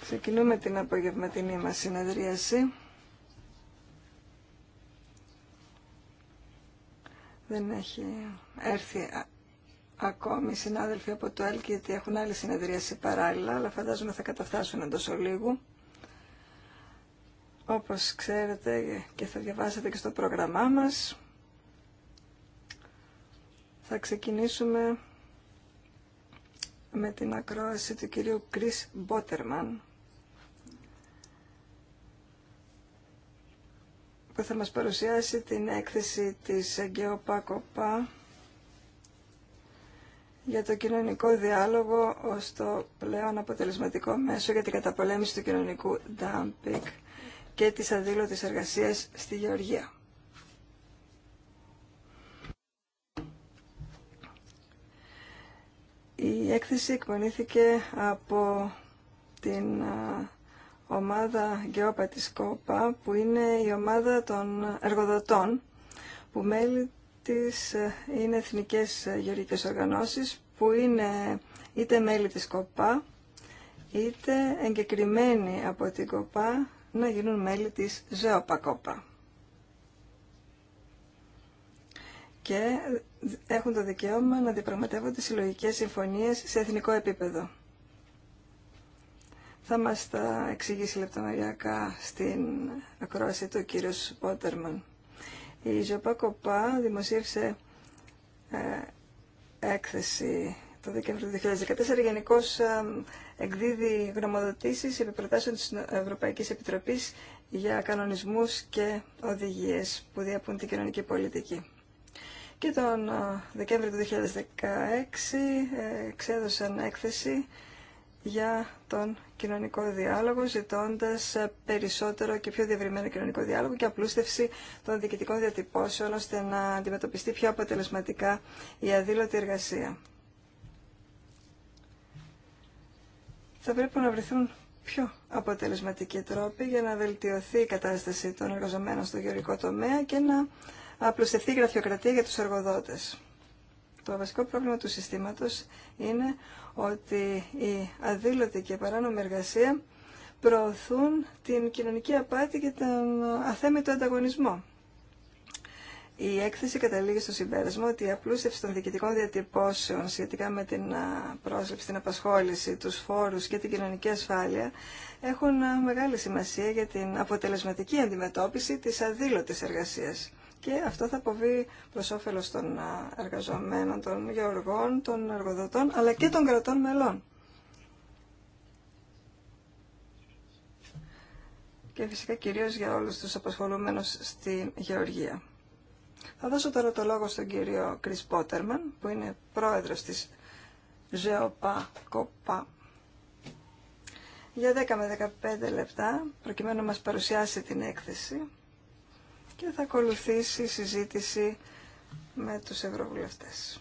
Ξεκινούμε την απογευματινή μας συνεδρίαση. Δεν έχει έρθει ακόμη συνάδελφοι από το ΕΛΚ γιατί έχουν άλλη συνεδρίαση παράλληλα, αλλά φαντάζομαι θα καταφτάσουν εντό ολίγου. Όπως ξέρετε και θα διαβάσετε και στο πρόγραμμά μας, θα ξεκινήσουμε με την ακρόαση του κυρίου Κρίς Μπότερμαν που θα μας παρουσιάσει την έκθεση της Αγκαιόπα για το κοινωνικό διάλογο ως το πλέον αποτελεσματικό μέσο για την καταπολέμηση του κοινωνικού dumping και της αδήλωτης εργασίας στη Γεωργία. Η έκθεση εκπονήθηκε από την ομάδα Γεώπα της ΚΟΠΑ, που είναι η ομάδα των εργοδοτών, που μέλη της ε, είναι εθνικές γεωργικές οργανώσεις, που είναι είτε μέλη της ΚΟΠΑ, είτε εγκεκριμένοι από την ΚΟΠΑ να γίνουν μέλη της ΖΕΟΠΑ ΚΟΠΑ. Και έχουν το δικαίωμα να διαπραγματεύονται συλλογικές συμφωνίες σε εθνικό επίπεδο. Θα μας τα εξηγήσει λεπτομεριακά στην ακρόαση του κύριο Πότερμαν. Η Ζωπά Κοπά δημοσίευσε ε, έκθεση το Δεκέμβριο του 2014. Γενικώ ε, εκδίδει γνωμοδοτήσει επί προτάσεων τη Ευρωπαϊκή Επιτροπή για κανονισμού και οδηγίε που διαπούν την κοινωνική πολιτική και τον Δεκέμβριο του 2016 ε, εξέδωσαν έκθεση για τον κοινωνικό διάλογο, ζητώντας ε, περισσότερο και πιο διευρυμένο κοινωνικό διάλογο και απλούστευση των διοικητικών διατυπώσεων, ώστε να αντιμετωπιστεί πιο αποτελεσματικά η αδήλωτη εργασία. Θα πρέπει να βρεθούν πιο αποτελεσματικοί τρόποι για να βελτιωθεί η κατάσταση των εργαζομένων στο γεωργικό τομέα και να απλουστευτεί η γραφειοκρατία για τους εργοδότες. Το βασικό πρόβλημα του συστήματος είναι ότι η αδήλωτη και παράνομη εργασία προωθούν την κοινωνική απάτη και τον αθέμητο ανταγωνισμό. Η έκθεση καταλήγει στο συμπέρασμα ότι η απλούστευση των διοικητικών διατυπώσεων σχετικά με την πρόσληψη, την απασχόληση, τους φόρους και την κοινωνική ασφάλεια έχουν μεγάλη σημασία για την αποτελεσματική αντιμετώπιση της αδήλωτης εργασίας και αυτό θα αποβεί προ όφελο των εργαζομένων, των γεωργών, των εργοδοτών, αλλά και των κρατών μελών. Και φυσικά κυρίως για όλους τους απασχολούμενους στη γεωργία. Θα δώσω τώρα το λόγο στον κύριο Κρίς Πότερμαν, που είναι πρόεδρος της ΖΕΟΠΑ ΚΟΠΑ για 10 με 15 λεπτά, προκειμένου να μας παρουσιάσει την έκθεση και θα ακολουθήσει η συζήτηση με τους ευρωβουλευτές.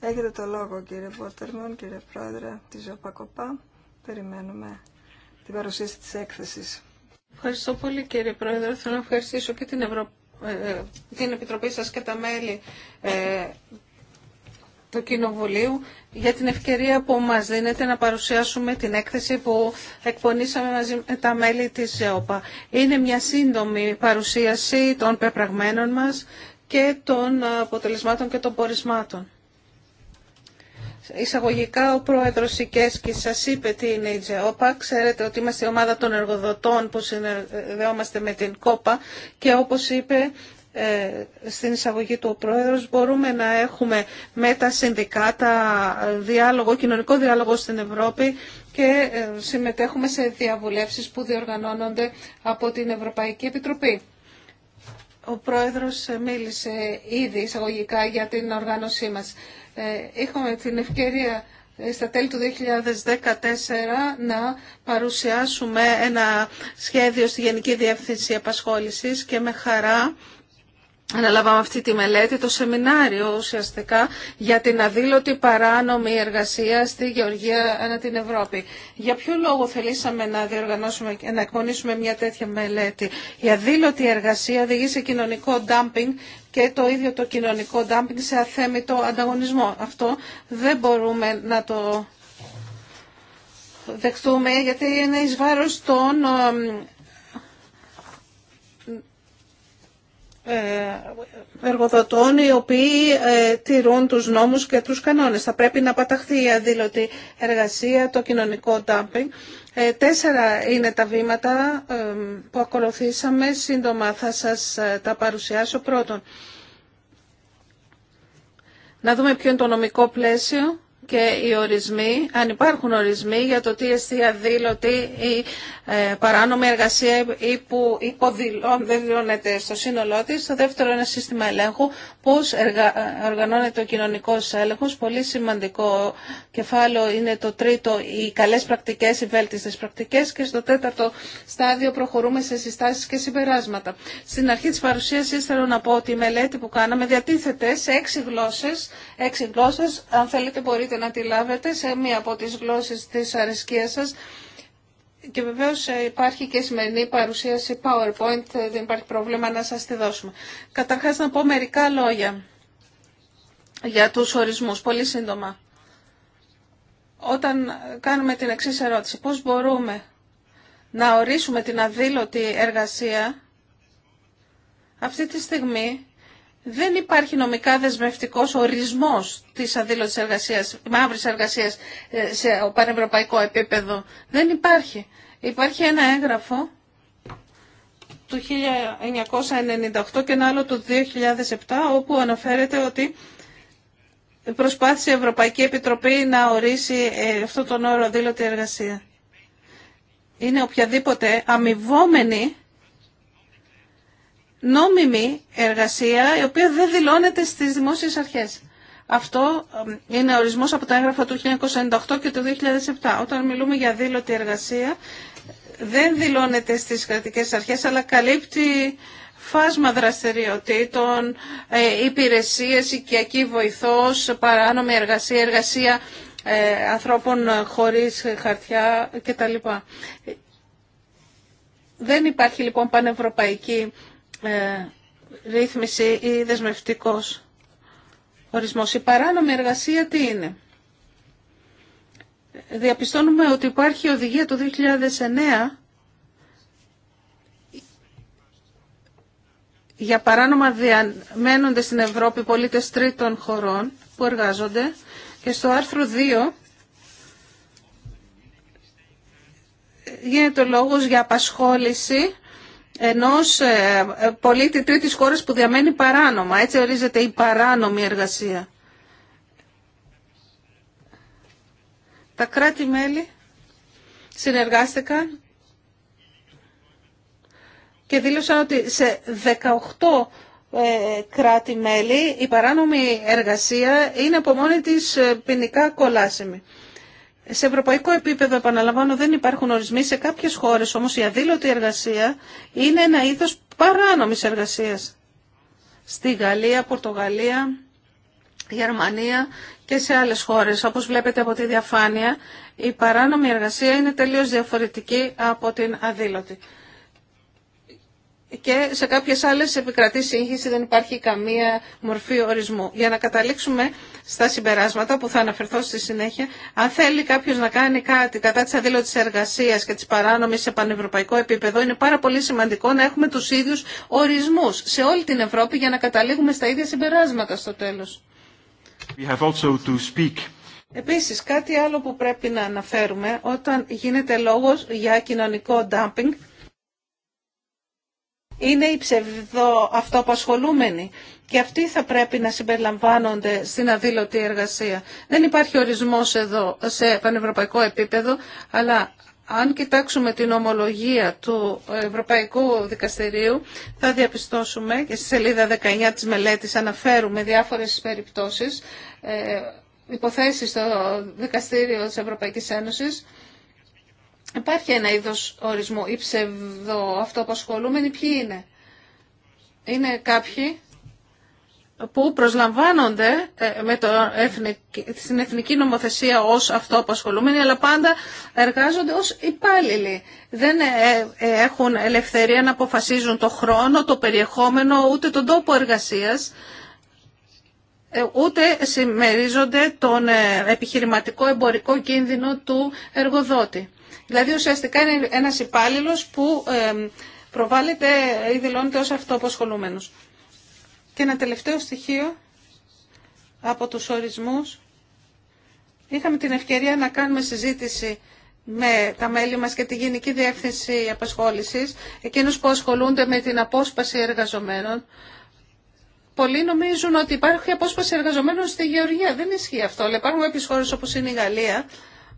Έχετε το λόγο κύριε Πότερμον, κύριε Πρόεδρε της ΖΟΠΑΚΟΠΑ. Περιμένουμε την παρουσίαση της έκθεσης. Ευχαριστώ πολύ κύριε Πρόεδρε. Θέλω να ευχαριστήσω και την ε, την Επιτροπή σας και τα μέλη ε, του Κοινοβουλίου για την ευκαιρία που μας δίνεται να παρουσιάσουμε την έκθεση που εκπονήσαμε μαζί με τα μέλη της ΖΕΟΠΑ. Είναι μια σύντομη παρουσίαση των πεπραγμένων μας και των αποτελεσμάτων και των πορισμάτων. Εισαγωγικά ο πρόεδρος Σικέσκης σας είπε τι είναι η ΤΖΕΟΠΑ. Ξέρετε ότι είμαστε η ομάδα των εργοδοτών που συνεργαζόμαστε με την ΚΟΠΑ και όπως είπε ε, στην εισαγωγή του ο Πρόεδρος μπορούμε να έχουμε με τα συνδικάτα διάλογο, κοινωνικό διάλογο στην Ευρώπη και ε, συμμετέχουμε σε διαβουλεύσεις που διοργανώνονται από την Ευρωπαϊκή Επιτροπή. Ο Πρόεδρος ε, μίλησε ήδη εισαγωγικά για την οργάνωσή μας. Είχαμε την ευκαιρία στα τέλη του 2014 να παρουσιάσουμε ένα σχέδιο στη Γενική Διεύθυνση Απασχόλησης και με χαρά Αναλάβαμε αυτή τη μελέτη, το σεμινάριο ουσιαστικά για την αδήλωτη παράνομη εργασία στη Γεωργία ανά την Ευρώπη. Για ποιο λόγο θελήσαμε να διοργανώσουμε και να εκπονήσουμε μια τέτοια μελέτη. Η αδήλωτη εργασία οδηγεί σε κοινωνικό ντάμπινγκ και το ίδιο το κοινωνικό ντάμπινγκ σε αθέμητο ανταγωνισμό. Αυτό δεν μπορούμε να το δεχτούμε γιατί είναι εις βάρος των Ε, εργοδοτών οι οποίοι ε, τηρούν τους νόμους και τους κανόνες. Θα πρέπει να παταχθεί η αδήλωτη εργασία, το κοινωνικό ντάμπινγκ. Ε, τέσσερα είναι τα βήματα που ακολουθήσαμε. Σύντομα θα σας τα παρουσιάσω. Πρώτον, να δούμε ποιο είναι το νομικό πλαίσιο και οι ορισμοί, αν υπάρχουν ορισμοί για το τι εστία αδήλωτη ή ε, παράνομη εργασία ή που υποδηλώνεται δεν στο σύνολό της. Το δεύτερο είναι σύστημα ελέγχου, πώς εργα... οργανώνεται ο κοινωνικός έλεγχος. Πολύ σημαντικό κεφάλαιο είναι το τρίτο, οι καλές πρακτικές, οι βέλτιστες πρακτικές και στο τέταρτο στάδιο προχωρούμε σε συστάσεις και συμπεράσματα. Στην αρχή της παρουσίασης θέλω να πω ότι η μελέτη που κάναμε διατίθεται σε έξι γλώσσες, έξι γλώσσες αν θέλετε μπορείτε να τη λάβετε σε μία από τις γλώσσες της αρεσκίας σας. Και βεβαίως ε, υπάρχει και σημερινή παρουσίαση PowerPoint, ε, δεν υπάρχει πρόβλημα να σας τη δώσουμε. Καταρχάς να πω μερικά λόγια για τους ορισμούς, πολύ σύντομα. Όταν κάνουμε την εξής ερώτηση, πώς μπορούμε να ορίσουμε την αδήλωτη εργασία, αυτή τη στιγμή δεν υπάρχει νομικά δεσμευτικός ορισμός της εργασία, εργασίας, μαύρης εργασίας ε, σε πανευρωπαϊκό επίπεδο. Δεν υπάρχει. Υπάρχει ένα έγγραφο του 1998 και ένα άλλο του 2007 όπου αναφέρεται ότι προσπάθησε η Ευρωπαϊκή Επιτροπή να ορίσει ε, αυτό τον όρο αδείλωτη εργασία. Είναι οποιαδήποτε αμοιβόμενη νόμιμη εργασία η οποία δεν δηλώνεται στις δημόσιες αρχές. Αυτό είναι ορισμός από τα έγγραφα του 1998 και του 2007. Όταν μιλούμε για δήλωτη εργασία δεν δηλώνεται στις κρατικές αρχές αλλά καλύπτει φάσμα δραστηριοτήτων, ε, υπηρεσίες, οικιακή βοηθός, παράνομη εργασία, εργασία ε, ανθρώπων χωρίς χαρτιά κτλ. Δεν υπάρχει λοιπόν πανευρωπαϊκή ε, ρύθμιση ή δεσμευτικός ορισμός. Η παράνομη εργασία τι είναι. Διαπιστώνουμε ότι υπάρχει οδηγία του 2009 για παράνομα διαμένονται στην Ευρώπη πολίτες τρίτων χωρών που εργάζονται και στο άρθρο 2 γίνεται λόγος για απασχόληση Ενό ε, πολίτη τρίτη χώρα που διαμένει παράνομα. Έτσι ορίζεται η παράνομη εργασία. Τα κράτη-μέλη συνεργάστηκαν και δήλωσαν ότι σε 18 ε, κράτη-μέλη η παράνομη εργασία είναι από μόνη της ε, ποινικά κολάσιμη. Σε ευρωπαϊκό επίπεδο, επαναλαμβάνω, δεν υπάρχουν ορισμοί. Σε κάποιες χώρες όμως η αδήλωτη εργασία είναι ένα είδο παράνομη εργασία. Στη Γαλλία, Πορτογαλία, Γερμανία και σε άλλες χώρες. Όπως βλέπετε από τη διαφάνεια, η παράνομη εργασία είναι τελείως διαφορετική από την αδήλωτη. Και σε κάποιες άλλες επικρατεί σύγχυση δεν υπάρχει καμία μορφή ορισμού. Για να καταλήξουμε στα συμπεράσματα που θα αναφερθώ στη συνέχεια. Αν θέλει κάποιο να κάνει κάτι κατά τη αδήλωτη εργασία και τη παράνομη σε πανευρωπαϊκό επίπεδο, είναι πάρα πολύ σημαντικό να έχουμε του ίδιου ορισμού σε όλη την Ευρώπη για να καταλήγουμε στα ίδια συμπεράσματα στο τέλο. Επίσης, κάτι άλλο που πρέπει να αναφέρουμε όταν γίνεται λόγος για κοινωνικό dumping είναι οι ψευδοαυτοαπασχολούμενοι και αυτοί θα πρέπει να συμπεριλαμβάνονται στην αδήλωτη εργασία. Δεν υπάρχει ορισμός εδώ σε πανευρωπαϊκό επίπεδο, αλλά αν κοιτάξουμε την ομολογία του Ευρωπαϊκού Δικαστηρίου, θα διαπιστώσουμε και στη σελίδα 19 της μελέτης αναφέρουμε διάφορες περιπτώσεις, ε, υποθέσεις στο Δικαστήριο της Ευρωπαϊκής Ένωσης, Υπάρχει ένα είδος ορισμού. Οι ψευδοαυτοαπασχολούμενοι ποιοι είναι. Είναι κάποιοι που προσλαμβάνονται ε, με το στην εθνική νομοθεσία ως αυτοαπασχολούμενοι, αλλά πάντα εργάζονται ως υπάλληλοι. Δεν ε, ε, έχουν ελευθερία να αποφασίζουν το χρόνο, το περιεχόμενο, ούτε τον τόπο εργασίας, ούτε συμμερίζονται τον επιχειρηματικό εμπορικό κίνδυνο του εργοδότη. Δηλαδή ουσιαστικά είναι ένας υπάλληλος που προβάλλεται ή δηλώνεται ως αυτοαποσχολούμενος. Και ένα τελευταίο στοιχείο από τους ορισμούς. Είχαμε την ευκαιρία να κάνουμε συζήτηση με τα μέλη μας και τη Γενική Διεύθυνση Απασχόλησης, εκείνους που ασχολούνται με την απόσπαση εργαζομένων. Πολλοί νομίζουν ότι υπάρχει απόσπαση εργαζομένων στη Γεωργία. Δεν ισχύει αυτό. υπάρχουν επίσης χώρε όπω είναι η Γαλλία,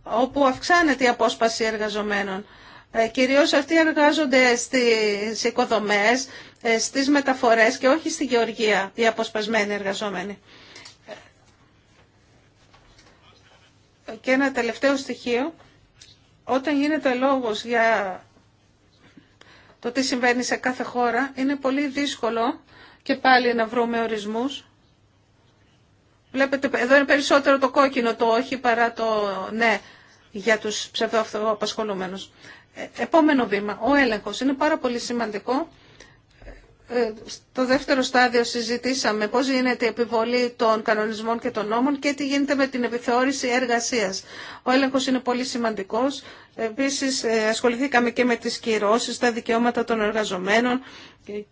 όπου αυξάνεται η απόσπαση εργαζομένων. Ε, κυρίως αυτοί εργάζονται στις οικοδομές, ε, στις μεταφορές και όχι στη γεωργία οι αποσπασμένοι εργαζόμενοι. Ε, και ένα τελευταίο στοιχείο, όταν γίνεται λόγος για το τι συμβαίνει σε κάθε χώρα, είναι πολύ δύσκολο και πάλι να βρούμε ορισμούς. Βλέπετε, εδώ είναι περισσότερο το κόκκινο το όχι παρά το ναι για τους ψευδοαυτοαπασχολούμενους. Ε, επόμενο βήμα, ο έλεγχος. Είναι πάρα πολύ σημαντικό. Ε, στο δεύτερο στάδιο συζητήσαμε πώς γίνεται η επιβολή των κανονισμών και των νόμων και τι γίνεται με την επιθεώρηση εργασίας. Ο έλεγχος είναι πολύ σημαντικός. Επίσης ε, ασχοληθήκαμε και με τις κυρώσεις, τα δικαιώματα των εργαζομένων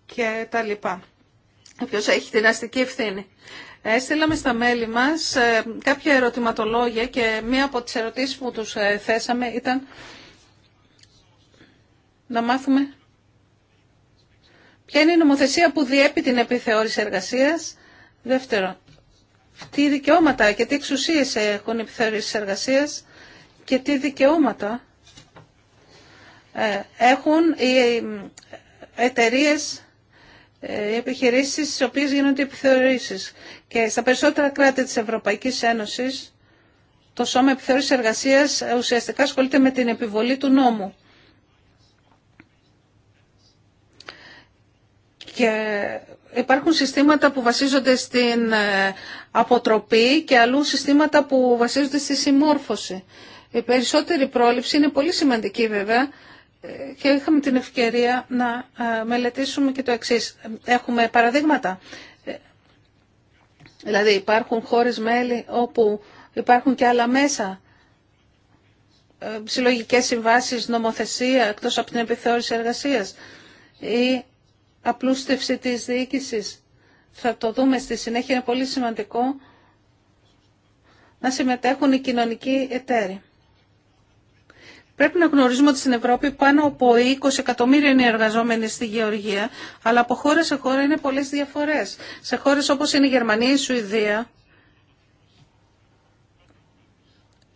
και Ποιο έχει την αστική ευθύνη. Έστειλαμε στα μέλη μας ε, κάποια ερωτηματολόγια και μία από τις ερωτήσεις που τους ε, θέσαμε ήταν να μάθουμε ποια είναι η νομοθεσία που διέπει την επιθεώρηση εργασίας. δεύτερο, τι δικαιώματα και τι εξουσίες έχουν οι εργασίας και τι δικαιώματα ε, έχουν οι εταιρείες ε, οι επιχειρήσεις στις οποίες γίνονται επιθεωρήσεις. Και στα περισσότερα κράτη της Ευρωπαϊκής Ένωσης το Σώμα Επιθεώρησης Εργασίας ε, ουσιαστικά ασχολείται με την επιβολή του νόμου. Και υπάρχουν συστήματα που βασίζονται στην ε, αποτροπή και αλλού συστήματα που βασίζονται στη συμμόρφωση. Η περισσότερη πρόληψη είναι πολύ σημαντική βέβαια, και είχαμε την ευκαιρία να ε, μελετήσουμε και το εξή. Έχουμε παραδείγματα. Δηλαδή υπάρχουν χώρες μέλη όπου υπάρχουν και άλλα μέσα ε, Συλλογικέ συμβάσεις, νομοθεσία εκτός από την επιθεώρηση εργασίας ή απλούστευση της διοίκησης. Θα το δούμε στη συνέχεια, είναι πολύ σημαντικό να συμμετέχουν οι κοινωνικοί εταίροι. Πρέπει να γνωρίζουμε ότι στην Ευρώπη πάνω από 20 εκατομμύρια είναι οι εργαζόμενοι στη γεωργία, αλλά από χώρα σε χώρα είναι πολλέ διαφορέ. Σε χώρε όπω είναι η Γερμανία, η Σουηδία,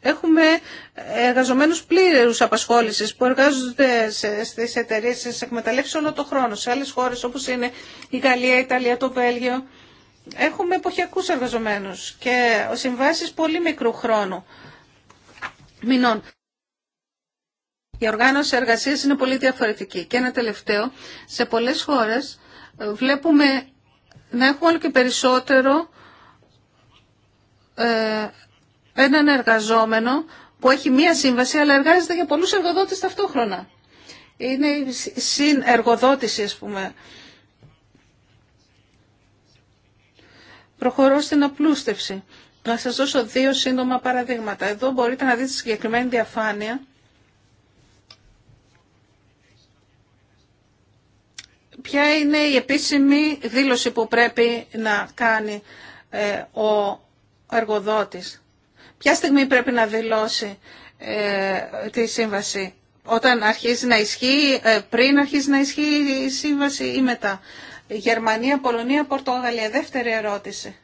έχουμε εργαζομένου πλήρους απασχόλησης που εργάζονται στις εταιρείες, σε εκμεταλλευσει όλο το χρόνο. Σε άλλε χώρε όπω είναι η Γαλλία, η Ιταλία, το Βέλγιο, έχουμε εποχιακού εργαζομένου και συμβάσει πολύ μικρού χρόνου μηνών. Η οργάνωση εργασία είναι πολύ διαφορετική. Και ένα τελευταίο, σε πολλές χώρες ε, βλέπουμε να έχουμε όλο και περισσότερο ε, έναν εργαζόμενο που έχει μία σύμβαση αλλά εργάζεται για πολλούς εργοδότες ταυτόχρονα. Είναι συνεργοδότηση ας πούμε. Προχωρώ στην απλούστευση. Να σας δώσω δύο σύντομα παραδείγματα. Εδώ μπορείτε να δείτε συγκεκριμένη διαφάνεια Ποια είναι η επίσημη δήλωση που πρέπει να κάνει ε, ο εργοδότης. Ποια στιγμή πρέπει να δηλώσει ε, τη σύμβαση. Όταν αρχίζει να ισχύει, ε, πριν αρχίζει να ισχύει η σύμβαση ή μετά. Γερμανία, Πολωνία, Πορτογαλία. Δεύτερη ερώτηση.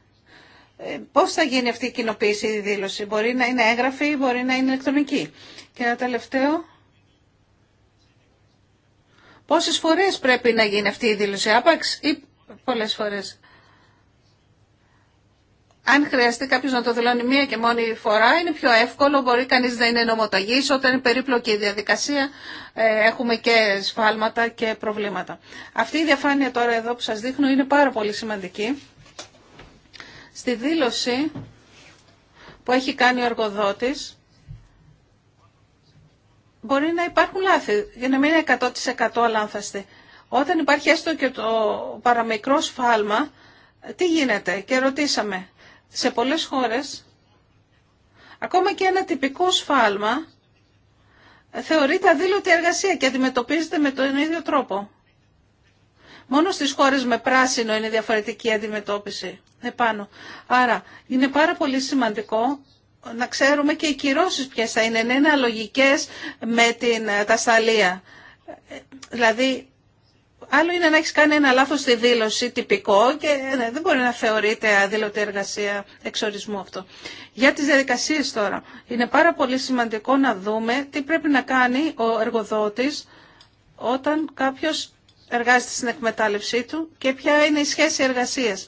Πώς θα γίνει αυτή η κοινοποίηση ή η δήλωση. Μπορεί να είναι έγγραφη ή μπορεί να είναι ηλεκτρονική. Και ένα τελευταίο Πόσες φορές πρέπει να γίνει αυτή η δήλωση άπαξ ή πολλές φορές. Αν χρειαστεί κάποιο να το δηλώνει μία και μόνη φορά, είναι πιο εύκολο. Μπορεί κανεί να είναι νομοταγή. Όταν είναι περίπλοκη η διαδικασία, ε, έχουμε και σφάλματα και προβλήματα. Αυτή η διαφάνεια τώρα εδώ που σα δείχνω είναι πάρα πολύ σημαντική. Στη δήλωση που έχει κάνει ο εργοδότης, μπορεί να υπάρχουν λάθη, για να μην είναι 100% λάνθαστε. Όταν υπάρχει έστω και το παραμικρό σφάλμα, τι γίνεται και ρωτήσαμε. Σε πολλές χώρες, ακόμα και ένα τυπικό σφάλμα, θεωρείται αδήλωτη εργασία και αντιμετωπίζεται με τον ίδιο τρόπο. Μόνο στις χώρες με πράσινο είναι διαφορετική αντιμετώπιση επάνω. Άρα είναι πάρα πολύ σημαντικό να ξέρουμε και οι κυρώσεις ποιες θα είναι, να είναι με την ε, τασταλία. Ε, δηλαδή, άλλο είναι να έχεις κάνει ένα λάθος στη δήλωση, τυπικό, και ε, ναι, δεν μπορεί να θεωρείται αδήλωτη εργασία εξορισμού αυτό. Για τις διαδικασίες τώρα, είναι πάρα πολύ σημαντικό να δούμε τι πρέπει να κάνει ο εργοδότης όταν κάποιος εργάζεται στην εκμετάλλευσή του και ποια είναι η σχέση εργασίας.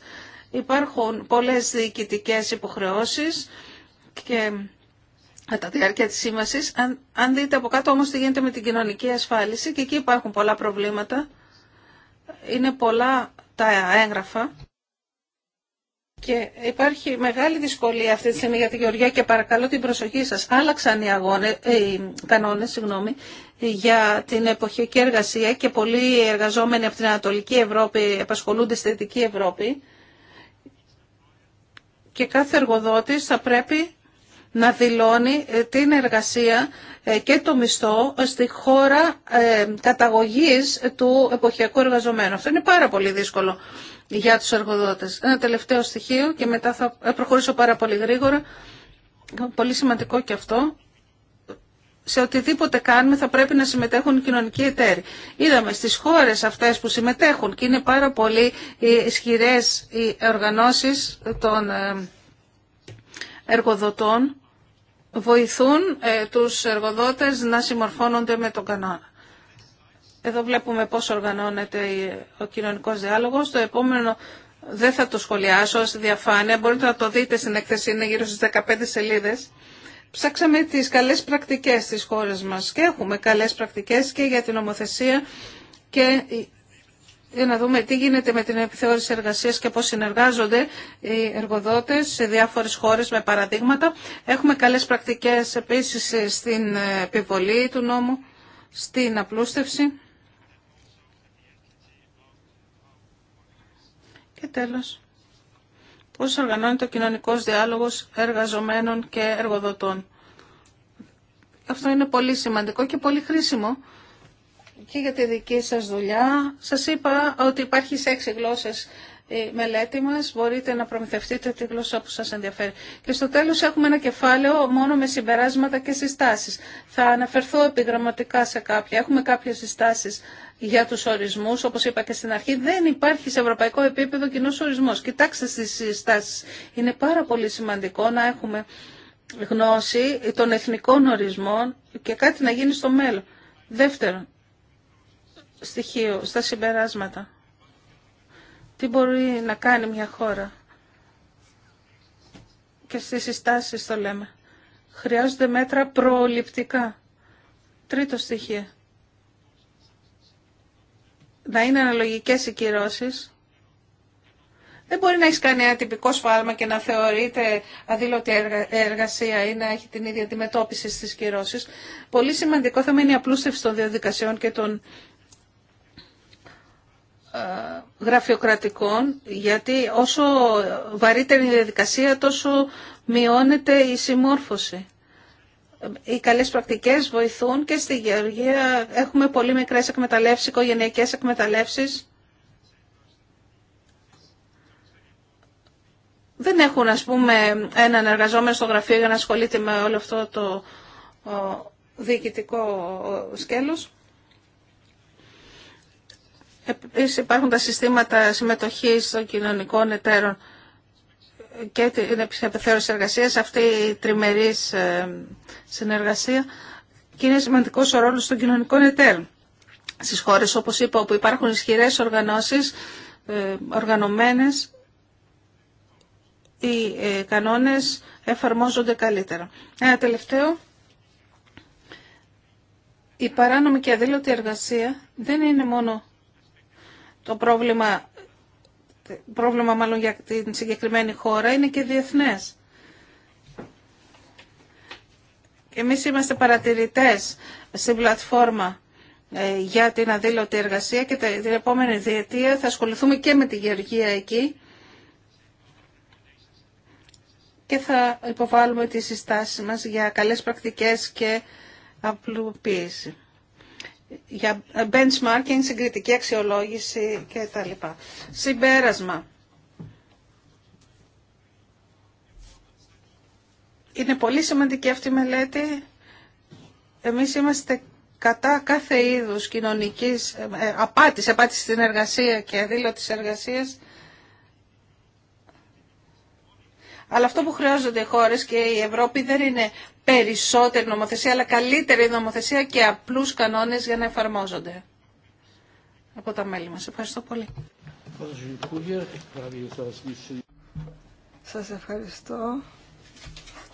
Υπάρχουν πολλές διοικητικές υποχρεώσεις, και κατά τη διάρκεια της σύμβασης. Αν, αν δείτε από κάτω όμως τι γίνεται με την κοινωνική ασφάλιση και εκεί υπάρχουν πολλά προβλήματα. Είναι πολλά τα έγγραφα. Και υπάρχει μεγάλη δυσκολία αυτή τη στιγμή για τη Γεωργία και παρακαλώ την προσοχή σας. Άλλαξαν οι, αγώνες, ε, κανόνες συγγνώμη, για την εποχική εργασία και πολλοί εργαζόμενοι από την Ανατολική Ευρώπη επασχολούνται στη Δυτική Ευρώπη και κάθε εργοδότης θα πρέπει να δηλώνει ε, την εργασία ε, και το μισθό ε, στη χώρα καταγωγής του εποχιακού εργαζομένου. Αυτό είναι πάρα πολύ δύσκολο για τους εργοδότες. Ένα τελευταίο στοιχείο και μετά θα προχωρήσω πάρα πολύ γρήγορα. Πολύ σημαντικό και αυτό. Σε οτιδήποτε κάνουμε θα πρέπει να συμμετέχουν οι κοινωνικοί εταίροι. Είδαμε στις χώρες αυτές που συμμετέχουν και είναι πάρα πολύ ισχυρές οι οργανώσεις των εργοδοτών βοηθούν ε, τους εργοδότες να συμμορφώνονται με τον κανόνα. Εδώ βλέπουμε πώς οργανώνεται ο κοινωνικός διάλογος. Το επόμενο δεν θα το σχολιάσω στη διαφάνεια. Μπορείτε να το δείτε στην έκθεση, είναι γύρω στις 15 σελίδες. Ψάξαμε τις καλές πρακτικές στις χώρες μας και έχουμε καλές πρακτικές και για την ομοθεσία και για να δούμε τι γίνεται με την επιθεώρηση εργασίας και πώς συνεργάζονται οι εργοδότες σε διάφορες χώρες με παραδείγματα. Έχουμε καλές πρακτικές επίσης στην επιβολή του νόμου, στην απλούστευση. Και τέλος, πώς οργανώνεται ο κοινωνικός διάλογος εργαζομένων και εργοδοτών. Αυτό είναι πολύ σημαντικό και πολύ χρήσιμο και για τη δική σας δουλειά. Σας είπα ότι υπάρχει σε έξι γλώσσες η μελέτη μας. Μπορείτε να προμηθευτείτε τη γλώσσα που σας ενδιαφέρει. Και στο τέλος έχουμε ένα κεφάλαιο μόνο με συμπεράσματα και συστάσεις. Θα αναφερθώ επιγραμματικά σε κάποια. Έχουμε κάποιες συστάσεις για τους ορισμούς. Όπως είπα και στην αρχή, δεν υπάρχει σε ευρωπαϊκό επίπεδο κοινό ορισμός. Κοιτάξτε στις συστάσεις. Είναι πάρα πολύ σημαντικό να έχουμε γνώση των εθνικών ορισμών και κάτι να γίνει στο μέλλον. Δεύτερον, στοιχείο, στα συμπεράσματα. Τι μπορεί να κάνει μια χώρα. Και στις συστάσεις το λέμε. Χρειάζονται μέτρα προληπτικά. Τρίτο στοιχείο. Να είναι αναλογικές οι κυρώσεις. Δεν μπορεί να έχει κάνει ένα τυπικό σφάλμα και να θεωρείται αδήλωτη εργασία ή να έχει την ίδια αντιμετώπιση στις κυρώσεις. Πολύ σημαντικό θέμα είναι η να εχει την ιδια αντιμετωπιση στις κυρωσεις πολυ σημαντικο θα μεινει η απλουστευση των διαδικασιών και των ε, γραφειοκρατικών, γιατί όσο βαρύτερη η διαδικασία, τόσο μειώνεται η συμμόρφωση. Οι καλές πρακτικές βοηθούν και στη γεωργία έχουμε πολύ μικρές εκμεταλλεύσεις, οικογενειακές εκμεταλλεύσεις. Δεν έχουν, ας πούμε, έναν εργαζόμενο στο γραφείο για να ασχολείται με όλο αυτό το διοικητικό σκέλος. Επίσης υπάρχουν τα συστήματα συμμετοχής των κοινωνικών εταίρων και την επιθεώρηση εργασίας, αυτή η τριμερής ε, συνεργασία και είναι σημαντικό ο ρόλος των κοινωνικών εταίρων. Στις χώρες, όπως είπα, όπου υπάρχουν ισχυρές οργανώσεις, ε, οργανωμένες, οι ε, κανόνες εφαρμόζονται καλύτερα. Ένα τελευταίο. Η παράνομη και αδήλωτη εργασία δεν είναι μόνο το πρόβλημα, πρόβλημα μάλλον για την συγκεκριμένη χώρα είναι και διεθνές. Εμείς είμαστε παρατηρητές στην πλατφόρμα ε, για την αδήλωτη εργασία και την επόμενη διετία θα ασχοληθούμε και με τη γεωργία εκεί και θα υποβάλουμε τις συστάσεις μας για καλές πρακτικές και απλοποίηση για benchmarking, συγκριτική αξιολόγηση κτλ. Συμπέρασμα. Είναι πολύ σημαντική αυτή η μελέτη. Εμείς είμαστε κατά κάθε είδους κοινωνικής ε, ε, απάτης, απάτης στην εργασία και αδήλωτης εργασίας Αλλά αυτό που χρειάζονται οι χώρες και η Ευρώπη δεν είναι περισσότερη νομοθεσία, αλλά καλύτερη νομοθεσία και απλούς κανόνες για να εφαρμόζονται από τα μέλη μας. Ευχαριστώ πολύ. Σας ευχαριστώ.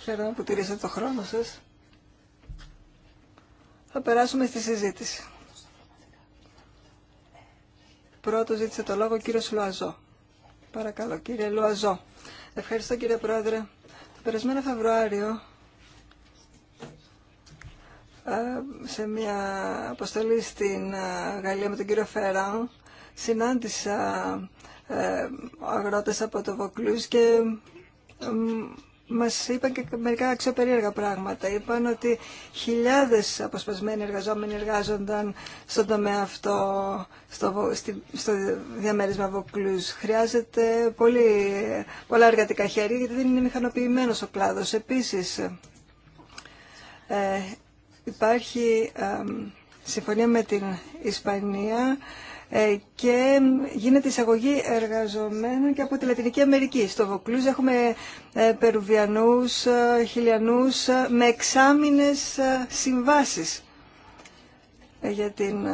Χαίρομαι που τηρήσατε το χρόνο σας. Θα περάσουμε στη συζήτηση. Πρώτο ζήτησε το λόγο ο κύριος Λουαζό. Παρακαλώ κύριε Λουαζό. Ευχαριστώ κύριε Πρόεδρε. Το περασμένο Φεβρουάριο σε μια αποστολή στην Γαλλία με τον κύριο Φεράν συνάντησα ε, αγρότες από το Βοκλούς και μας είπαν και μερικά αξιοπερίεργα πράγματα. Είπαν ότι χιλιάδες αποσπασμένοι εργαζόμενοι εργάζονταν στον τομέα αυτό, στο, στο διαμέρισμα Βοκλούς. Χρειάζεται πολύ, πολλά εργατικά χέρια γιατί δεν είναι μηχανοποιημένος ο κλάδος. Επίσης, ε, υπάρχει ε, συμφωνία με την Ισπανία ε, και γίνεται εισαγωγή εργαζομένων και από τη Λατινική Αμερική. Στο Βοκλούζ έχουμε ε, Περουβιανούς, ε, Χιλιανούς με εξάμηνες συμβάσεις για την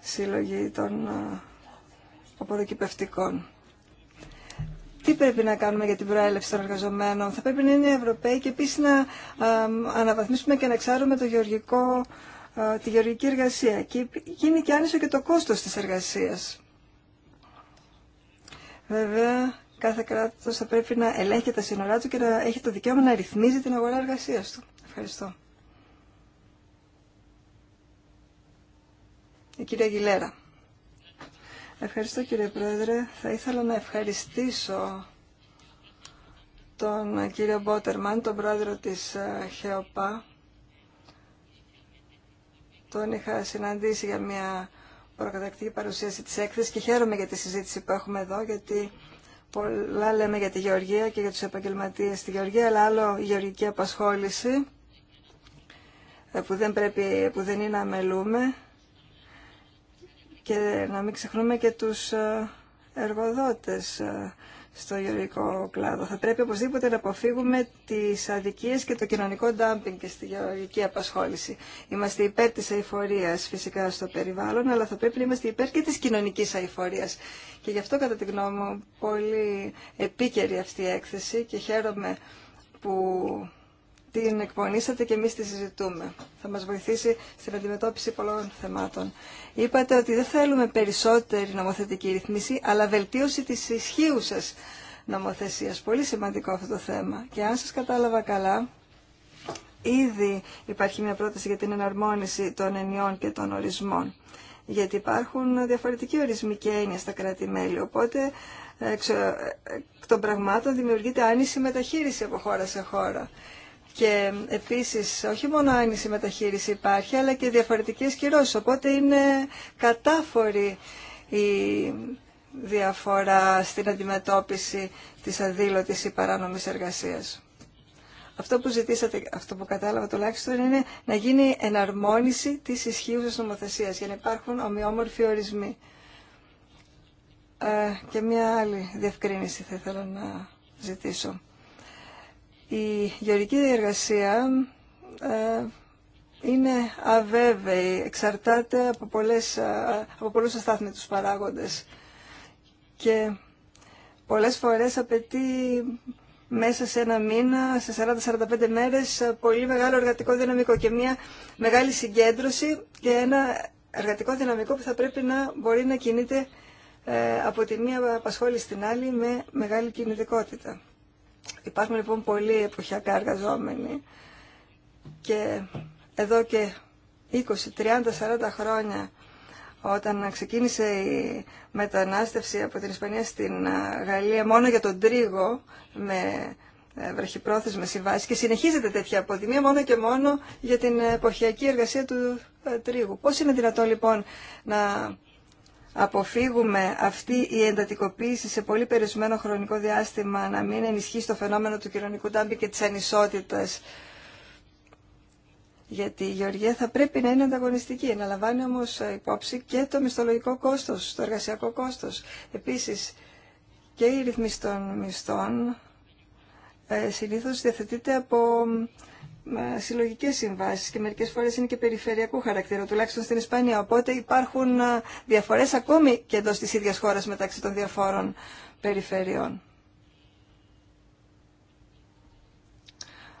συλλογή των αποδοκιπευτικών. Τι πρέπει να κάνουμε για την προέλευση των εργαζομένων. Θα πρέπει να είναι Ευρωπαίοι και επίσης να αναβαθμίσουμε και να εξάρουμε το γεωργικό τη γεωργική εργασία και γίνει και άνισο και το κόστος της εργασίας. Βέβαια, κάθε κράτος θα πρέπει να ελέγχει τα σύνορά του και να έχει το δικαίωμα να ρυθμίζει την αγορά εργασίας του. Ευχαριστώ. Η κυρία Γιλέρα. Ευχαριστώ κύριε Πρόεδρε. Θα ήθελα να ευχαριστήσω τον κύριο Μπότερμαν, τον πρόεδρο της ε, ΧΕΟΠΑ, τον είχα συναντήσει για μια προκατακτική παρουσίαση της έκθεσης και χαίρομαι για τη συζήτηση που έχουμε εδώ, γιατί πολλά λέμε για τη γεωργία και για τους επαγγελματίες στη γεωργία, αλλά άλλο η γεωργική απασχόληση ε, που δεν, πρέπει, που δεν είναι να μελούμε και να μην ξεχνούμε και τους ε, εργοδότες ε, στο γεωργικό κλάδο. Θα πρέπει οπωσδήποτε να αποφύγουμε τις αδικίες και το κοινωνικό ντάμπινγκ και στη γεωργική απασχόληση. Είμαστε υπέρ τη αηφορία φυσικά στο περιβάλλον, αλλά θα πρέπει να είμαστε υπέρ και τη κοινωνική αηφορία. Και γι' αυτό κατά τη γνώμη μου πολύ επίκαιρη αυτή η έκθεση και χαίρομαι που την εκπονήσατε και εμείς τη συζητούμε. Θα μας βοηθήσει στην αντιμετώπιση πολλών θεμάτων. Είπατε ότι δεν θέλουμε περισσότερη νομοθετική ρυθμίση, αλλά βελτίωση της ισχύουσας νομοθεσίας. Πολύ σημαντικό αυτό το θέμα. Και αν σας κατάλαβα καλά, ήδη υπάρχει μια πρόταση για την εναρμόνιση των ενιών και των ορισμών. Γιατί υπάρχουν διαφορετικοί ορισμοί και έννοια στα κράτη-μέλη. Οπότε, εξ ε, των πραγμάτων δημιουργείται άνηση μεταχείριση από χώρα σε χώρα. Και επίσης όχι μόνο άνηση μεταχείριση υπάρχει, αλλά και διαφορετικές κυρώσεις. Οπότε είναι κατάφορη η διαφορά στην αντιμετώπιση της αδήλωτης ή παράνομης εργασίας. Αυτό που ζητήσατε, αυτό που κατάλαβα τουλάχιστον, είναι να γίνει εναρμόνιση της ισχύουσας νομοθεσίας, για να υπάρχουν ομοιόμορφοι ορισμοί. Ε, και μια άλλη διευκρίνηση θα ήθελα να ζητήσω. Η γεωρική διεργασία ε, είναι αβέβαιη, εξαρτάται από, πολλές, ε, από πολλούς αστάθμιτους παράγοντες και πολλές φορές απαιτεί μέσα σε ένα μήνα, σε 40-45 μέρες, ε, πολύ μεγάλο εργατικό δυναμικό και μια μεγάλη συγκέντρωση και ένα εργατικό δυναμικό που θα πρέπει να μπορεί να κινείται από τη μία απασχόληση στην άλλη με μεγάλη κινητικότητα. Υπάρχουν λοιπόν πολλοί εποχιακά εργαζόμενοι και εδώ και 20, 30, 40 χρόνια όταν ξεκίνησε η μετανάστευση από την Ισπανία στην Γαλλία μόνο για τον τρίγο με ε, βραχυπρόθεσμες συμβάσει και συνεχίζεται τέτοια αποδημία μόνο και μόνο για την εποχιακή εργασία του ε, τρίγου. Πώς είναι δυνατόν λοιπόν να αποφύγουμε αυτή η εντατικοποίηση σε πολύ περιορισμένο χρονικό διάστημα να μην ενισχύσει το φαινόμενο του κοινωνικού τάμπη και της ανισότητας. Γιατί η γεωργία θα πρέπει να είναι ανταγωνιστική, να λαμβάνει όμως υπόψη και το μισθολογικό κόστος, το εργασιακό κόστος. Επίσης και η ρυθμίση των μισθών ε, συνήθως διαθετείται από συλλογικές συμβάσεις και μερικές φορές είναι και περιφερειακού χαρακτήρα, τουλάχιστον στην Ισπανία. Οπότε υπάρχουν ε, διαφορές ακόμη και εντός της ίδιας χώρας μεταξύ των διαφόρων περιφερειών.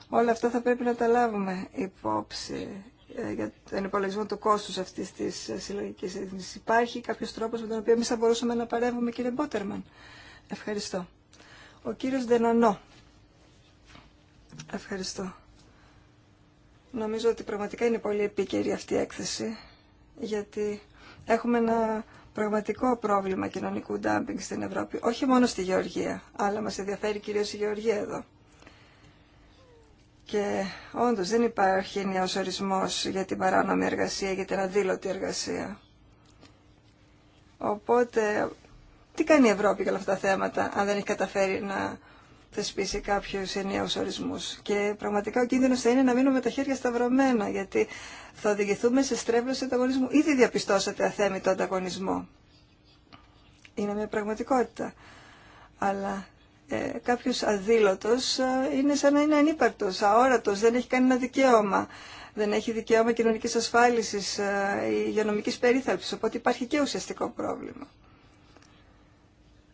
Όλα αυτά θα πρέπει να τα λάβουμε υπόψη ε, για τον υπολογισμό του κόστου αυτή τη ε, συλλογική ρύθμιση. Υπάρχει κάποιο τρόπο με τον οποίο εμεί θα μπορούσαμε να παρεύουμε, κύριε Μπότερμαν. Ευχαριστώ. Ο κύριος Δενανό. Ευχαριστώ. Νομίζω ότι πραγματικά είναι πολύ επίκαιρη αυτή η έκθεση, γιατί έχουμε ένα πραγματικό πρόβλημα κοινωνικού ντάμπινγκ στην Ευρώπη, όχι μόνο στη Γεωργία, αλλά μας ενδιαφέρει κυρίως η Γεωργία εδώ. Και όντω δεν υπάρχει νέος ορισμό για την παράνομη εργασία, για την αδήλωτη εργασία. Οπότε, τι κάνει η Ευρώπη για όλα αυτά τα θέματα, αν δεν έχει καταφέρει να θεσπίσει κάποιου ενιαίου ορισμού. Και πραγματικά ο κίνδυνο θα είναι να μείνουμε τα χέρια σταυρωμένα, γιατί θα οδηγηθούμε σε στρέβλωση ανταγωνισμού. Ήδη διαπιστώσατε αθέμητο ανταγωνισμό. Είναι μια πραγματικότητα. Αλλά ε, κάποιο αδήλωτο ε, είναι σαν να είναι ανύπαρκτο, αόρατο, δεν έχει κανένα δικαίωμα. Δεν έχει δικαίωμα κοινωνική ασφάλιση ή ε, υγειονομική περίθαλψη. Οπότε υπάρχει και ουσιαστικό πρόβλημα.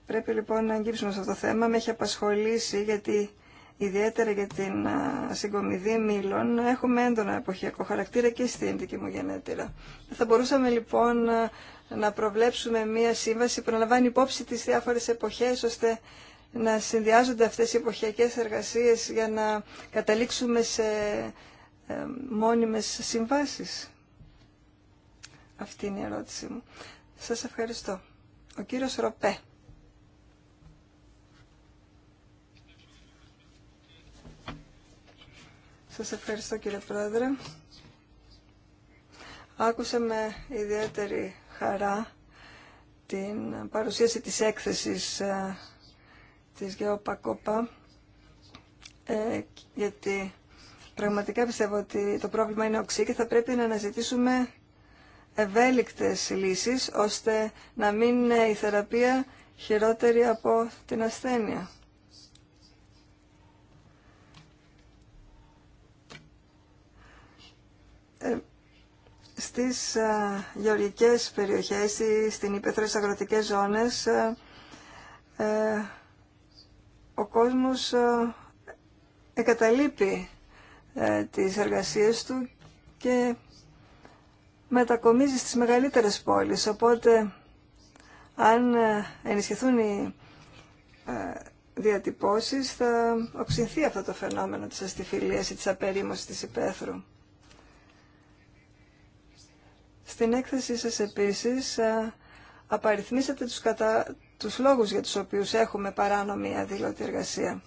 Πρέπει λοιπόν να αγγίψουμε σε αυτό το θέμα. Με έχει απασχολήσει γιατί ιδιαίτερα για την συγκομιδή μήλων έχουμε έντονα εποχιακό χαρακτήρα και στην δική μου γενέτειρα. Θα μπορούσαμε λοιπόν να προβλέψουμε μία σύμβαση που να λαμβάνει υπόψη τις διάφορες εποχές ώστε να συνδυάζονται αυτές οι εποχιακές εργασίες για να καταλήξουμε σε ε, μόνιμες συμβάσεις. Αυτή είναι η ερώτηση μου. Σας ευχαριστώ. Ο κύριος Ροπέ. Σας ευχαριστώ κύριε Πρόεδρε. Άκουσα με ιδιαίτερη χαρά την παρουσίαση της έκθεσης ε, της ΓΕΟΠΑΚΟΠΑ ε, γιατί πραγματικά πιστεύω ότι το πρόβλημα είναι οξύ και θα πρέπει να αναζητήσουμε ευέλικτες λύσεις ώστε να μην είναι η θεραπεία χειρότερη από την ασθένεια. Ε, στις ε, γεωργικές περιοχές ή στην υπεθρό αγροτικές ζώνες ε, ο κόσμος εγκαταλείπει τις εργασίες του και μετακομίζει στις μεγαλύτερες πόλεις. Οπότε, αν ενισχυθούν οι διατυπώσεις, θα οξυνθεί αυτό το φαινόμενο της αστιφιλίας ή της απερίμωσης της υπαίθρου. Στην έκθεσή σας επίσης ε, απαριθμίσατε τους, κατα... λόγους για τους οποίους έχουμε παράνομη αδήλωτη εργασία.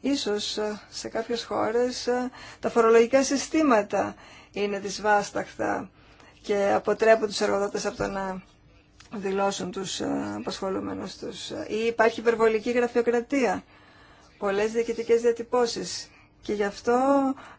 Ίσως ε, σε κάποιες χώρες ε, τα φορολογικά συστήματα είναι δυσβάσταχτα και αποτρέπουν τους εργοδότες από το να δηλώσουν τους απασχολούμενους τους. Ή υπάρχει υπερβολική γραφειοκρατία, πολλές διοικητικές διατυπώσεις και γι' αυτό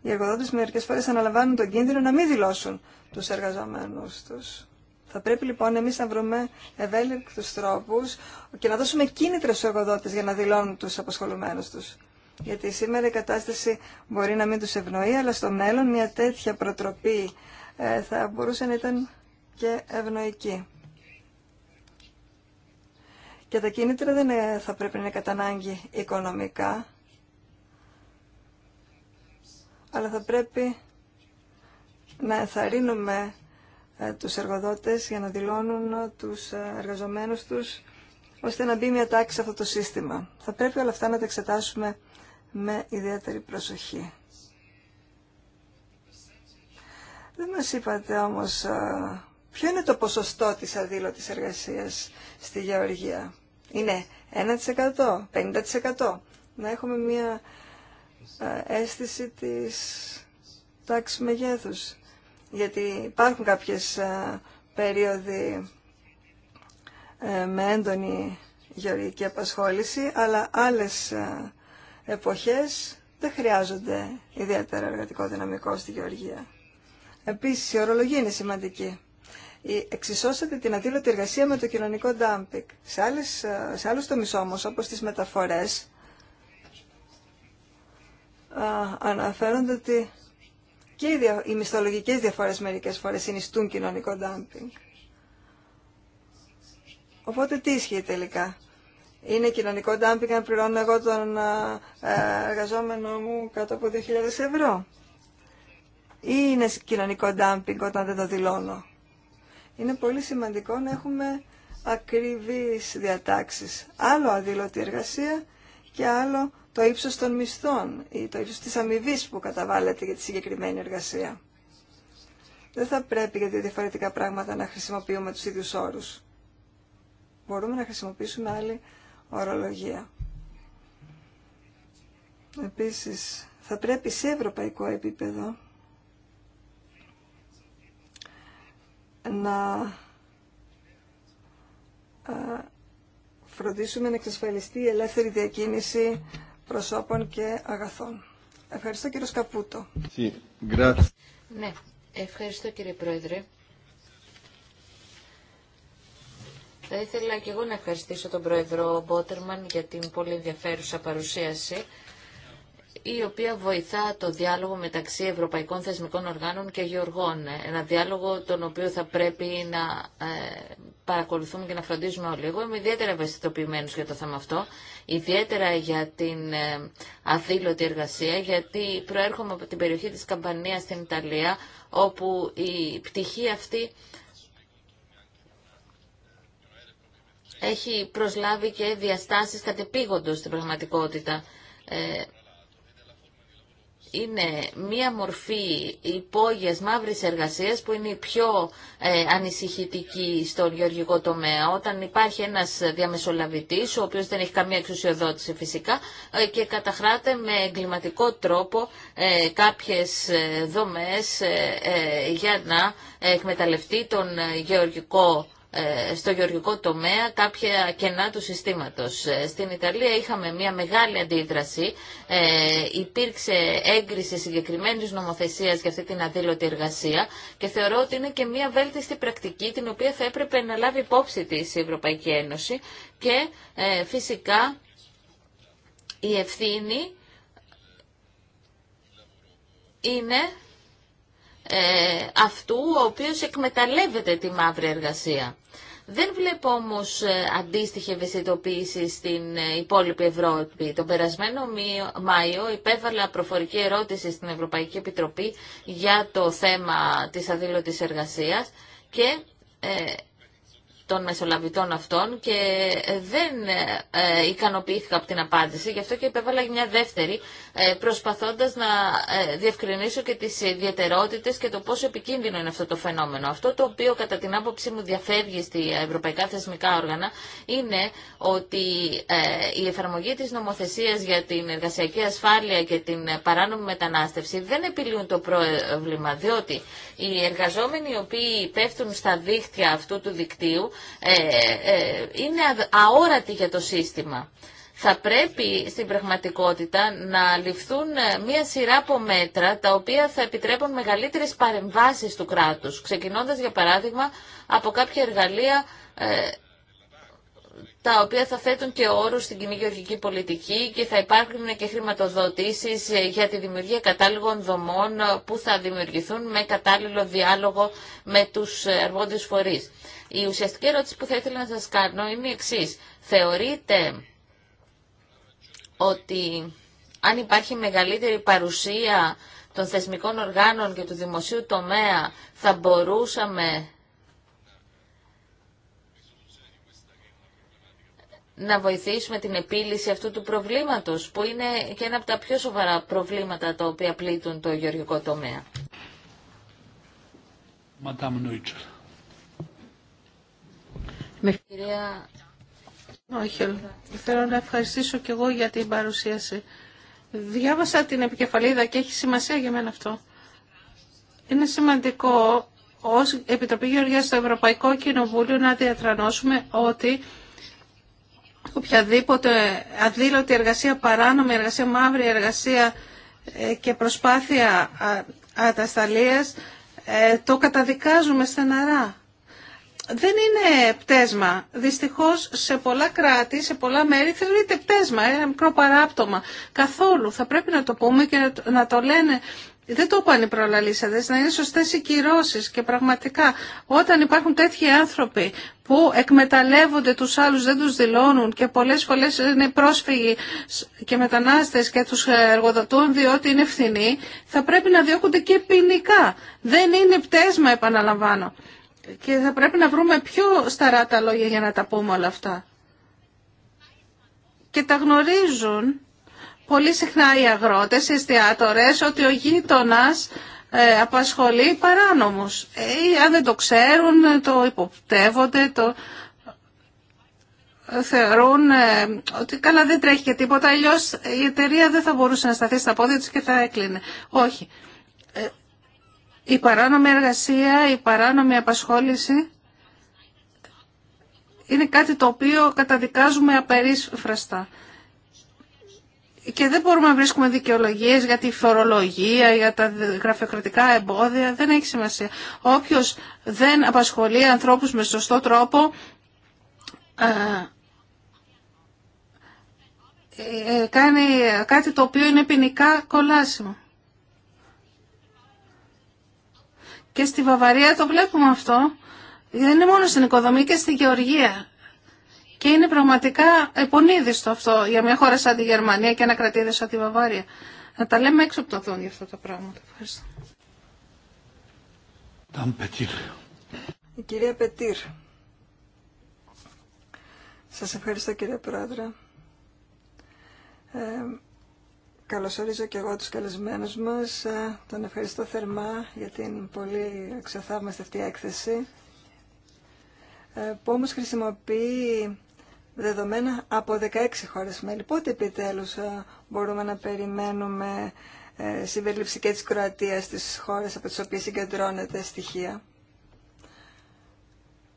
οι εργοδότες μερικές φορές αναλαμβάνουν τον κίνδυνο να μην δηλώσουν τους εργαζομένους τους. Θα πρέπει λοιπόν εμείς να βρούμε ευέλικτους τρόπους και να δώσουμε κίνητρα στους εργοδότες για να δηλώνουν τους απασχολουμένους τους. Γιατί σήμερα η κατάσταση μπορεί να μην τους ευνοεί, αλλά στο μέλλον μια τέτοια προτροπή ε, θα μπορούσε να ήταν και ευνοϊκή. Και τα κίνητρα δεν ε, θα πρέπει να είναι κατά ανάγκη οικονομικά, αλλά θα πρέπει να ενθαρρύνουμε ε, τους εργοδότες για να δηλώνουν ε, τους ε, εργαζομένους τους ώστε να μπει μια τάξη σε αυτό το σύστημα. Θα πρέπει όλα αυτά να τα εξετάσουμε με ιδιαίτερη προσοχή. Δεν μας είπατε όμως ποιο είναι το ποσοστό της αδήλωτης εργασίας στη Γεωργία. Είναι 1%, 50%. Να έχουμε μια ε, αίσθηση της τάξης μεγέθους. Γιατί υπάρχουν κάποιες ε, περίοδοι ε, με έντονη γεωργική απασχόληση, αλλά άλλες εποχές δεν χρειάζονται ιδιαίτερα εργατικό δυναμικό στη γεωργία. Επίσης, η ορολογία είναι σημαντική. Εξισώσατε την αδήλωτη εργασία με το κοινωνικό ντάμπικ. Σε, άλλες, σε άλλους τομείς όμως, όπως τις μεταφορές, αναφέρονται ότι και οι, δια, οι μισθολογικές διαφορές μερικές φορές συνιστούν κοινωνικό ντάμπινγκ. Οπότε τι ισχύει τελικά. Είναι κοινωνικό ντάμπινγκ αν πληρώνω εγώ τον εργαζόμενο μου κάτω από 2.000 ευρώ. Ή είναι κοινωνικό ντάμπινγκ όταν δεν το δηλώνω. Είναι πολύ σημαντικό να έχουμε ακριβείς διατάξεις. Άλλο αδήλωτη εργασία και άλλο το ύψος των μισθών ή το ύψος της αμοιβή που καταβάλλεται για τη συγκεκριμένη εργασία. Δεν θα πρέπει για διαφορετικά πράγματα να χρησιμοποιούμε τους ίδιους όρους. Μπορούμε να χρησιμοποιήσουμε άλλη ορολογία. Επίσης, θα πρέπει σε ευρωπαϊκό επίπεδο να φροντίσουμε να εξασφαλιστεί η ελεύθερη διακίνηση προσώπων και αγαθών. Ευχαριστώ κύριο Σκαπούτο. Ναι, ευχαριστώ κύριε Πρόεδρε. Θα ήθελα και εγώ να ευχαριστήσω τον Πρόεδρο Μπότερμαν για την πολύ ενδιαφέρουσα παρουσίαση η οποία βοηθά το διάλογο μεταξύ ευρωπαϊκών θεσμικών οργάνων και γεωργών. Ένα διάλογο τον οποίο θα πρέπει να ε, παρακολουθούμε και να φροντίζουμε όλοι. Εγώ είμαι ιδιαίτερα ευαισθητοποιημένο για το θέμα αυτό, ιδιαίτερα για την ε, αδήλωτη εργασία, γιατί προέρχομαι από την περιοχή της Καμπανίας στην Ιταλία, όπου η πτυχή αυτή έχει προσλάβει και διαστάσεις κατεπήγοντος στην πραγματικότητα. Ε, είναι μία μορφή υπόγειας μαύρης εργασίας που είναι η πιο ε, ανησυχητική στον γεωργικό τομέα όταν υπάρχει ένας διαμεσολαβητής ο οποίος δεν έχει καμία εξουσιοδότηση φυσικά ε, και καταχράται με εγκληματικό τρόπο ε, κάποιες ε, δομές για να εκμεταλλευτεί τον γεωργικό ε, στο γεωργικό τομέα κάποια κενά του συστήματος. Ε, στην Ιταλία είχαμε μια μεγάλη αντίδραση, ε, υπήρξε έγκριση συγκεκριμένης νομοθεσίας για αυτή την αδήλωτη εργασία και θεωρώ ότι είναι και μια βέλτιστη πρακτική την οποία θα έπρεπε να λάβει υπόψη της η Ευρωπαϊκή Ένωση και φυσικά η ευθύνη είναι αυτού ο οποίος εκμεταλλεύεται τη μαύρη εργασία. Δεν βλέπω όμω ε, αντίστοιχη ευαισθητοποίηση στην ε, υπόλοιπη Ευρώπη. Τον περασμένο Μάιο υπέβαλα προφορική ερώτηση στην Ευρωπαϊκή Επιτροπή για το θέμα της αδήλωτη εργασίας και ε, των μεσολαβητών αυτών και δεν ε, ικανοποιήθηκα από την απάντηση, γι' αυτό και υπέβαλα μια δεύτερη ε, προσπαθώντας να ε, διευκρινίσω και τις ιδιαιτερότητες και το πόσο επικίνδυνο είναι αυτό το φαινόμενο. Αυτό το οποίο κατά την άποψή μου διαφεύγει στη ευρωπαϊκά θεσμικά όργανα είναι ότι ε, η εφαρμογή της νομοθεσίας για την εργασιακή ασφάλεια και την παράνομη μετανάστευση δεν επιλύουν το πρόβλημα, διότι οι εργαζόμενοι οι οποίοι πέφτουν στα δίχτυα αυτού του δικτύου είναι αόρατοι για το σύστημα θα πρέπει στην πραγματικότητα να ληφθούν ε, μία σειρά από μέτρα τα οποία θα επιτρέπουν μεγαλύτερες παρεμβάσεις του κράτους, ξεκινώντας για παράδειγμα από κάποια εργαλεία ε, τα οποία θα θέτουν και όρους στην κοινή γεωργική πολιτική και θα υπάρχουν και χρηματοδοτήσεις ε, για τη δημιουργία κατάλληλων δομών που θα δημιουργηθούν με κατάλληλο διάλογο με τους αρμόδιους φορείς. Η ουσιαστική ερώτηση που θα ήθελα να σας κάνω είναι η εξής. Θεωρείτε ότι αν υπάρχει μεγαλύτερη παρουσία των θεσμικών οργάνων και του δημοσίου τομέα θα μπορούσαμε να βοηθήσουμε την επίλυση αυτού του προβλήματος, που είναι και ένα από τα πιο σοβαρά προβλήματα τα οποία πλήττουν το γεωργικό τομέα. Κυρία όχι, θέλω να ευχαριστήσω και εγώ για την παρουσίαση. Διάβασα την επικεφαλίδα και έχει σημασία για μένα αυτό. Είναι σημαντικό ως Επιτροπή Γεωργίας στο Ευρωπαϊκό Κοινοβούλιο να διατρανώσουμε ότι οποιαδήποτε αδήλωτη εργασία, παράνομη εργασία, μαύρη εργασία ε, και προσπάθεια ατασταλίας ε, το καταδικάζουμε στεναρά δεν είναι πτέσμα. Δυστυχώς σε πολλά κράτη, σε πολλά μέρη θεωρείται πτέσμα, ένα ε, μικρό παράπτωμα. Καθόλου. Θα πρέπει να το πούμε και να το λένε. Δεν το είπαν οι προλαλήσαντες, να είναι σωστές οι κυρώσεις και πραγματικά όταν υπάρχουν τέτοιοι άνθρωποι που εκμεταλλεύονται τους άλλους, δεν τους δηλώνουν και πολλές φορές είναι πρόσφυγοι και μετανάστες και τους εργοδοτούν διότι είναι φθηνοί, θα πρέπει να διώκονται και ποινικά. Δεν είναι πτέσμα, επαναλαμβάνω. Και θα πρέπει να βρούμε πιο σταρά τα λόγια για να τα πούμε όλα αυτά. Και τα γνωρίζουν πολύ συχνά οι αγρότες, οι εστιατορές, ότι ο γείτονα ε, απασχολεί παράνομους. Ε, αν δεν το ξέρουν, το υποπτεύονται, το θεωρούν ε, ότι καλά δεν τρέχει και τίποτα, αλλιώ η εταιρεία δεν θα μπορούσε να σταθεί στα πόδια της και θα έκλεινε. Όχι. Ε, η παράνομη εργασία, η παράνομη απασχόληση είναι κάτι το οποίο καταδικάζουμε απερίφραστα. Και δεν μπορούμε να βρίσκουμε δικαιολογίε για τη φορολογία, για τα γραφειοκρατικά εμπόδια. Δεν έχει σημασία. Όποιο δεν απασχολεί ανθρώπου με σωστό τρόπο, ε, ε, κάνει κάτι το οποίο είναι ποινικά κολάσιμο. Και στη Βαβαρία το βλέπουμε αυτό. Δεν είναι μόνο στην οικοδομή και στη γεωργία. Και είναι πραγματικά επονίδιστο αυτό για μια χώρα σαν τη Γερμανία και ένα κρατήδε σαν τη Βαβάρια. Να τα λέμε έξω από το δόν για αυτά τα πράγματα. Ευχαριστώ. Η κυρία Πετήρ. Σας ευχαριστώ κύριε Πρόεδρε. Ε, Καλωσορίζω και εγώ τους καλεσμένους μας. Ε, τον ευχαριστώ θερμά για την πολύ αξιοθαύμαστη αυτή έκθεση ε, που όμως χρησιμοποιεί δεδομένα από 16 χώρες μέλη. Πότε επιτέλους ε, μπορούμε να περιμένουμε συμπερίληψη και της Κροατίας στις χώρες από τις οποίες συγκεντρώνεται στοιχεία.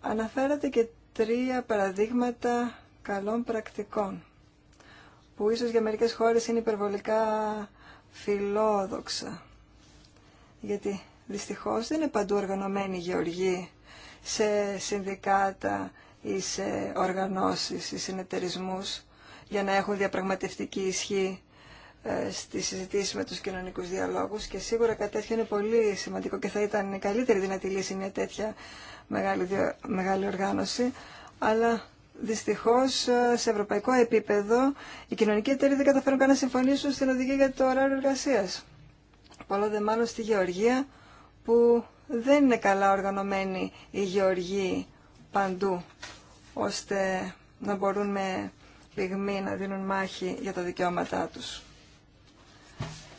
Αναφέρατε και τρία παραδείγματα καλών πρακτικών που ίσως για μερικές χώρες είναι υπερβολικά φιλόδοξα. Γιατί δυστυχώς δεν είναι παντού οργανωμένοι οι γεωργοί σε συνδικάτα ή σε οργανώσεις ή συνεταιρισμούς για να έχουν διαπραγματευτική ισχύ ε, στις συζητήση με τους κοινωνικούς διαλόγους και σίγουρα κάτι τέτοιο είναι πολύ σημαντικό και θα ήταν η καλύτερη δυνατή λύση μια τέτοια μεγάλη, μεγάλη οργάνωση αλλά δυστυχώ σε ευρωπαϊκό επίπεδο οι κοινωνικοί εταίροι δεν καταφέρουν καν να συμφωνήσουν στην οδηγία για το ωράριο εργασία. Πολλό δε μάλλον στη Γεωργία που δεν είναι καλά οργανωμένη η Γεωργοί παντού ώστε να μπορούν με πυγμή να δίνουν μάχη για τα δικαιώματά τους.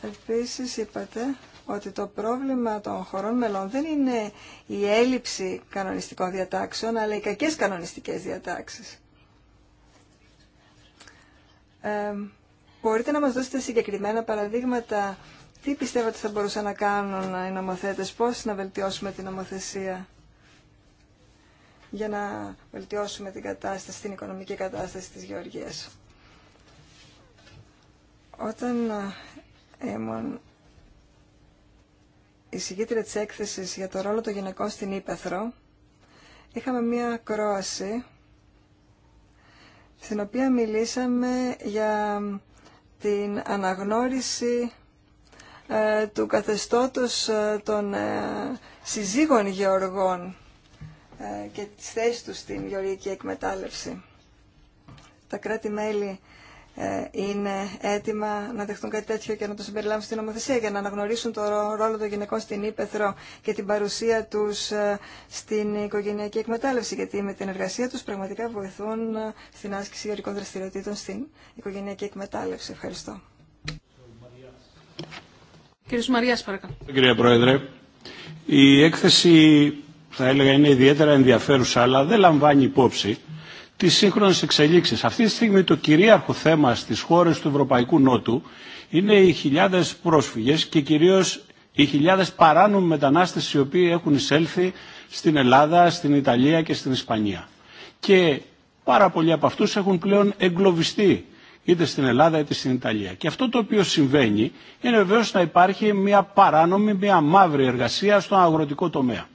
Επίσης είπατε ότι το πρόβλημα των χωρών μελών δεν είναι η έλλειψη κανονιστικών διατάξεων, αλλά οι κακές κανονιστικές διατάξεις. Ε, μπορείτε να μας δώσετε συγκεκριμένα παραδείγματα τι πιστεύετε θα μπορούσαν να κάνουν οι νομοθέτες, πώς να βελτιώσουμε την νομοθεσία για να βελτιώσουμε την κατάσταση, την οικονομική κατάσταση της Γεωργίας. Όταν ε, εισηγήτρια της έκθεσης για το ρόλο των γυναικών στην Ήπεθρο, είχαμε μία ακρόαση στην οποία μιλήσαμε για την αναγνώριση ε, του καθεστώτος ε, των ε, συζύγων γεωργών ε, και τις θέσεις τους στην γεωργική εκμετάλλευση. Τα κράτη-μέλη ε, είναι έτοιμα να δεχτούν κάτι τέτοιο και να το συμπεριλάβουν στην νομοθεσία για να αναγνωρίσουν το ρόλο των γυναικών στην Ήπεθρο και την παρουσία τους ε, στην οικογενειακή εκμετάλλευση γιατί με την εργασία τους πραγματικά βοηθούν ε, στην άσκηση γεωρικών δραστηριοτήτων στην οικογενειακή εκμετάλλευση. Ευχαριστώ. παρακαλώ. Κύριε Πρόεδρε, η έκθεση θα έλεγα είναι ιδιαίτερα ενδιαφέρουσα αλλά δεν λαμβάνει υπόψη τις σύγχρονες εξελίξεις. Αυτή τη στιγμή το κυρίαρχο θέμα στις χώρες του Ευρωπαϊκού Νότου είναι οι χιλιάδες πρόσφυγες και κυρίως οι χιλιάδες παράνομοι μετανάστες οι οποίοι έχουν εισέλθει στην Ελλάδα, στην Ιταλία και στην Ισπανία. Και πάρα πολλοί από αυτούς έχουν πλέον εγκλωβιστεί είτε στην Ελλάδα είτε στην Ιταλία. Και αυτό το οποίο συμβαίνει είναι βεβαίω να υπάρχει μια παράνομη, μια μαύρη εργασία στον αγροτικό τομέα.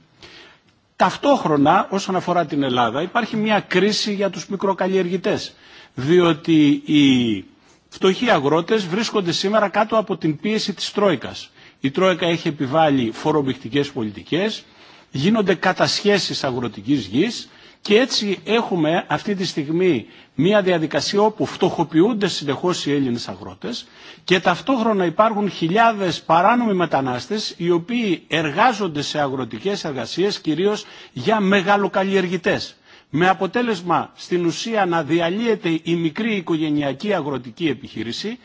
Ταυτόχρονα, όσον αφορά την Ελλάδα, υπάρχει μια κρίση για τους μικροκαλλιεργητές, διότι οι φτωχοί αγρότες βρίσκονται σήμερα κάτω από την πίεση της Τρόικας. Η Τρόικα έχει επιβάλει φορομπηκτικές πολιτικές, γίνονται κατασχέσεις αγροτικής γης, και έτσι έχουμε αυτή τη στιγμή μια διαδικασία όπου φτωχοποιούνται συνεχώς οι Έλληνες αγρότες και ταυτόχρονα υπάρχουν χιλιάδες παράνομοι μετανάστες οι οποίοι εργάζονται σε αγροτικές εργασίες κυρίως για μεγαλοκαλλιεργητές. Με αποτέλεσμα στην ουσία να διαλύεται η μικρή οικογενειακή αγροτική επιχείρηση,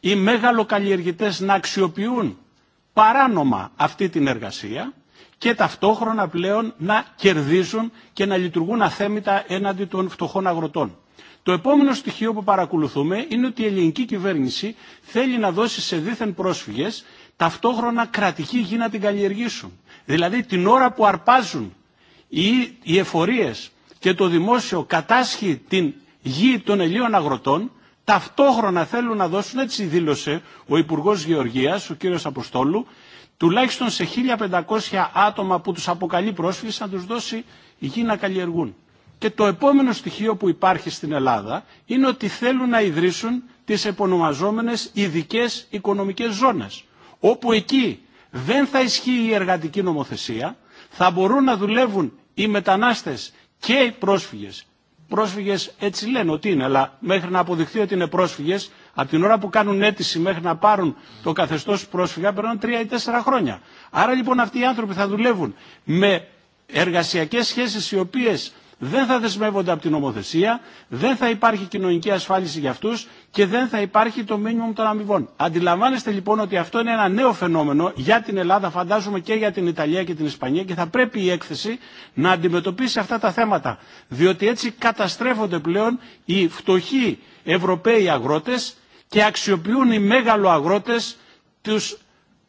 οι μεγαλοκαλλιεργητές να αξιοποιούν παράνομα αυτή την εργασία και ταυτόχρονα πλέον να κερδίζουν και να λειτουργούν αθέμητα έναντι των φτωχών αγροτών. Το επόμενο στοιχείο που παρακολουθούμε είναι ότι η ελληνική κυβέρνηση θέλει να δώσει σε δίθεν πρόσφυγες ταυτόχρονα κρατική γη να την καλλιεργήσουν. Δηλαδή την ώρα που αρπάζουν οι, εφορίε εφορίες και το δημόσιο κατάσχει την γη των Ελλήνων αγροτών, ταυτόχρονα θέλουν να δώσουν, έτσι δήλωσε ο Υπουργός Γεωργίας, ο κύριος Αποστόλου, τουλάχιστον σε 1.500 άτομα που τους αποκαλεί πρόσφυγες να τους δώσει γη να καλλιεργούν. Και το επόμενο στοιχείο που υπάρχει στην Ελλάδα είναι ότι θέλουν να ιδρύσουν τις επωνομαζόμενες ειδικέ οικονομικές ζώνες, όπου εκεί δεν θα ισχύει η εργατική νομοθεσία, θα μπορούν να δουλεύουν οι μετανάστες και οι πρόσφυγες. Πρόσφυγες έτσι λένε ότι είναι, αλλά μέχρι να αποδειχθεί ότι είναι πρόσφυγες από την ώρα που κάνουν αίτηση μέχρι να πάρουν το καθεστώ πρόσφυγα περνάνε τρία ή τέσσερα χρόνια. Άρα λοιπόν αυτοί οι άνθρωποι θα δουλεύουν με εργασιακέ σχέσει οι οποίε δεν θα δεσμεύονται από την νομοθεσία, δεν θα υπάρχει κοινωνική ασφάλιση για αυτού και δεν θα υπάρχει το μήνυμα των αμοιβών. Αντιλαμβάνεστε λοιπόν ότι αυτό είναι ένα νέο φαινόμενο για την Ελλάδα, φαντάζομαι και για την Ιταλία και την Ισπανία και θα πρέπει η έκθεση να αντιμετωπίσει αυτά τα θέματα. Διότι έτσι καταστρέφονται πλέον οι φτωχοί Ευρωπαίοι αγρότες και αξιοποιούν οι μέγαλο αγρότες τους,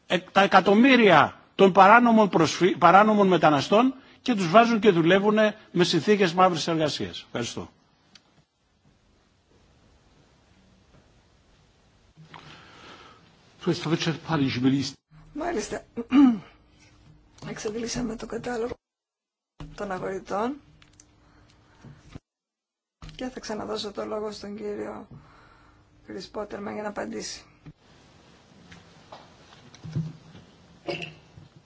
ε, τα εκατομμύρια των παράνομων, παράνομων μεταναστών και τους βάζουν και δουλεύουν με συνθήκες μαύρης εργασίας. Ευχαριστώ. Μάλιστα, εξαντλήσαμε το κατάλογο των αγοριτών και θα ξαναδώσω το λόγο στον κύριο για να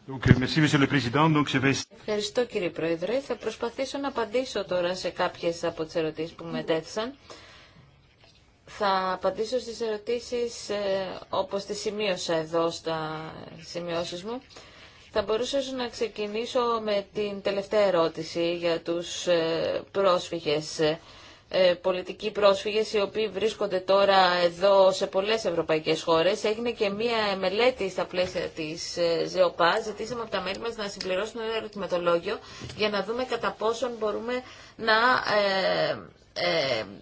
euh, Ευχαριστώ κύριε Πρόεδρε. Θα προσπαθήσω να απαντήσω τώρα σε κάποιες από τις ερωτήσεις που μετέθησαν. Θα απαντήσω στις ερωτήσεις ε, όπως τις σημείωσα εδώ στα σημειώσεις μου. Θα μπορούσα να ξεκινήσω με την τελευταία ερώτηση για τους ε, πρόσφυγες. Ε, πολιτικοί πρόσφυγες οι οποίοι βρίσκονται τώρα εδώ σε πολλές ευρωπαϊκές χώρες. Έγινε και μία μελέτη στα πλαίσια της ε, ΖΕΟΠΑ. Ζητήσαμε από τα μέλη μας να συμπληρώσουν ένα ερωτηματολόγιο για να δούμε κατά πόσον μπορούμε να ε,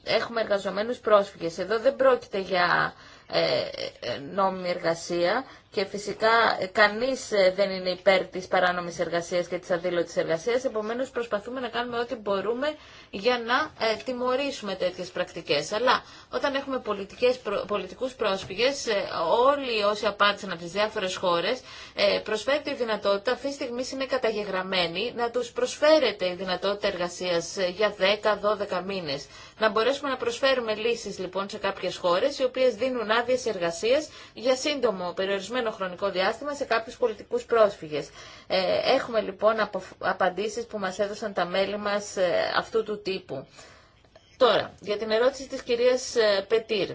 έχουμε εργαζομένους πρόσφυγες. Εδώ δεν πρόκειται για νόμιμη εργασία και φυσικά ε, κανείς ε, δεν είναι υπέρ της παράνομης εργασίας και της αδήλωτης εργασίας, επομένως προσπαθούμε να κάνουμε ό,τι μπορούμε για να ε, τιμωρήσουμε τέτοιες πρακτικές. Αλλά όταν έχουμε πολιτικές, πολιτικούς πρόσφυγες, ε, όλοι όσοι απάντησαν από τις διάφορες χώρες, ε, προσφέρεται η δυνατότητα, αυτή τη στιγμή είναι καταγεγραμμένη, να τους προσφέρεται η δυνατότητα εργασίας ε, για 10-12 μήνες. Να μπορέσουμε να προσφέρουμε λύσεις λοιπόν σε κάποιε χώρε, οι οποίε δίνουν άδειε εργασίας για σύντομο περιορισμένο συγκεκριμένο χρονικό διάστημα σε κάποιους πολιτικούς πρόσφυγες. Ε, έχουμε λοιπόν απαντήσεις που μας έδωσαν τα μέλη μας ε, αυτού του τύπου. Τώρα, για την ερώτηση της κυρίας ε, Πετήρ.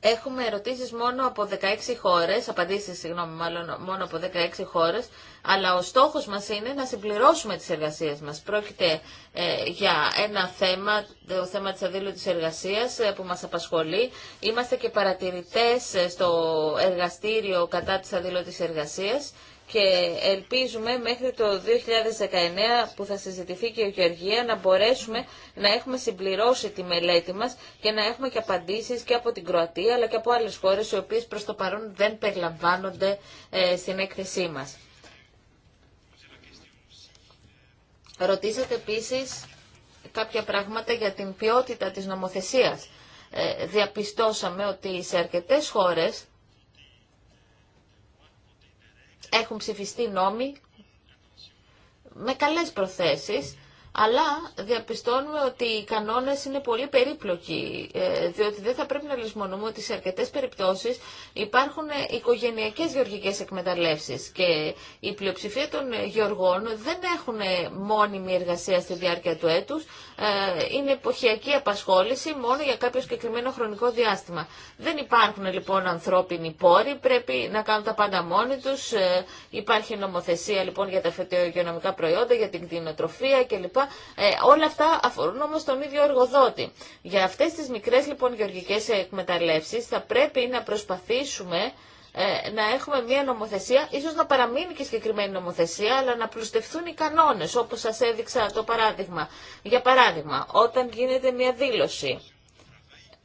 Έχουμε ερωτήσεις μόνο από 16 χώρες, απαντήσεις συγγνώμη μάλλον μόνο από 16 χώρες, αλλά ο στόχος μας είναι να συμπληρώσουμε τις εργασίες μας. Πρόκειται ε, για ένα θέμα, το θέμα της αδήλωτης εργασίας ε, που μας απασχολεί. Είμαστε και παρατηρητές ε, στο εργαστήριο κατά της αδήλωτης εργασίας και ελπίζουμε μέχρι το 2019 που θα συζητηθεί και η Γεωργία να μπορέσουμε να έχουμε συμπληρώσει τη μελέτη μας και να έχουμε και απαντήσεις και από την Κροατία αλλά και από άλλες χώρες οι οποίες προς το παρόν δεν περιλαμβάνονται ε, στην έκθεσή μας. Ρωτήσατε επίσης κάποια πράγματα για την ποιότητα της νομοθεσίας. Ε, διαπιστώσαμε ότι σε αρκετές χώρες έχουν ψηφιστεί νόμοι με καλές προθέσεις αλλά διαπιστώνουμε ότι οι κανόνε είναι πολύ περίπλοκοι, ε, διότι δεν θα πρέπει να λησμονούμε ότι σε αρκετέ περιπτώσει υπάρχουν οικογενειακέ γεωργικέ εκμεταλλεύσεις και η πλειοψηφία των γεωργών δεν έχουν μόνιμη εργασία στη διάρκεια του έτου, ε, είναι εποχιακή απασχόληση μόνο για κάποιο συγκεκριμένο χρονικό διάστημα. Δεν υπάρχουν λοιπόν ανθρώπινοι πόροι, πρέπει να κάνουν τα πάντα μόνοι του. Ε, υπάρχει νομοθεσία λοιπόν για τα φετεογειονομικά προϊόντα, για την κτηνοτροφία κλπ ε, όλα αυτά αφορούν όμως τον ίδιο εργοδότη. Για αυτές τις μικρές λοιπόν γεωργικές εκμεταλλεύσεις θα πρέπει να προσπαθήσουμε ε, να έχουμε μια νομοθεσία, ίσως να παραμείνει και συγκεκριμένη νομοθεσία, αλλά να πλουστευτούν οι κανόνες, όπως σας έδειξα το παράδειγμα. Για παράδειγμα, όταν γίνεται μια δήλωση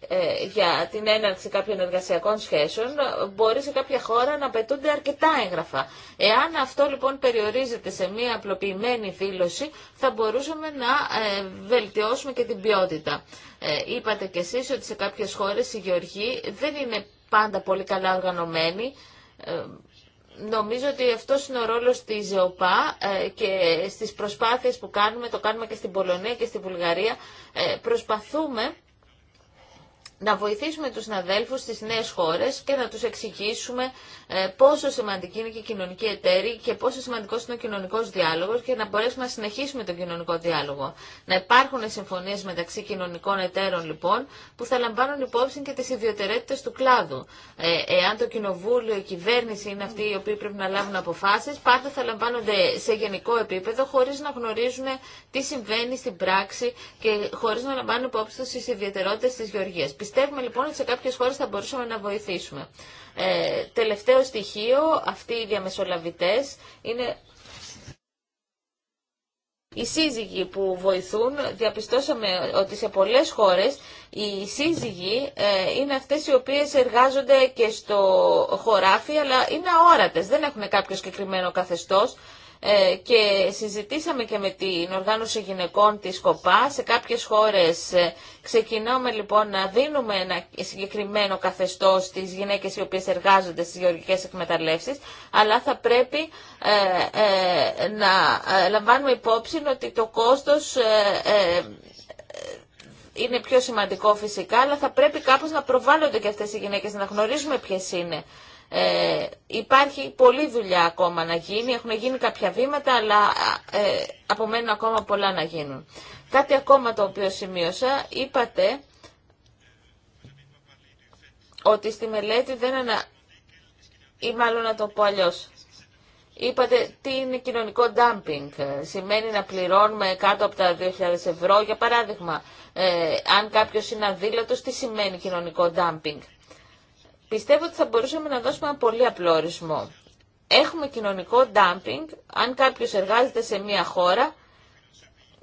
ε, για την έναρξη κάποιων εργασιακών σχέσεων μπορεί σε κάποια χώρα να απαιτούνται αρκετά έγγραφα. Εάν αυτό λοιπόν περιορίζεται σε μία απλοποιημένη δήλωση θα μπορούσαμε να ε, βελτιώσουμε και την ποιότητα. Ε, είπατε κι εσείς ότι σε κάποιες χώρες η γεωργία δεν είναι πάντα πολύ καλά οργανωμένοι Νομίζω ότι αυτό είναι ο ρόλος της ΕΟΠΑ και στις προσπάθειες που κάνουμε, το κάνουμε και στην Πολωνία και στη Βουλγαρία, προσπαθούμε να βοηθήσουμε τους συναδέλφους στις νέες χώρες και να τους εξηγήσουμε ε, πόσο σημαντική είναι και η κοινωνική εταίρη και πόσο σημαντικός είναι ο κοινωνικός διάλογος και να μπορέσουμε να συνεχίσουμε τον κοινωνικό διάλογο. Να υπάρχουν συμφωνίες μεταξύ κοινωνικών εταίρων λοιπόν που θα λαμβάνουν υπόψη και τις ιδιαιτερότητες του κλάδου. Ε, εάν το κοινοβούλιο, η κυβέρνηση είναι αυτοί οι οποίοι πρέπει να λάβουν αποφάσεις, πάντα θα λαμβάνονται σε γενικό επίπεδο χωρίς να γνωρίζουν τι συμβαίνει στην πράξη και χωρίς να λαμβάνουν υπόψη τις ιδιαιτερότητες της γεωργίας. Πιστεύουμε λοιπόν ότι σε κάποιες χώρες θα μπορούσαμε να βοηθήσουμε. Ε, τελευταίο στοιχείο, αυτοί οι διαμεσολαβητές είναι οι σύζυγοι που βοηθούν, διαπιστώσαμε ότι σε πολλές χώρες οι σύζυγοι ε, είναι αυτές οι οποίες εργάζονται και στο χωράφι, αλλά είναι αόρατες, δεν έχουν κάποιο συγκεκριμένο καθεστώς ε, και συζητήσαμε και με την οργάνωση γυναικών της ΚΟΠΑ. Σε κάποιες χώρες ε, ξεκινάμε λοιπόν να δίνουμε ένα συγκεκριμένο καθεστώς στις γυναίκες οι οποίες εργάζονται στις γεωργικές εκμεταλλεύσεις, αλλά θα πρέπει ε, να λαμβάνουμε υπόψη ότι το κόστος είναι πιο σημαντικό φυσικά, αλλά θα πρέπει κάπως να προβάλλονται και αυτές οι γυναίκες, να γνωρίζουμε ποιες είναι. Ε, υπάρχει πολλή δουλειά ακόμα να γίνει, έχουν γίνει κάποια βήματα, αλλά ε, απομένουν ακόμα πολλά να γίνουν. Κάτι ακόμα το οποίο σημείωσα, είπατε ότι στη μελέτη δεν ανα... ή μάλλον να το πω αλλιώ. Είπατε τι είναι κοινωνικό dumping. Ε, σημαίνει να πληρώνουμε κάτω από τα 2.000 ευρώ. Για παράδειγμα, ε, αν κάποιος είναι αδήλωτος, τι σημαίνει κοινωνικό dumping. Πιστεύω ότι θα μπορούσαμε να δώσουμε ένα πολύ απλό ορισμό. Έχουμε κοινωνικό dumping αν κάποιος εργάζεται σε μία χώρα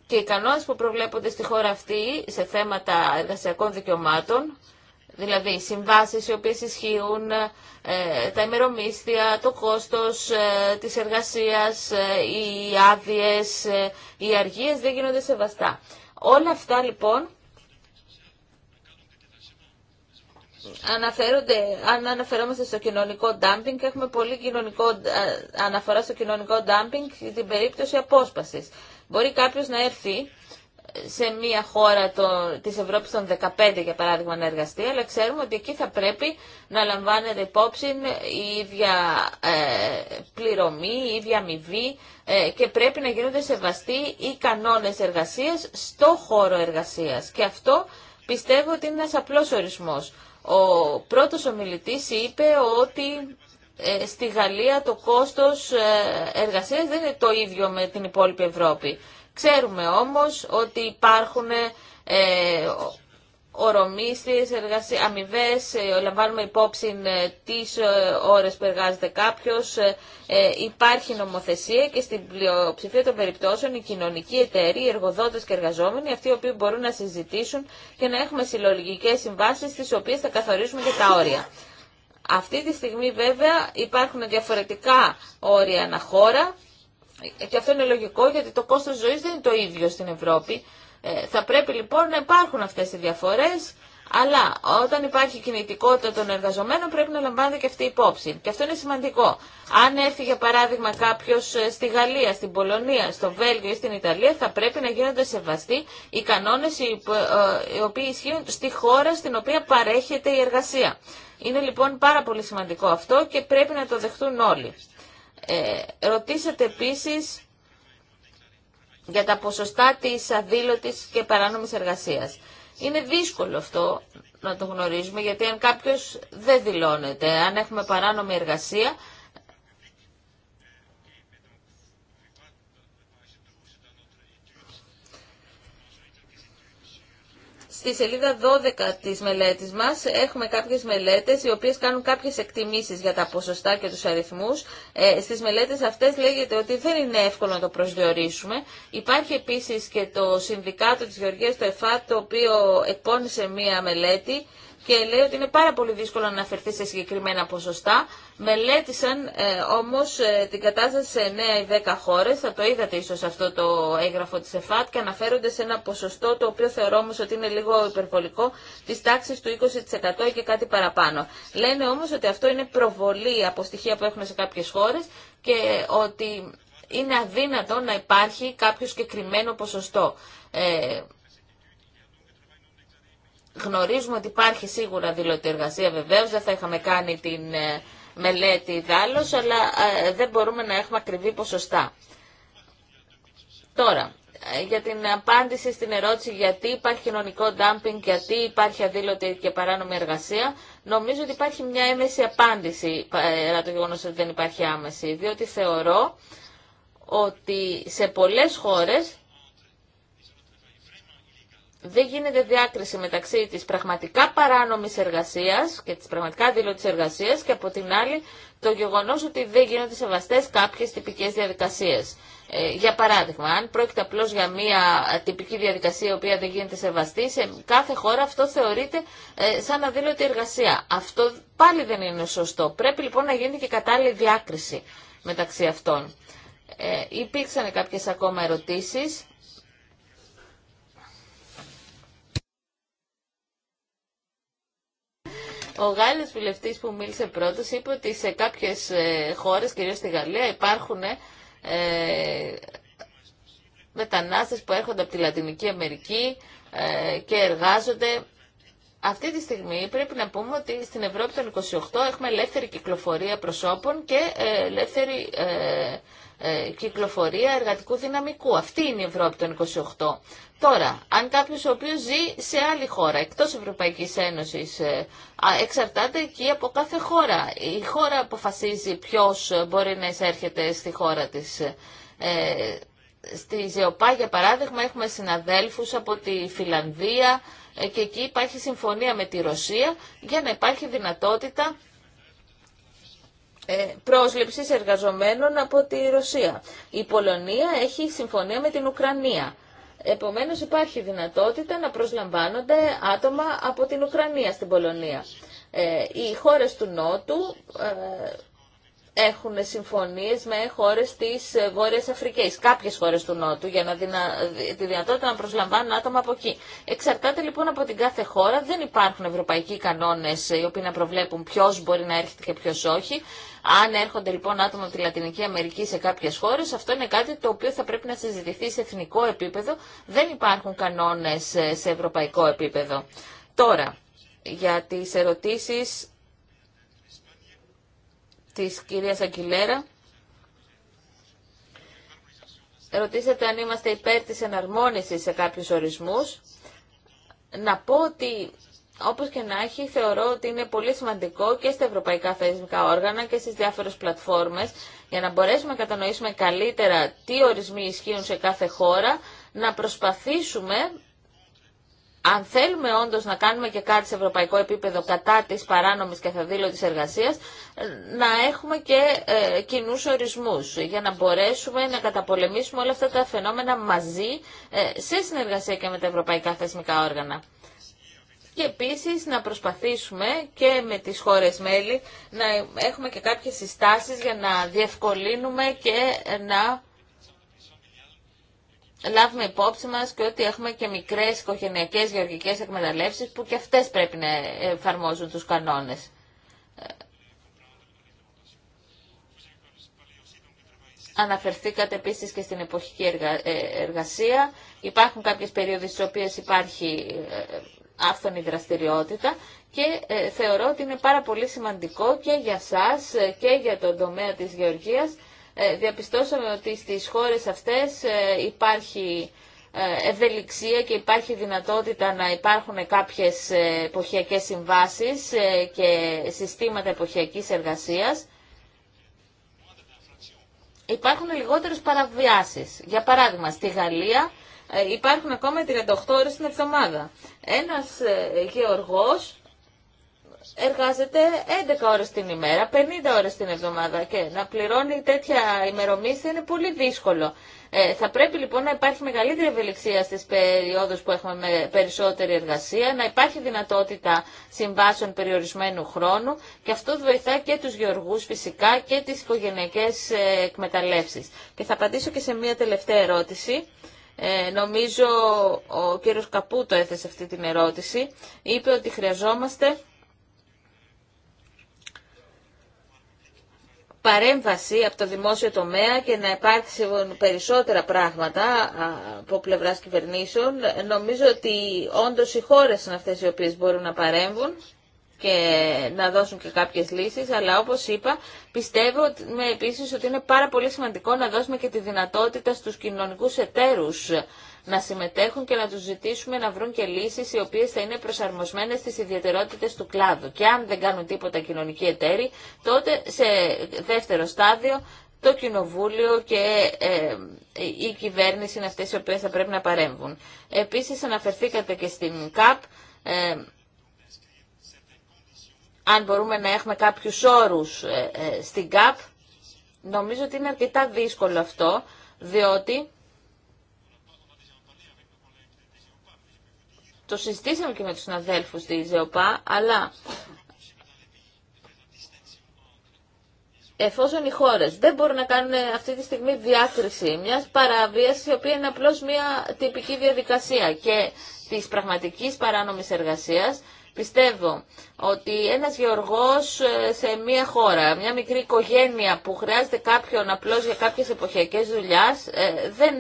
και οι κανόνες που προβλέπονται στη χώρα αυτή σε θέματα εργασιακών δικαιωμάτων, δηλαδή οι συμβάσεις οι οποίες ισχύουν, ε, τα ημερομίσθια, το κόστος ε, της εργασίας, ε, οι άδειες, οι αργίες δεν γίνονται σεβαστά. Όλα αυτά λοιπόν αναφέρονται, αν αναφερόμαστε στο κοινωνικό ντάμπινγκ, έχουμε πολύ κοινωνικό, αναφορά στο κοινωνικό ντάμπινγκ την περίπτωση απόσπασης. Μπορεί κάποιος να έρθει σε μια χώρα τη της Ευρώπης των 15 για παράδειγμα να εργαστεί, αλλά ξέρουμε ότι εκεί θα πρέπει να λαμβάνεται υπόψη η ίδια ε, πληρωμή, η ίδια αμοιβή ε, και πρέπει να γίνονται σεβαστοί οι κανόνες εργασίας στο χώρο εργασίας. Και αυτό πιστεύω ότι είναι ένας απλός ορισμός. Ο πρώτος ομιλητής είπε ότι ε, στη Γαλλία το κόστος ε, εργασίας δεν είναι το ίδιο με την υπόλοιπη Ευρώπη. Ξέρουμε όμως ότι υπάρχουν ε, ορομήσεις, εργασίες, αμοιβές, ε, λαμβάνουμε υπόψη ε, τις ε, ώρες που εργάζεται κάποιος. υπάρχει νομοθεσία και στην πλειοψηφία των περιπτώσεων οι κοινωνικοί εταίροι, οι εργοδότες και εργαζόμενοι, αυτοί οι οποίοι μπορούν να συζητήσουν και να έχουμε συλλογικές συμβάσεις στις οποίες θα καθορίζουμε και τα όρια. Αυτή τη στιγμή βέβαια υπάρχουν διαφορετικά όρια αναχώρα και αυτό είναι λογικό γιατί το κόστος ζωής δεν είναι το ίδιο στην Ευρώπη. Ε, θα πρέπει λοιπόν να υπάρχουν αυτές οι διαφορές, αλλά όταν υπάρχει κινητικότητα των εργαζομένων πρέπει να λαμβάνεται και αυτή η υπόψη. Και αυτό είναι σημαντικό. Αν έρθει για παράδειγμα κάποιο ε, στη Γαλλία, στην Πολωνία, στο Βέλγιο ή στην Ιταλία, θα πρέπει να γίνονται σεβαστοί οι κανόνε ε, οι οποίοι ισχύουν στη χώρα στην οποία παρέχεται η εργασία. Είναι λοιπόν πάρα πολύ σημαντικό αυτό και πρέπει να το δεχτούν όλοι. Ε, ρωτήσατε επίσης για τα ποσοστά της αδήλωτης και παράνομης εργασίας. Είναι δύσκολο αυτό να το γνωρίζουμε, γιατί αν κάποιος δεν δηλώνεται, αν έχουμε παράνομη εργασία, Στη σελίδα 12 της μελέτης μας έχουμε κάποιες μελέτες οι οποίες κάνουν κάποιες εκτιμήσεις για τα ποσοστά και τους αριθμούς. Ε, στις μελέτες αυτές λέγεται ότι δεν είναι εύκολο να το προσδιορίσουμε. Υπάρχει επίσης και το Συνδικάτο της Γεωργίας, το ΕΦΑΤ, το οποίο εκπώνησε μία μελέτη και λέει ότι είναι πάρα πολύ δύσκολο να αναφερθεί σε συγκεκριμένα ποσοστά. Μελέτησαν ε, όμως ε, την κατάσταση σε 9 ή 10 χώρες, θα το είδατε ίσως αυτό το έγγραφο της ΕΦΑΤ και αναφέρονται σε ένα ποσοστό το οποίο θεωρώ όμως ότι είναι λίγο υπερβολικό της τάξης του 20% και κάτι παραπάνω. Λένε όμως ότι αυτό είναι προβολή από στοιχεία που έχουν σε κάποιες χώρες και ότι είναι αδύνατο να υπάρχει κάποιο συγκεκριμένο ποσοστό. Ε, Γνωρίζουμε ότι υπάρχει σίγουρα δηλωτή εργασία βεβαίω. δεν θα είχαμε κάνει την ε, μελέτη δάλος, αλλά ε, δεν μπορούμε να έχουμε ακριβή ποσοστά. Τώρα, ε, για την απάντηση στην ερώτηση γιατί υπάρχει κοινωνικό ντάμπινγκ, γιατί υπάρχει αδήλωτη και παράνομη εργασία, νομίζω ότι υπάρχει μια έμεση απάντηση παρά το γεγονό ότι δεν υπάρχει άμεση, διότι θεωρώ ότι σε πολλές χώρες δεν γίνεται διάκριση μεταξύ της πραγματικά παράνομης εργασίας και της πραγματικά δηλώτης εργασίας και από την άλλη το γεγονός ότι δεν γίνονται σεβαστές κάποιες τυπικές διαδικασίες. Ε, για παράδειγμα, αν πρόκειται απλώ για μια τυπική διαδικασία η οποία δεν γίνεται σεβαστή, σε κάθε χώρα αυτό θεωρείται ε, σαν αδήλωτη εργασία. Αυτό πάλι δεν είναι σωστό. Πρέπει λοιπόν να γίνεται και κατάλληλη διάκριση μεταξύ αυτών. Ε, υπήρξαν κάποιες ακόμα ερωτήσεις. Ο Γάλλος βουλευτή που μίλησε πρώτος είπε ότι σε κάποιες ε, χώρες, κυρίως στη Γαλλία, υπάρχουν ε, μετανάστες που έρχονται από τη Λατινική Αμερική ε, και εργάζονται. Αυτή τη στιγμή πρέπει να πούμε ότι στην Ευρώπη των 28 έχουμε ελεύθερη κυκλοφορία προσώπων και ε, ελεύθερη ε, κυκλοφορία εργατικού δυναμικού. Αυτή είναι η Ευρώπη των 28. Τώρα, αν κάποιος ο οποίος ζει σε άλλη χώρα, εκτός Ευρωπαϊκής Ένωσης, ε, εξαρτάται εκεί από κάθε χώρα. Η χώρα αποφασίζει ποιος μπορεί να εισέρχεται στη χώρα της. Ε, στη ΖΕΟΠΑ, για παράδειγμα, έχουμε συναδέλφους από τη Φιλανδία και εκεί υπάρχει συμφωνία με τη Ρωσία για να υπάρχει δυνατότητα ε, πρόσληψης εργαζομένων από τη Ρωσία. Η Πολωνία έχει συμφωνία με την Ουκρανία. Επομένως υπάρχει δυνατότητα να προσλαμβάνονται άτομα από την Ουκρανία στην Πολωνία. Ε, οι χώρες του Νότου ε, έχουν συμφωνίες με χώρες της ε, Βόρειας Αφρικής, κάποιες χώρες του Νότου, για να δυνα... τη δυνατότητα να προσλαμβάνουν άτομα από εκεί. Εξαρτάται λοιπόν από την κάθε χώρα, δεν υπάρχουν ευρωπαϊκοί κανόνες ε, οι οποίοι να προβλέπουν ποιος μπορεί να έρχεται και ποιος όχι. Αν έρχονται λοιπόν άτομα από τη Λατινική Αμερική σε κάποιες χώρες, αυτό είναι κάτι το οποίο θα πρέπει να συζητηθεί σε εθνικό επίπεδο. Δεν υπάρχουν κανόνες ε, σε ευρωπαϊκό επίπεδο. Τώρα, για τι ερωτήσεις της κυρίας ακυλέρα. Ρωτήσατε αν είμαστε υπέρ της εναρμόνισης σε κάποιους ορισμούς. Να πω ότι όπως και να έχει, θεωρώ ότι είναι πολύ σημαντικό και στα ευρωπαϊκά θεσμικά όργανα και στις διάφορες πλατφόρμες για να μπορέσουμε να κατανοήσουμε καλύτερα τι ορισμοί ισχύουν σε κάθε χώρα, να προσπαθήσουμε αν θέλουμε όντως να κάνουμε και κάτι σε ευρωπαϊκό επίπεδο κατά της παράνομης και θα της εργασίας, ε, να έχουμε και ε, κοινούς για να μπορέσουμε να καταπολεμήσουμε όλα αυτά τα φαινόμενα μαζί ε, σε συνεργασία και με τα ευρωπαϊκά θεσμικά όργανα. Και επίσης να προσπαθήσουμε και με τις χώρες μέλη να έχουμε και κάποιες συστάσεις για να διευκολύνουμε και να λάβουμε υπόψη μα και ότι έχουμε και μικρέ οικογενειακέ γεωργικές εκμεταλλεύσει που και αυτέ πρέπει να εφαρμόζουν τους κανόνε. Αναφερθήκατε επίση και στην εποχική ε, εργασία. Υπάρχουν κάποιε περίοδοι στι οποίε υπάρχει ε, άφθονη δραστηριότητα και ε, θεωρώ ότι είναι πάρα πολύ σημαντικό και για σας και για τον τομέα της γεωργίας ε, διαπιστώσαμε ότι στις χώρες αυτές ε, υπάρχει ε, ευελιξία και υπάρχει δυνατότητα να υπάρχουν κάποιες εποχιακές συμβάσεις και συστήματα εποχιακής εργασίας. Υπάρχουν λιγότερες παραβιάσεις. Για παράδειγμα, στη Γαλλία υπάρχουν ακόμα 38 ώρες την εβδομάδα. Ένας γεωργός εργάζεται 11 ώρες την ημέρα, 50 ώρες την εβδομάδα και να πληρώνει τέτοια ημερομίσθια είναι πολύ δύσκολο. Ε, θα πρέπει λοιπόν να υπάρχει μεγαλύτερη ευελιξία στις περιόδους που έχουμε με περισσότερη εργασία, να υπάρχει δυνατότητα συμβάσεων περιορισμένου χρόνου και αυτό βοηθά και τους γεωργούς φυσικά και τις οικογενειακές ε, εκμεταλλεύσεις. Και θα απαντήσω και σε μία τελευταία ερώτηση. Ε, νομίζω ο κύριος Καπούτο έθεσε αυτή την ερώτηση. Είπε ότι χρειαζόμαστε παρέμβαση από το δημόσιο τομέα και να υπάρξουν περισσότερα πράγματα από πλευρά κυβερνήσεων. Νομίζω ότι όντω οι χώρε είναι αυτέ οι οποίε μπορούν να παρέμβουν και να δώσουν και κάποιες λύσεις, αλλά όπως είπα, πιστεύω με επίσης ότι είναι πάρα πολύ σημαντικό να δώσουμε και τη δυνατότητα στου κοινωνικού εταίρους να συμμετέχουν και να τους ζητήσουμε να βρουν και λύσεις οι οποίες θα είναι προσαρμοσμένες στις ιδιαιτερότητες του κλάδου. Και αν δεν κάνουν τίποτα κοινωνικοί εταίροι, τότε σε δεύτερο στάδιο το Κοινοβούλιο και ε, η κυβέρνηση είναι αυτές οι οποίες θα πρέπει να παρέμβουν. Επίσης αναφερθήκατε και στην ΚΑΠ, ε, αν μπορούμε να έχουμε κάποιους όρους ε, στην ΚΑΠ, νομίζω ότι είναι αρκετά δύσκολο αυτό, διότι Το συζητήσαμε και με τους συναδέλφους της ΖΕΟΠΑ, αλλά εφόσον οι χώρες δεν μπορούν να κάνουν αυτή τη στιγμή διάκριση μιας παραβίασης η οποία είναι απλώς μια τυπική διαδικασία και της πραγματικής παράνομης εργασίας, Πιστεύω ότι ένας γεωργός ε, σε μια χώρα, μια μικρή οικογένεια που χρειάζεται κάποιον απλώς για κάποιες εποχιακές δουλειάς, ε, δεν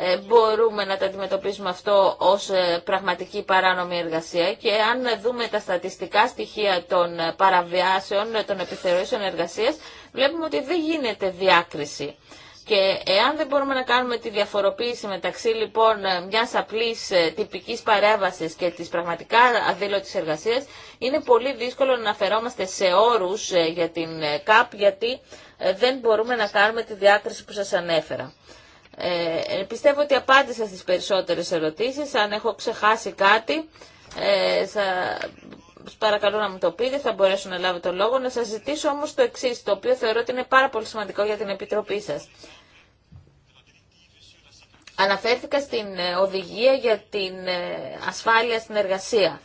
ε, μπορούμε να τα αντιμετωπίσουμε αυτό ως ε, πραγματική παράνομη εργασία και αν δούμε τα στατιστικά στοιχεία των ε, παραβιάσεων, των επιθεωρήσεων εργασίας, βλέπουμε ότι δεν γίνεται διάκριση. Και εάν δεν μπορούμε να κάνουμε τη διαφοροποίηση μεταξύ λοιπόν μιας απλής τυπικής παρέβασης και της πραγματικά της εργασίας, είναι πολύ δύσκολο να αναφερόμαστε σε όρους για την ΚΑΠ, γιατί δεν μπορούμε να κάνουμε τη διάκριση που σα ανέφερα. Ε, ε, πιστεύω ότι απάντησα στις περισσότερες ερωτήσεις. Αν έχω ξεχάσει κάτι, ε, θα, παρακαλώ να μου το πείτε, θα μπορέσω να λάβω το λόγο. Να σας ζητήσω όμως το εξή, το οποίο θεωρώ ότι είναι πάρα πολύ σημαντικό για την Επιτροπή σας. Αναφέρθηκα στην ε, οδηγία για την ε, ασφάλεια στην εργασία,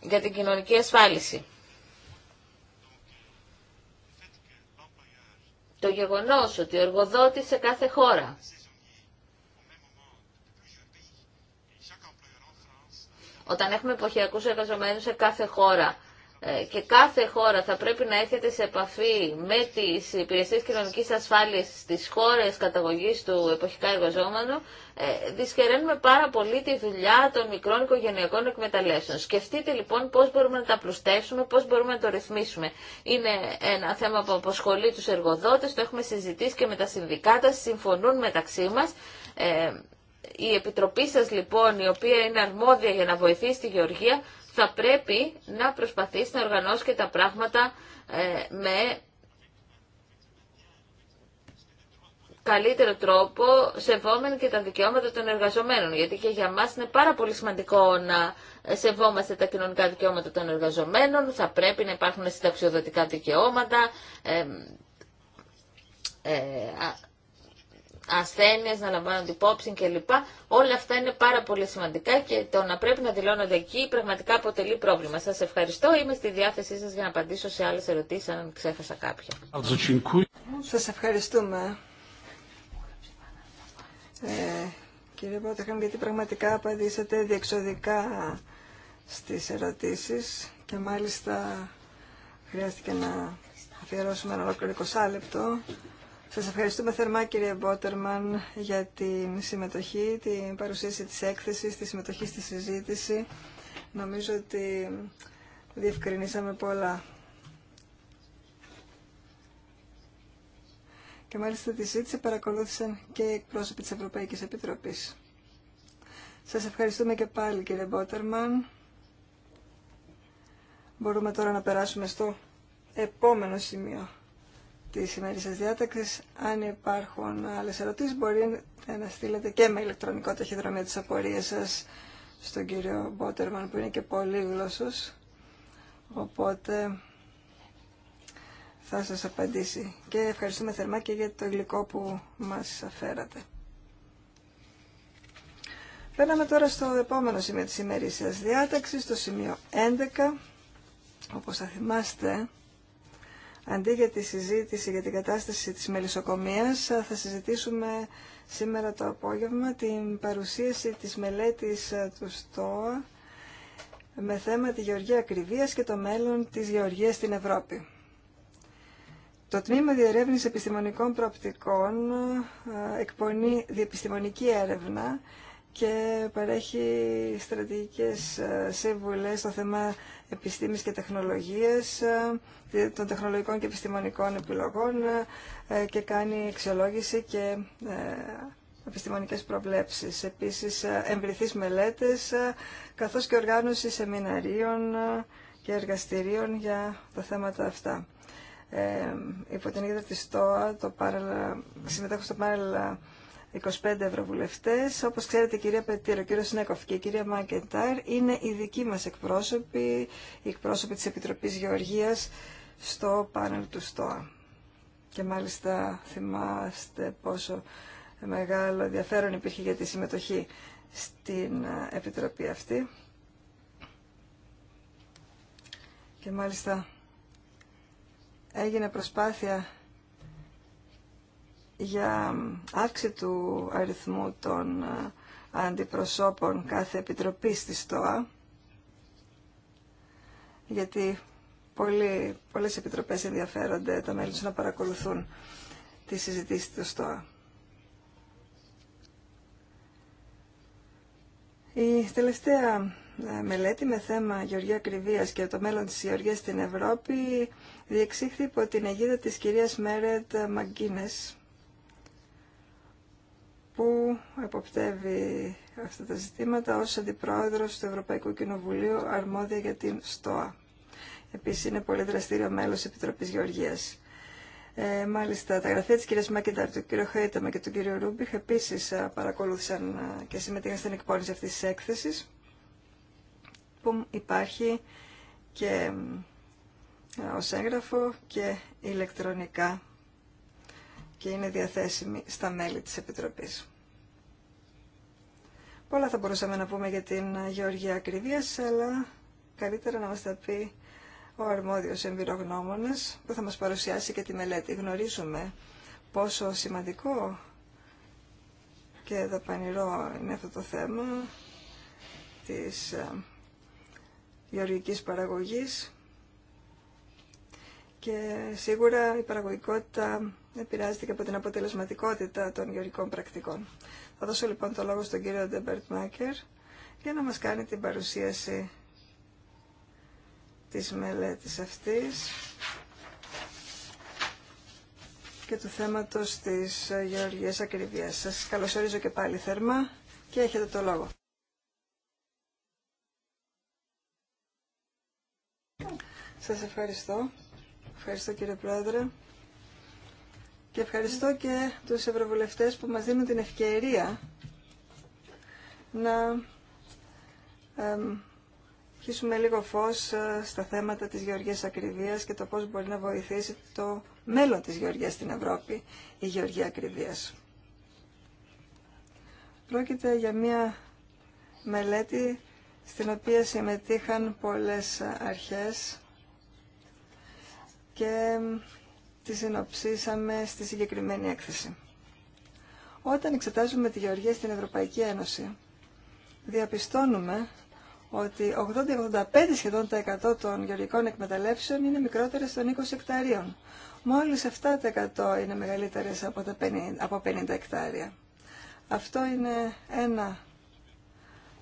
για την κοινωνική ασφάλιση. το γεγονός ότι ο εργοδότης σε κάθε χώρα όταν έχουμε εποχιακούς εργαζομένους σε κάθε χώρα ε, και κάθε χώρα θα πρέπει να έρχεται σε επαφή με τις υπηρεσίες κοινωνικής ασφάλειας στις χώρες καταγωγής του εποχικά εργαζόμενου, ε, δυσχεραίνουμε πάρα πολύ τη δουλειά των μικρών οικογενειακών εκμεταλλεύσεων. Σκεφτείτε λοιπόν πώς μπορούμε να τα πλουστεύσουμε, πώς μπορούμε να το ρυθμίσουμε. Είναι ένα θέμα που αποσχολεί τους εργοδότες, το έχουμε συζητήσει και με τα συνδικάτα, συμφωνούν μεταξύ μας. Ε, η Επιτροπή σας λοιπόν, η οποία είναι αρμόδια για να βοηθήσει τη Γεωργία, θα πρέπει να προσπαθήσει να οργανώσει και τα πράγματα ε, με καλύτερο τρόπο, σεβόμενοι και τα δικαιώματα των εργαζομένων. Γιατί και για μας είναι πάρα πολύ σημαντικό να ε, σεβόμαστε τα κοινωνικά δικαιώματα των εργαζομένων, θα πρέπει να υπάρχουν συνταξιοδοτικά δικαιώματα, ε, ε Ασθένειε, να λαμβάνονται υπόψη κλπ. Όλα αυτά είναι πάρα πολύ σημαντικά και το να πρέπει να δηλώνονται εκεί πραγματικά αποτελεί πρόβλημα. Σα ευχαριστώ. Είμαι στη διάθεσή σα για να απαντήσω σε άλλε ερωτήσει αν ξέχασα κάποια. Σα ευχαριστούμε. Ε, κύριε Πότεχαν, γιατί πραγματικά απαντήσατε διεξοδικά στις ερωτήσεις και μάλιστα χρειάστηκε να αφιερώσουμε ένα ολόκληρο 20 λεπτό σας ευχαριστούμε θερμά κύριε Μπότερμαν για την συμμετοχή, την παρουσίαση της έκθεσης, τη συμμετοχή στη συζήτηση. Νομίζω ότι διευκρινίσαμε πολλά. Και μάλιστα τη συζήτηση παρακολούθησαν και οι εκπρόσωποι της Ευρωπαϊκής Επιτροπής. Σας ευχαριστούμε και πάλι κύριε Μπότερμαν. Μπορούμε τώρα να περάσουμε στο επόμενο σημείο Τη ημέρησας διάταξη. Αν υπάρχουν άλλε ερωτήσει μπορείτε να στείλετε και με ηλεκτρονικό ταχυδρομείο της απορίας σας στον κύριο Μπότερμαν που είναι και πολύ γλώσσος. Οπότε θα σας απαντήσει. Και ευχαριστούμε θερμά και για το υλικό που μας αφέρατε. Πέραμε τώρα στο επόμενο σημείο της ημερήσιας διάταξης, το σημείο 11. Όπως θα θυμάστε, Αντί για τη συζήτηση για την κατάσταση της μελισσοκομείας, θα συζητήσουμε σήμερα το απόγευμα την παρουσίαση της μελέτης του ΣΤΟΑ με θέμα τη γεωργία ακριβίας και το μέλλον της γεωργίας στην Ευρώπη. Το Τμήμα Διερεύνησης Επιστημονικών Προοπτικών ε, εκπονεί διεπιστημονική έρευνα και παρέχει στρατηγικές ε, σύμβουλες στο θέμα επιστήμης και τεχνολογίας, ε, των τεχνολογικών και επιστημονικών επιλογών ε, και κάνει αξιολόγηση και ε, επιστημονικές προβλέψεις. Επίσης, εμβριθείς μελέτες, καθώς και οργάνωση σεμιναρίων και εργαστηρίων για τα θέματα αυτά. Ε, υπό την ίδια της ΤΟΑ, το παρελα... συμμετέχω στο 25 ευρωβουλευτές. Όπως ξέρετε, η κυρία Πετήρο, ο κύριος Νέκοφ και η κυρία Μαγκεντάρ είναι οι δικοί μας εκπρόσωποι, οι εκπρόσωποι της Επιτροπής Γεωργίας στο πάνελ του ΣΤΟΑ. Και μάλιστα θυμάστε πόσο μεγάλο ενδιαφέρον υπήρχε για τη συμμετοχή στην Επιτροπή αυτή. Και μάλιστα έγινε προσπάθεια για αύξηση του αριθμού των ε, αντιπροσώπων κάθε επιτροπής στη ΣΤΟΑ, γιατί πολλοί, πολλές επιτροπές ενδιαφέρονται τα μέλη να παρακολουθούν τις συζητήσεις του ΣΤΟΑ. Η τελευταία ε, μελέτη με θέμα Γεωργία Κρυβίας και το μέλλον της Γεωργίας στην Ευρώπη διεξήχθη υπό την αιγίδα της κυρίας Μέρετ Μαγκίνες που εποπτεύει αυτά τα ζητήματα ως Αντιπρόεδρος του Ευρωπαϊκού Κοινοβουλίου αρμόδια για την ΣΤΟΑ. Επίσης είναι πολύ δραστήριο μέλος της Επιτροπής Γεωργίας. Ε, μάλιστα, τα γραφεία της κυρίας Μάκενταρ, του κύριο Χαίταμα και του κύριου Ρούμπιχ επίσης ε, παρακολούθησαν ε, και συμμετείχαν στην εκπόνηση αυτής της έκθεσης που υπάρχει και ε, ως έγγραφο και ηλεκτρονικά και είναι διαθέσιμη στα μέλη της Επιτροπής. Πολλά θα μπορούσαμε να πούμε για την Γεωργία Ακριβίας, αλλά καλύτερα να μας τα πει ο αρμόδιος εμπειρογνώμονας που θα μας παρουσιάσει και τη μελέτη. Γνωρίζουμε πόσο σημαντικό και δαπανηρό είναι αυτό το θέμα της ε, γεωργικής παραγωγής και σίγουρα η παραγωγικότητα επηρεάζεται και από την αποτελεσματικότητα των γεωργικών πρακτικών. Θα δώσω λοιπόν το λόγο στον κύριο Ντεμπερτ Μάκερ για να μας κάνει την παρουσίαση της μελέτης αυτής και του θέματος της γεωργίας ακριβίας. Σας καλωσορίζω και πάλι θερμά και έχετε το λόγο. Σας ευχαριστώ. Ευχαριστώ κύριε Πρόεδρε. Και ευχαριστώ και τους ευρωβουλευτές που μας δίνουν την ευκαιρία να ε, λίγο φως ε, στα θέματα της γεωργίας ακριβίας και το πώς μπορεί να βοηθήσει το μέλλον της γεωργίας στην Ευρώπη, η γεωργία ακριβίας. Πρόκειται για μια μελέτη στην οποία συμμετείχαν πολλές αρχές και τη συνοψίσαμε στη συγκεκριμένη έκθεση. Όταν εξετάζουμε τη γεωργία στην Ευρωπαϊκή Ένωση, διαπιστώνουμε ότι 80-85 σχεδόν τα 100 των γεωργικών εκμεταλλεύσεων είναι μικρότερες των 20 εκταρίων. Μόλις 7% είναι μεγαλύτερες από, τα 50, από 50 εκτάρια. Αυτό είναι ένα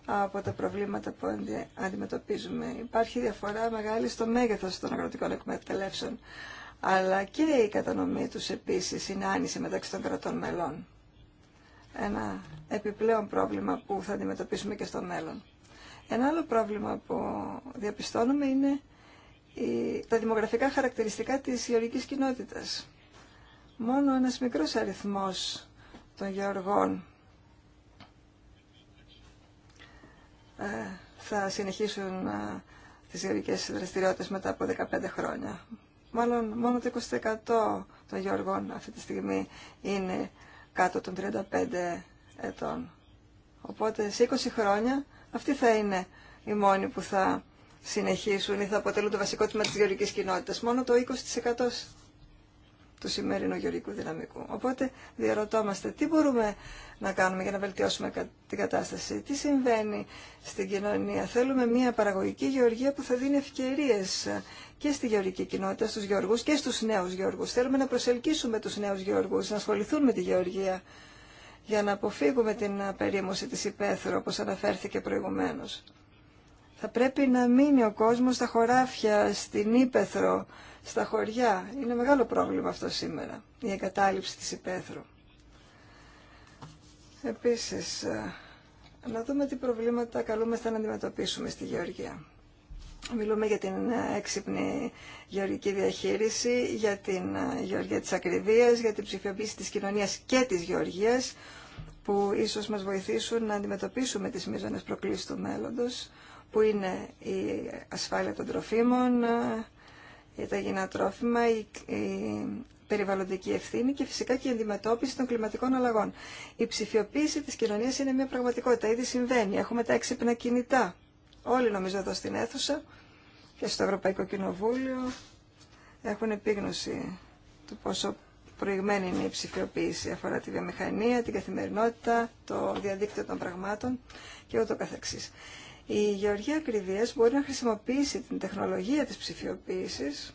από τα προβλήματα που αντιμετωπίζουμε. Υπάρχει διαφορά μεγάλη στο μέγεθος των αγροτικών εκμεταλλεύσεων αλλά και η κατανομή τους επίσης είναι άνηση μεταξύ των κρατών μελών. Ένα επιπλέον πρόβλημα που θα αντιμετωπίσουμε και στο μέλλον. Ένα άλλο πρόβλημα που διαπιστώνουμε είναι τα δημογραφικά χαρακτηριστικά της γεωργικής κοινότητας. Μόνο ένας μικρός αριθμός των γεωργών ε, θα συνεχίσουν ε, τις γεωργικές δραστηριότητες μετά από 15 χρόνια. Μάλλον μόνο το 20% των γεωργών αυτή τη στιγμή είναι κάτω των 35 ετών. Οπότε σε 20 χρόνια αυτοί θα είναι οι μόνοι που θα συνεχίσουν ή θα αποτελούν το βασικό τμήμα της γεωργικής κοινότητας. Μόνο το 20% του σημερινού γεωργικού δυναμικού. Οπότε διαρωτόμαστε τι μπορούμε να κάνουμε για να βελτιώσουμε την κατάσταση. Τι συμβαίνει στην κοινωνία. Θέλουμε μια παραγωγική γεωργία που θα δίνει ευκαιρίε και στη γεωργική κοινότητα, στους γεωργού και στου νέου γεωργού. Θέλουμε να προσελκύσουμε του νέου γεωργούς, να ασχοληθούν με τη γεωργία για να αποφύγουμε την περίμωση της υπαίθρου, όπως αναφέρθηκε προηγουμένως. Θα πρέπει να μείνει ο κόσμος στα χωράφια, στην ύπεθρο, στα χωριά. Είναι μεγάλο πρόβλημα αυτό σήμερα, η εγκατάλειψη της υπαίθρου. Επίσης, ε, να δούμε τι προβλήματα καλούμαστε να αντιμετωπίσουμε στη Γεωργία. Μιλούμε για την ε, έξυπνη γεωργική διαχείριση, για την ε, γεωργία της ακριβίας, για την ψηφιοποίηση της κοινωνίας και της γεωργίας, που ίσως μας βοηθήσουν να αντιμετωπίσουμε τις μείζονες προκλήσεις του μέλλοντος, που είναι η ασφάλεια των τροφίμων, για τα υγιεινά τρόφιμα, η, περιβαλλοντική ευθύνη και φυσικά και η αντιμετώπιση των κλιματικών αλλαγών. Η ψηφιοποίηση της κοινωνίας είναι μια πραγματικότητα, ήδη συμβαίνει. Έχουμε τα έξυπνα κινητά, όλοι νομίζω εδώ στην αίθουσα και στο Ευρωπαϊκό Κοινοβούλιο έχουν επίγνωση του πόσο προηγμένη είναι η ψηφιοποίηση αφορά τη βιομηχανία, την καθημερινότητα, το διαδίκτυο των πραγμάτων και ούτω καθεξής η γεωργία ακριβίας μπορεί να χρησιμοποιήσει την τεχνολογία της ψηφιοποίησης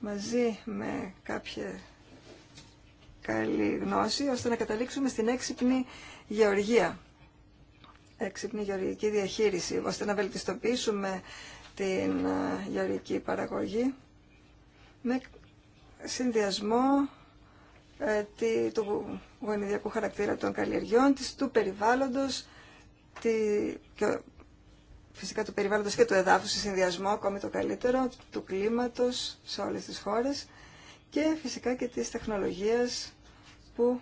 μαζί με κάποια καλή γνώση ώστε να καταλήξουμε στην έξυπνη γεωργία, έξυπνη γεωργική διαχείριση, ώστε να βελτιστοποιήσουμε την ε, γεωργική παραγωγή με συνδυασμό ε, του γονιδιακού χαρακτήρα των καλλιεργιών, της, του περιβάλλοντος, και φυσικά του περιβάλλοντος και του εδάφους σε συνδυασμό ακόμη το καλύτερο, του κλίματος σε όλες τις χώρες και φυσικά και της τεχνολογίας που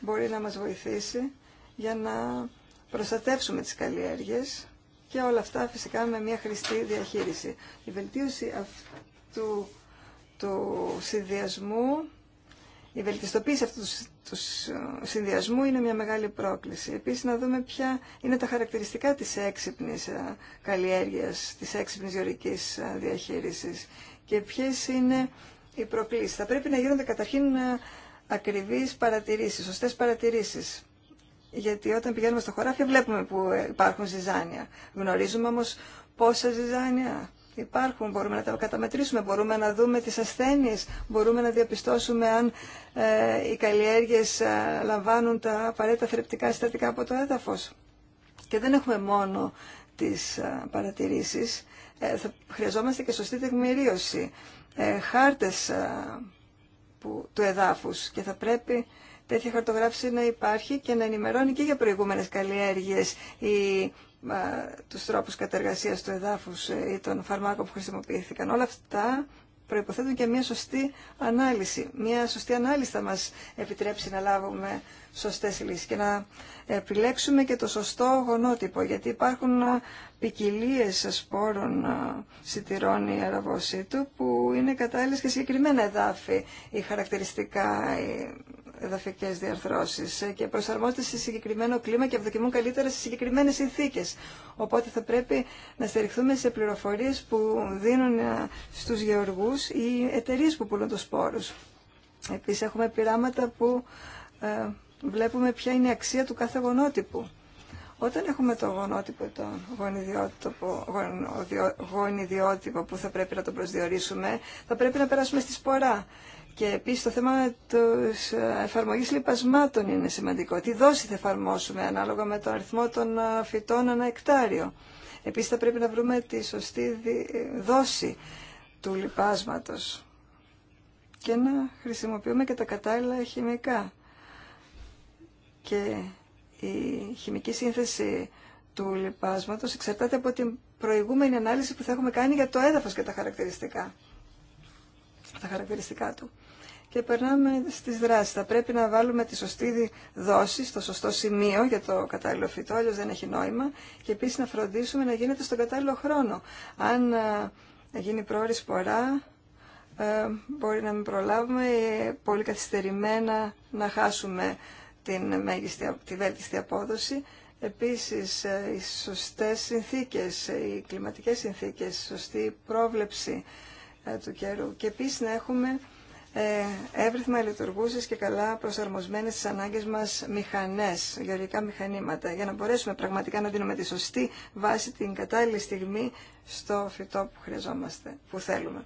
μπορεί να μας βοηθήσει για να προστατεύσουμε τις καλλιέργειες και όλα αυτά φυσικά με μια χρηστή διαχείριση. Η βελτίωση αυτού του συνδυασμού η βελτιστοποίηση αυτού του συνδυασμού είναι μια μεγάλη πρόκληση. Επίση να δούμε ποια είναι τα χαρακτηριστικά της έξυπνη ε, καλλιέργεια, της έξυπνη γεωρικής ε, διαχείριση. και ποιε είναι οι προκλήσει, Θα πρέπει να γίνονται καταρχήν ε, ακριβείς παρατηρήσει, σωστέ παρατηρήσει. Γιατί όταν πηγαίνουμε στο χωράφι βλέπουμε που υπάρχουν ζυζάνια. Γνωρίζουμε όμω πόσα ζυζάνια, υπάρχουν, μπορούμε να τα καταμετρήσουμε, μπορούμε να δούμε τις ασθένειες, μπορούμε να διαπιστώσουμε αν ε, οι καλλιέργειες ε, λαμβάνουν τα απαραίτητα θρεπτικά συστατικά από το έδαφος. Και δεν έχουμε μόνο τις ε, παρατηρήσεις, θα, χρειαζόμαστε και σωστή τεκμηρίωση, χάρτες που, του εδάφους και θα πρέπει τέτοια χαρτογράφηση να υπάρχει και να ενημερώνει και για προηγούμενες καλλιέργειες ή τους τρόπους κατεργασίας του εδάφους ε, ή των φαρμάκων που χρησιμοποιήθηκαν. Όλα αυτά προϋποθέτουν και μια σωστή ανάλυση. Μια σωστή ανάλυση θα μας επιτρέψει να λάβουμε σωστές λύσεις και να ε, επιλέξουμε και το σωστό γονότυπο, γιατί υπάρχουν ε, ποικιλίε σπόρων σιτηρών ή αραβοσίτου που είναι κατάλληλες και συγκεκριμένα εδάφη ή χαρακτηριστικά εδαφικέ διαρθρώσει ε, και προσαρμόζονται σε συγκεκριμένο κλίμα και αποδοκιμούν καλύτερα σε συγκεκριμένε συνθήκε. Οπότε θα πρέπει να στηριχθούμε σε πληροφορίε που δίνουν ε, στου γεωργού οι εταιρείε που πουλούν του σπόρου. Επίση έχουμε πειράματα που ε, βλέπουμε ποια είναι η αξία του κάθε γονότυπου. Όταν έχουμε το γονότυπο, το γονιδιότυπο, γονιδιότυπο που θα πρέπει να το προσδιορίσουμε, θα πρέπει να περάσουμε στη σπορά. Και επίση το θέμα τη εφαρμογή λιπασμάτων είναι σημαντικό. Τι δόση θα εφαρμόσουμε ανάλογα με τον αριθμό των φυτών ανά εκτάριο. Επίσης θα πρέπει να βρούμε τη σωστή δόση του λιπάσματος και να χρησιμοποιούμε και τα κατάλληλα χημικά. Και η χημική σύνθεση του λιπάσματος εξαρτάται από την προηγούμενη ανάλυση που θα έχουμε κάνει για το έδαφος και τα χαρακτηριστικά, τα χαρακτηριστικά του. Και περνάμε στις δράσεις. Θα πρέπει να βάλουμε τη σωστή δόση στο σωστό σημείο για το κατάλληλο φυτό, αλλιώς δεν έχει νόημα. Και επίσης να φροντίσουμε να γίνεται στον κατάλληλο χρόνο. Αν ε, γίνει πρόορη σπορά, ε, μπορεί να μην προλάβουμε ε, πολύ καθυστερημένα να χάσουμε την μέγιστη, τη βέλτιστη απόδοση. Επίσης, οι σωστές συνθήκες, οι κλιματικές συνθήκες, σωστή πρόβλεψη του καιρού. Και επίσης να έχουμε ε, εύρυθμα λειτουργούσε και καλά προσαρμοσμένε στι ανάγκε μα μηχανέ, γεωργικά μηχανήματα, για να μπορέσουμε πραγματικά να δίνουμε τη σωστή βάση την κατάλληλη στιγμή στο φυτό που χρειαζόμαστε, που θέλουμε.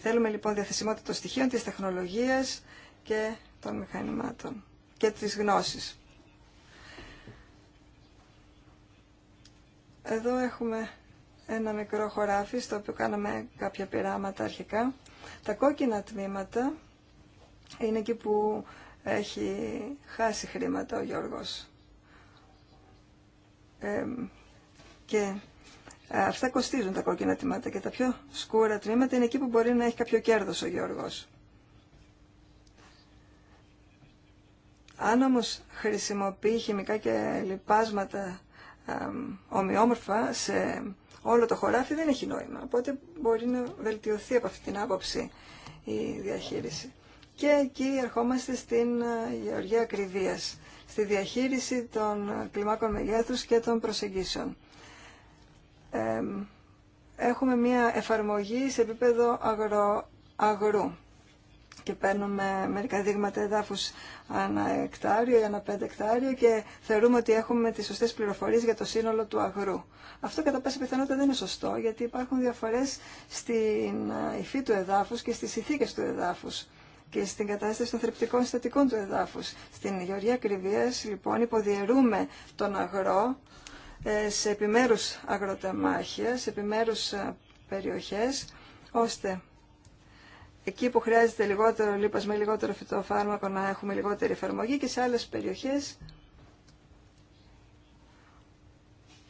Θέλουμε λοιπόν διαθεσιμότητα των στοιχείων, τη τεχνολογία και των μηχανημάτων και τη γνώση. Εδώ έχουμε ένα μικρό χωράφι στο οποίο κάναμε κάποια πειράματα αρχικά τα κόκκινα τμήματα είναι εκεί που έχει χάσει χρήματα ο Γιώργος. και ε, αυτά κοστίζουν τα κόκκινα τμήματα και τα πιο σκούρα τμήματα είναι εκεί που μπορεί να έχει κάποιο κέρδος ο Γιώργος. Αν όμως χρησιμοποιεί χημικά και λιπάσματα ομοιόμορφα σε όλο το χωράφι δεν έχει νόημα. Οπότε μπορεί να βελτιωθεί από αυτή την άποψη η διαχείριση. Και εκεί ερχόμαστε στην ε, γεωργία ακριβία. στη διαχείριση των ε, κλιμάκων μεγέθους και των προσεγγίσεων. έχουμε μια εφαρμογή σε επίπεδο αγρο, αγρού και παίρνουμε μερικά δείγματα εδάφους ανά εκτάριο ή ανά πέντε εκτάριο και θεωρούμε ότι έχουμε τις σωστές πληροφορίες για το σύνολο του αγρού. Αυτό κατά πάσα πιθανότητα δεν είναι σωστό γιατί υπάρχουν διαφορές στην υφή του εδάφους και στις ηθίκες του εδάφους και στην κατάσταση των θρεπτικών συστατικών του εδάφους. Στην γεωργία ακριβίας λοιπόν υποδιαιρούμε τον αγρό ε, σε επιμέρους αγροτεμάχια, σε επιμέρους ε, περιοχές, ώστε εκεί που χρειάζεται λιγότερο λίπος με λιγότερο φυτοφάρμακο να έχουμε λιγότερη εφαρμογή και σε άλλες περιοχές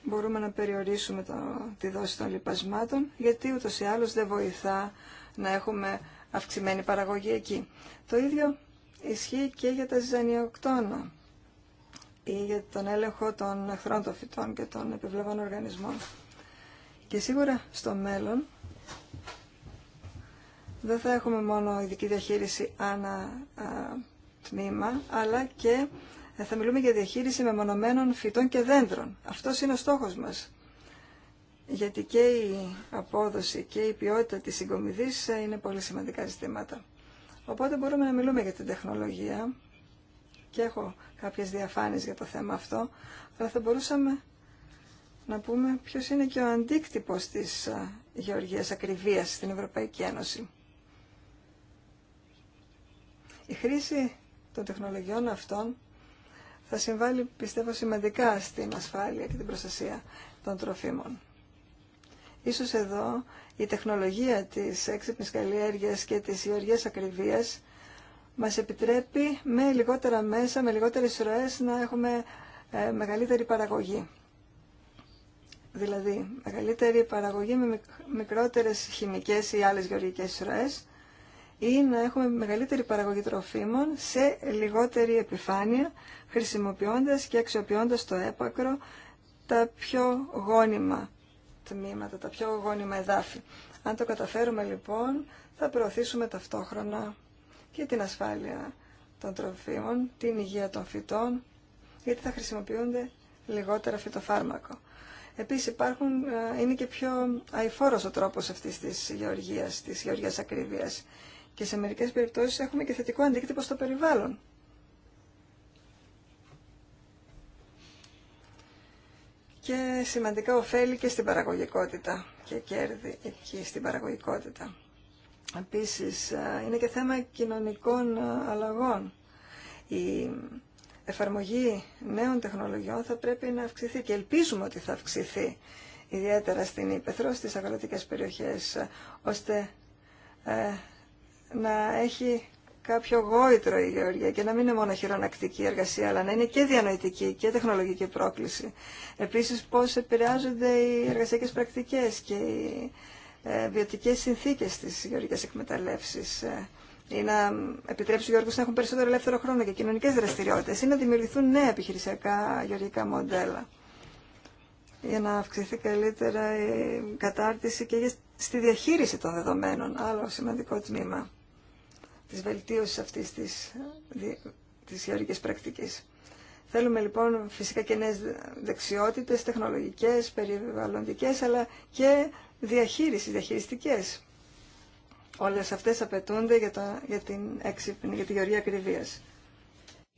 μπορούμε να περιορίσουμε το, τη δόση των λιπασμάτων γιατί ούτως ή άλλως δεν βοηθά να έχουμε αυξημένη παραγωγή εκεί. Το ίδιο ισχύει και για τα ζυζανιοκτώνα ή για τον έλεγχο των εχθρών των φυτών και των επιβλεβών οργανισμών. Και σίγουρα στο μέλλον δεν θα έχουμε μόνο ειδική διαχείριση ανά τμήμα, αλλά και ε, θα μιλούμε για διαχείριση μεμονωμένων φυτών και δέντρων. Αυτός είναι ο στόχος μας. Γιατί και η απόδοση και η ποιότητα της συγκομιδής ε, είναι πολύ σημαντικά ζητήματα. Οπότε μπορούμε να μιλούμε για την τεχνολογία και έχω κάποιες διαφάνειες για το θέμα αυτό, αλλά θα μπορούσαμε να πούμε ποιος είναι και ο αντίκτυπος της γεωργίας ακριβίας στην Ευρωπαϊκή Ένωση. Η χρήση των τεχνολογιών αυτών θα συμβάλλει, πιστεύω, σημαντικά στην ασφάλεια και την προστασία των τροφίμων. Ίσως εδώ η τεχνολογία της έξυπνης καλλιέργειας και της γεωργίας ακριβίας μας επιτρέπει με λιγότερα μέσα, με λιγότερες ροές να έχουμε ε, μεγαλύτερη παραγωγή. Δηλαδή, μεγαλύτερη παραγωγή με μικρότερες χημικές ή άλλες γεωργικές ροές ή να έχουμε μεγαλύτερη παραγωγή τροφίμων σε λιγότερη επιφάνεια, χρησιμοποιώντας και αξιοποιώντας το έπακρο τα πιο γόνιμα τμήματα, τα πιο γόνιμα εδάφη. Αν το καταφέρουμε λοιπόν, θα προωθήσουμε ταυτόχρονα και την ασφάλεια των τροφίμων, την υγεία των φυτών, γιατί θα χρησιμοποιούνται λιγότερα φυτοφάρμακο. Επίσης υπάρχουν, ε, είναι και πιο αηφόρος ο τρόπος αυτής της γεωργίας, της γεωργίας ακρίβειας και σε μερικές περιπτώσεις έχουμε και θετικό αντίκτυπο στο περιβάλλον. Και σημαντικά ωφέλη και στην παραγωγικότητα και κέρδη εκεί στην παραγωγικότητα. Επίσης, είναι και θέμα κοινωνικών αλλαγών. Η εφαρμογή νέων τεχνολογιών θα πρέπει να αυξηθεί και ελπίζουμε ότι θα αυξηθεί ιδιαίτερα στην Ήπεθρο, στις αγροτικές περιοχές, ώστε ε, να έχει κάποιο γόητρο η γεωργία και να μην είναι μόνο χειρονακτική εργασία, αλλά να είναι και διανοητική και τεχνολογική πρόκληση. Επίσης, πώς επηρεάζονται οι εργασιακές πρακτικές και οι ε, βιωτικές συνθήκες της γεωργικής εκμεταλλεύσης ε, ή να επιτρέψει οι Γιώργος να έχουν περισσότερο ελεύθερο χρόνο και κοινωνικέ δραστηριότητε ή να δημιουργηθούν νέα επιχειρησιακά γεωργικά μοντέλα για να αυξηθεί καλύτερα η κατάρτιση και στη διαχείριση των δεδομένων, άλλο σημαντικό τμήμα της βελτίωσης αυτής της, της γεωρικής πρακτικής. Θέλουμε λοιπόν φυσικά και νέες δεξιότητες, τεχνολογικές, περιβαλλοντικές, αλλά και διαχείρισης, διαχειριστικές. Όλες αυτές απαιτούνται για, το, για την έξυπνη, για τη γεωργία ακριβίας.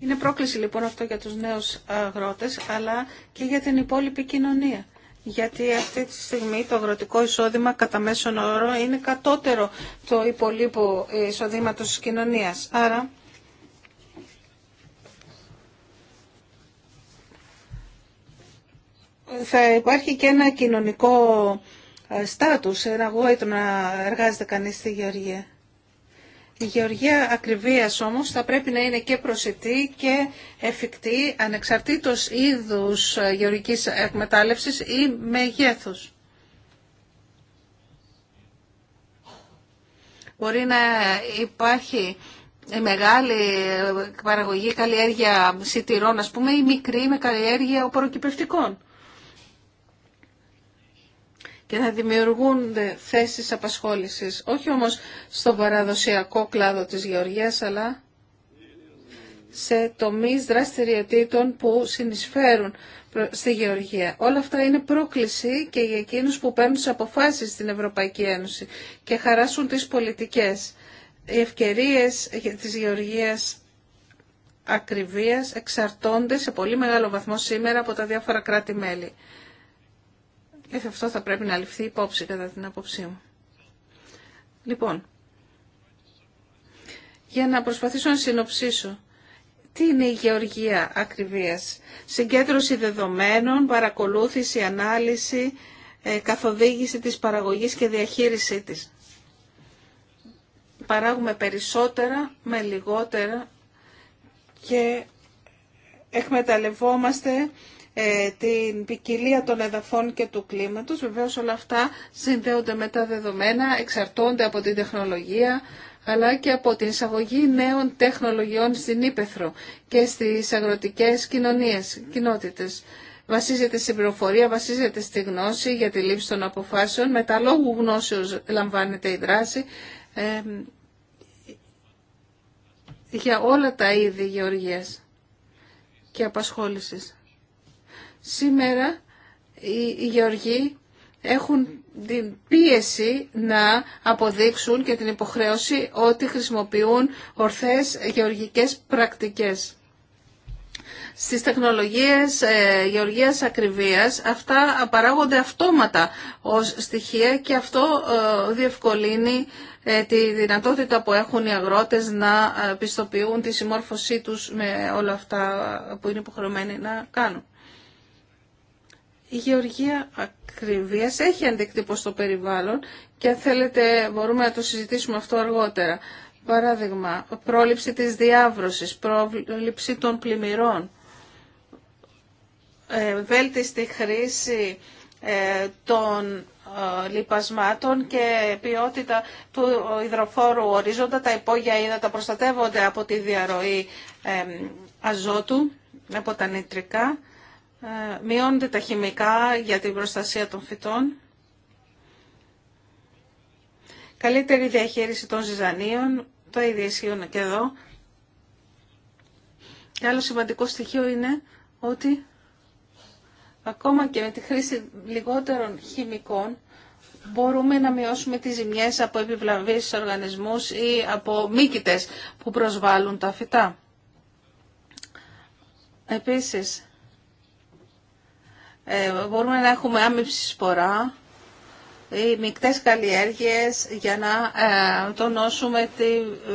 Είναι πρόκληση λοιπόν αυτό για τους νέους ε, αγρότες, αλλά και για την υπόλοιπη κοινωνία γιατί αυτή τη στιγμή το αγροτικό εισόδημα κατά μέσον όρο είναι κατώτερο το υπολείπο εισοδήματος της κοινωνίας. Άρα θα υπάρχει και ένα κοινωνικό ε, στάτους, ένα γόητο να εργάζεται κανείς στη Γεωργία. Η γεωργία ακριβίας όμως θα πρέπει να είναι και προσιτή και εφικτή ανεξαρτήτως είδους γεωργικής εκμετάλλευσης ή μεγέθους. Μπορεί να υπάρχει η μεγάλη υπαρχει καλλιέργεια σιτηρών, ας πούμε, ή μικρή με καλλιέργεια οπωροκυπευτικών και να δημιουργούνται θέσεις απασχόλησης, όχι όμως στο παραδοσιακό κλάδο της γεωργίας, αλλά σε τομείς δραστηριοτήτων που συνεισφέρουν στη γεωργία. Όλα αυτά είναι πρόκληση και για εκείνους που παίρνουν τις αποφάσεις στην Ευρωπαϊκή Ένωση και χαράσουν τις πολιτικές. Οι ευκαιρίες της γεωργίας ακριβίας εξαρτώνται σε πολύ μεγάλο βαθμό σήμερα από τα διάφορα κράτη-μέλη. Και ε, αυτό θα πρέπει να ληφθεί υπόψη κατά την απόψή μου. Λοιπόν, για να προσπαθήσω να συνοψίσω. Τι είναι η γεωργία ακριβίας. Συγκέντρωση δεδομένων, παρακολούθηση, ανάλυση, ε, καθοδήγηση της παραγωγής και διαχείρισή της. Παράγουμε περισσότερα με λιγότερα και εκμεταλλευόμαστε ε, την ποικιλία των εδαφών και του κλίματος. Βεβαίως όλα αυτά συνδέονται με τα δεδομένα, εξαρτώνται από την τεχνολογία, αλλά και από την εισαγωγή νέων τεχνολογιών στην Ήπεθρο και στις αγροτικές κοινωνίες, κοινότητες. Βασίζεται στην πληροφορία, βασίζεται στη γνώση για τη λήψη των αποφάσεων. Με τα λόγου γνώσεως λαμβάνεται η δράση ε, για όλα τα είδη γεωργίας και απασχόλησης. Σήμερα οι γεωργοί έχουν την πίεση να αποδείξουν και την υποχρέωση ότι χρησιμοποιούν ορθές γεωργικές πρακτικές. Στις τεχνολογίες ε, γεωργίας ακριβίας αυτά παράγονται αυτόματα ως στοιχεία και αυτό ε, διευκολύνει ε, τη δυνατότητα που έχουν οι αγρότες να ε, πιστοποιούν τη συμμόρφωσή τους με όλα αυτά που είναι υποχρεωμένοι να κάνουν η γεωργία ακριβίας έχει αντίκτυπο στο περιβάλλον και αν θέλετε μπορούμε να το συζητήσουμε αυτό αργότερα. Παράδειγμα, πρόληψη της διάβρωσης, πρόληψη των πλημμυρών, ε, βέλτιστη χρήση ε, των ε, λιπασμάτων και ποιότητα του υδροφόρου ορίζοντα. Τα υπόγεια ύδατα προστατεύονται από τη διαρροή αζότου, από τα νητρικά ε, μειώνονται τα χημικά για την προστασία των φυτών, καλύτερη διαχείριση των ζυζανίων, το ίδιο ισχύουν και εδώ. Και άλλο σημαντικό στοιχείο είναι ότι ακόμα και με τη χρήση λιγότερων χημικών μπορούμε να μειώσουμε τις ζημιές από επιβλαβείς οργανισμούς ή από μύκητες που προσβάλλουν τα φυτά. Επίσης, ε, μπορούμε να έχουμε άμυψη σπορά ή μικτές καλλιέργειες για να ε, τονώσουμε τη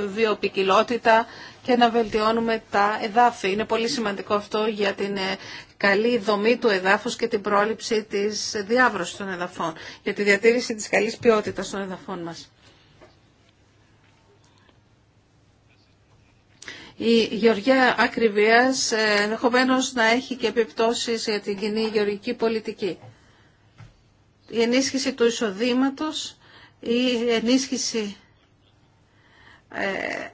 βιοπικιλότητα και να βελτιώνουμε τα εδάφη. Είναι πολύ σημαντικό αυτό για την ε, καλή δομή του εδάφους και την πρόληψη της διάβρωσης των εδαφών, για τη διατήρηση της καλής ποιότητας των εδαφών μας. Η γεωργία ακριβίας ε, ενδεχομένω να έχει και επιπτώσεις για την κοινή γεωργική πολιτική. Η ενίσχυση του εισοδήματος, η ενίσχυση ε,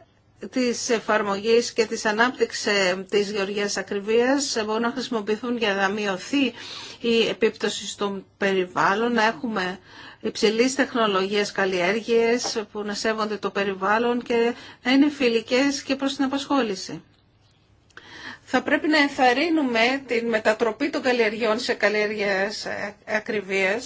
της εφαρμογής και της ανάπτυξης ε, της γεωργίας ακριβίας μπορούν να χρησιμοποιηθούν για να μειωθεί η επίπτωση στον περιβάλλον, να έχουμε Υψηλή τεχνολογία καλλιέργειε που να σέβονται το περιβάλλον και να είναι φιλικές και προ την απασχόληση. Θα πρέπει να ενθαρρύνουμε την μετατροπή των καλλιεργειών σε καλλιέργειε ε, ακριβία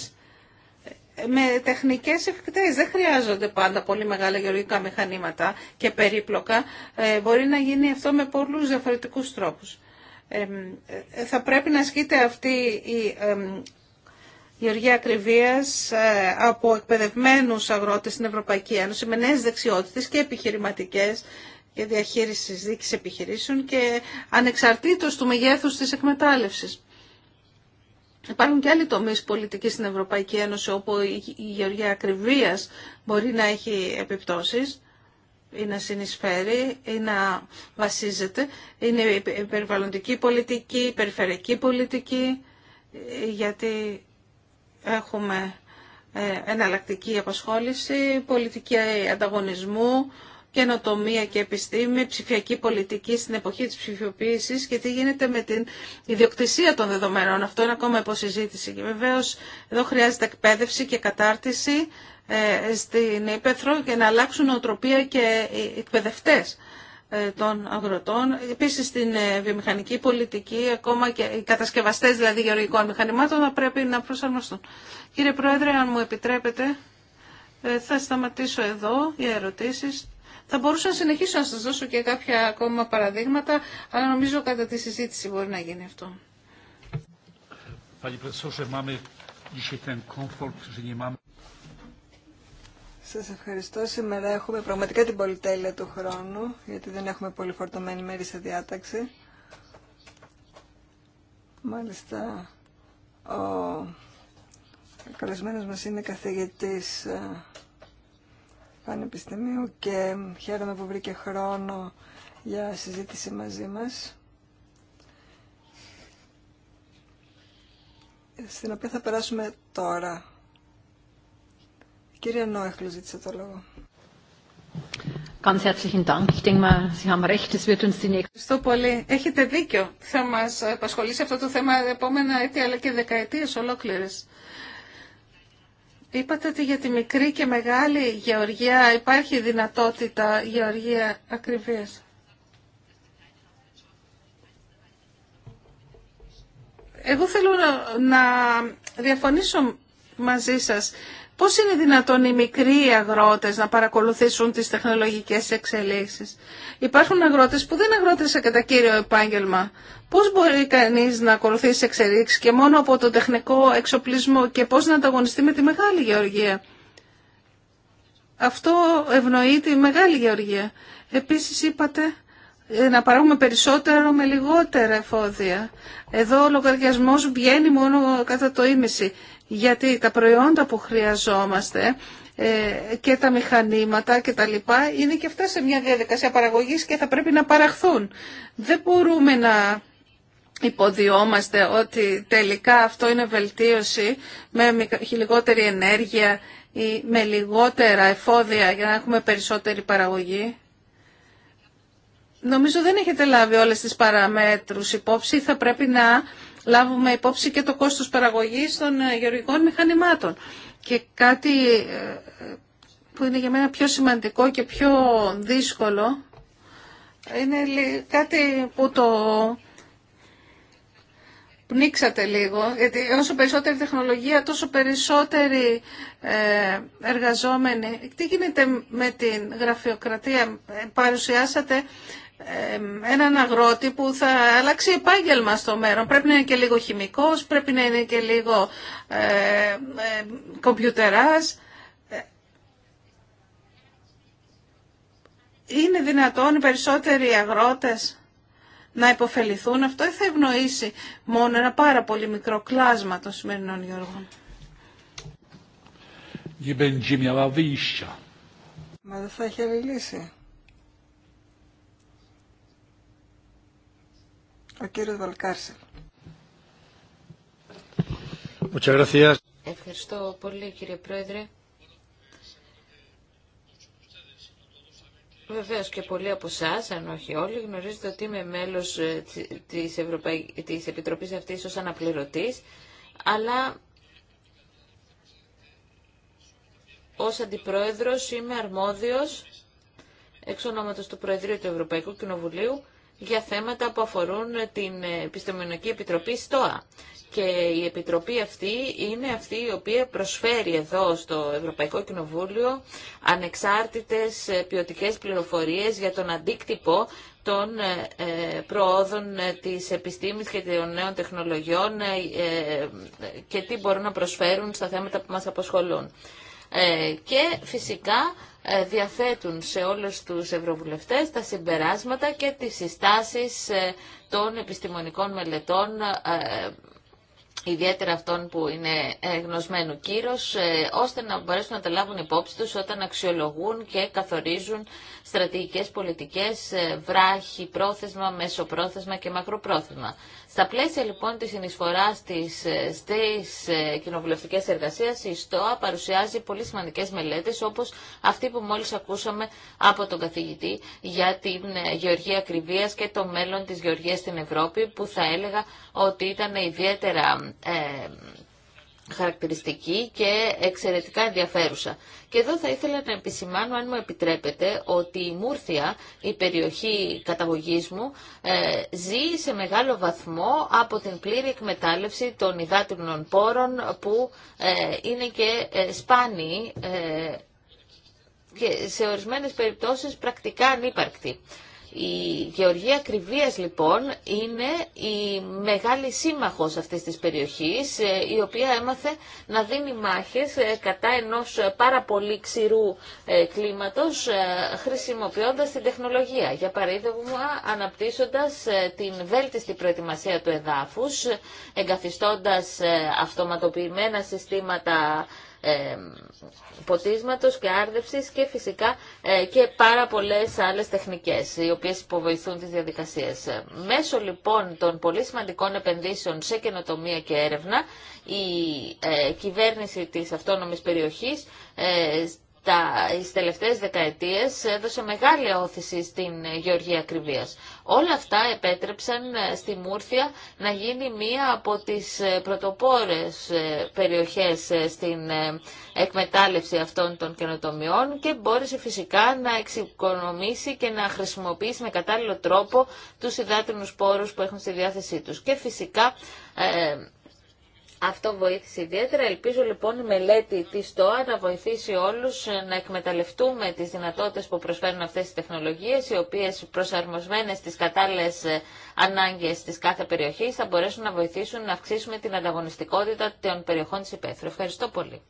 με τεχνικές εφικτέ. Δεν χρειάζονται πάντα πολύ μεγάλα γεωργικά μηχανήματα και περίπλοκα. Ε, μπορεί να γίνει αυτό με πολλούς διαφορετικούς τρόπους. Ε, θα πρέπει να ασκείται αυτή η γεωργία Ακριβία ε, από εκπαιδευμένου αγρότες στην Ευρωπαϊκή Ένωση με νέε δεξιότητε και επιχειρηματικές και διαχείρισης δίκης επιχειρήσεων και ανεξαρτήτως του μεγέθους της εκμετάλλευσης. Υπάρχουν και άλλοι τομεί πολιτική στην Ευρωπαϊκή Ένωση όπου η γεωργία Ακριβία μπορεί να έχει επιπτώσεις ή να επιπτώσει η περιβαλλοντική πολιτική, η περιφερειακή πολιτική, γιατί Έχουμε ε, εναλλακτική απασχόληση, πολιτική ανταγωνισμού, καινοτομία και επιστήμη, ψηφιακή πολιτική στην εποχή της ψηφιοποίησης και τι γίνεται με την ιδιοκτησία των δεδομένων. Αυτό είναι ακόμα υποσυζήτηση. Και βεβαίως εδώ χρειάζεται εκπαίδευση και κατάρτιση ε, στην Ήπεθρο και να αλλάξουν οτροπία και οι εκπαιδευτές. Ε, των αγροτών. Επίσης στην ε, βιομηχανική πολιτική, ακόμα και οι κατασκευαστές δηλαδή γεωργικών μηχανημάτων θα πρέπει να προσαρμοστούν. Κύριε Πρόεδρε, αν μου επιτρέπετε, ε, θα σταματήσω εδώ για ερωτήσει. Θα μπορούσα να συνεχίσω να σα δώσω και κάποια ακόμα παραδείγματα, αλλά νομίζω κατά τη συζήτηση μπορεί να γίνει αυτό. Σας ευχαριστώ. Σήμερα έχουμε πραγματικά την πολυτέλεια του χρόνου, γιατί δεν έχουμε πολύ φορτωμένη μέρη σε διάταξη. Μάλιστα, ο καλεσμένος μας είναι καθηγητής ε, Πανεπιστημίου και χαίρομαι που βρήκε χρόνο για συζήτηση μαζί μας. Στην οποία θα περάσουμε τώρα. Κύριε Νόεχλου ζήτησε το λόγο. Ευχαριστώ πολύ. Έχετε δίκιο. Θα μας απασχολήσει αυτό το θέμα επόμενα έτη αλλά και δεκαετίες ολόκληρες. Είπατε ότι για τη μικρή και μεγάλη γεωργία υπάρχει δυνατότητα γεωργία ακριβίας. Εγώ θέλω να διαφωνήσω μαζί σας. Πώς είναι δυνατόν οι μικροί αγρότες να παρακολουθήσουν τις τεχνολογικές εξελίξεις. Υπάρχουν αγρότες που δεν είναι αγρότες σε κατά κύριο επάγγελμα. Πώς μπορεί κανείς να ακολουθήσει εξελίξεις και μόνο από το τεχνικό εξοπλισμό και πώς να ανταγωνιστεί με τη μεγάλη γεωργία. Αυτό ευνοεί τη μεγάλη γεωργία. Επίσης είπατε ε, να παράγουμε περισσότερο με λιγότερα εφόδια. Εδώ ο λογαριασμός βγαίνει μόνο κατά το ίμιση γιατί τα προϊόντα που χρειαζόμαστε ε, και τα μηχανήματα και τα λοιπά είναι και αυτά σε μια διαδικασία παραγωγής και θα πρέπει να παραχθούν. Δεν μπορούμε να υποδιόμαστε ότι τελικά αυτό είναι βελτίωση με λιγότερη ενέργεια ή με λιγότερα εφόδια για να έχουμε περισσότερη παραγωγή. Νομίζω δεν έχετε λάβει όλες τις παραμέτρους υπόψη, θα πρέπει να λάβουμε υπόψη και το κόστος παραγωγής των ε, γεωργικών μηχανημάτων. Και κάτι ε, που είναι για μένα πιο σημαντικό και πιο δύσκολο είναι κάτι που το πνίξατε λίγο, γιατί όσο περισσότερη τεχνολογία, τόσο περισσότεροι ε, εργαζόμενοι. Τι γίνεται με την γραφειοκρατία, παρουσιάσατε ε, έναν αγρότη που θα αλλάξει επάγγελμα στο μέλλον. Πρέπει να είναι και λίγο χημικός, πρέπει να είναι και λίγο ε, ε κομπιουτεράς. Είναι δυνατόν οι περισσότεροι αγρότες να υποφεληθούν. Αυτό θα ευνοήσει μόνο ένα πάρα πολύ μικρό κλάσμα των σημερινών γιώργων. Μα δεν θα έχει άλλη Ο κύριος Βαλκάρσελ. Ευχαριστώ πολύ κύριε Πρόεδρε. Βεβαίω και πολλοί από εσά, αν όχι όλοι, γνωρίζετε ότι είμαι μέλο ε, τη της Επιτροπή αυτή ω αναπληρωτή, αλλά ω αντιπρόεδρο είμαι αρμόδιο εξ ονόματο του Προεδρείου του Ευρωπαϊκού Κοινοβουλίου για θέματα που αφορούν την Επιστημονική Επιτροπή ΣΤΟΑ. Και η Επιτροπή αυτή είναι αυτή η οποία προσφέρει εδώ στο Ευρωπαϊκό Κοινοβούλιο ανεξάρτητες ποιοτικέ πληροφορίες για τον αντίκτυπο των ε, προόδων ε, της επιστήμης και των νέων τεχνολογιών ε, και τι μπορούν να προσφέρουν στα θέματα που μας αποσχολούν. Και φυσικά ε, διαθέτουν σε όλους τους ευρωβουλευτές τα συμπεράσματα και τις συστάσεις ε, των επιστημονικών μελετών ε, ιδιαίτερα αυτών που είναι γνωσμένου κύρος, ώστε να μπορέσουν να τα λάβουν υπόψη τους όταν αξιολογούν και καθορίζουν στρατηγικές πολιτικές ε, βράχη, πρόθεσμα, μεσοπρόθεσμα και μακροπρόθεσμα. Στα πλαίσια λοιπόν της συνεισφοράς της ε, στις ε, κοινοβουλευτικές εργασίες, η ΣΤΟΑ παρουσιάζει πολύ σημαντικές μελέτες όπως αυτή που μόλις ακούσαμε από τον καθηγητή για την γεωργία ακριβίας και το μέλλον της γεωργίας στην Ευρώπη που θα έλεγα ότι ήταν ιδιαίτερα χαρακτηριστική και εξαιρετικά ενδιαφέρουσα. Και εδώ θα ήθελα να επισημάνω, αν μου επιτρέπετε, ότι η Μούρθια, η περιοχή καταγωγής μου, ε, ζει σε μεγάλο βαθμό από την πλήρη εκμετάλλευση των υδάτινων πόρων που ε, είναι και ε, σπάνιοι και σε ορισμένες περιπτώσεις πρακτικά ανύπαρκτοι. Η γεωργία Κρυβίας λοιπόν είναι η μεγάλη σύμμαχος αυτής της περιοχής ε, η οποία έμαθε να δίνει μάχες ε, κατά ενός πάρα πολύ ξηρού ε, κλίματος χρησιμοποιώντας την τεχνολογία. Για παράδειγμα αναπτύσσοντας την βέλτιστη προετοιμασία του εδάφους εγκαθιστώντας αυτοματοποιημένα συστήματα ε, ποτίσματος και άρδευσης και φυσικά ε, και πάρα πολλές άλλες τεχνικές οι οποίες υποβοηθούν τις διαδικασίες. Μέσω λοιπόν των πολύ σημαντικών επενδύσεων σε καινοτομία και έρευνα η ε, κυβέρνηση της αυτόνομης περιοχής τα, τις τελευταίες δεκαετίες έδωσε μεγάλη όθηση στην γεωργία ακριβίας. Όλα αυτά επέτρεψαν ε, στη Μούρθια να γίνει μία από τις ε, πρωτοπόρες ε, περιοχές στην εκμετάλλευση αυτών των καινοτομιών και μπόρεσε φυσικά να εξοικονομήσει και να χρησιμοποιήσει με κατάλληλο τρόπο τους υδάτινους πόρους που έχουν στη διάθεσή τους. Και φυσικά αυτό βοήθησε ιδιαίτερα. Ελπίζω λοιπόν η μελέτη τη ΤΟΑ να βοηθήσει όλου να εκμεταλλευτούμε τι δυνατότητε που προσφέρουν αυτέ οι τεχνολογίε, οι οποίε προσαρμοσμένε στι κατάλληλε ε, ανάγκε τη κάθε περιοχή θα μπορέσουν να βοηθήσουν να αυξήσουμε την ανταγωνιστικότητα των περιοχών τη υπαίθρου. Ευχαριστώ πολύ.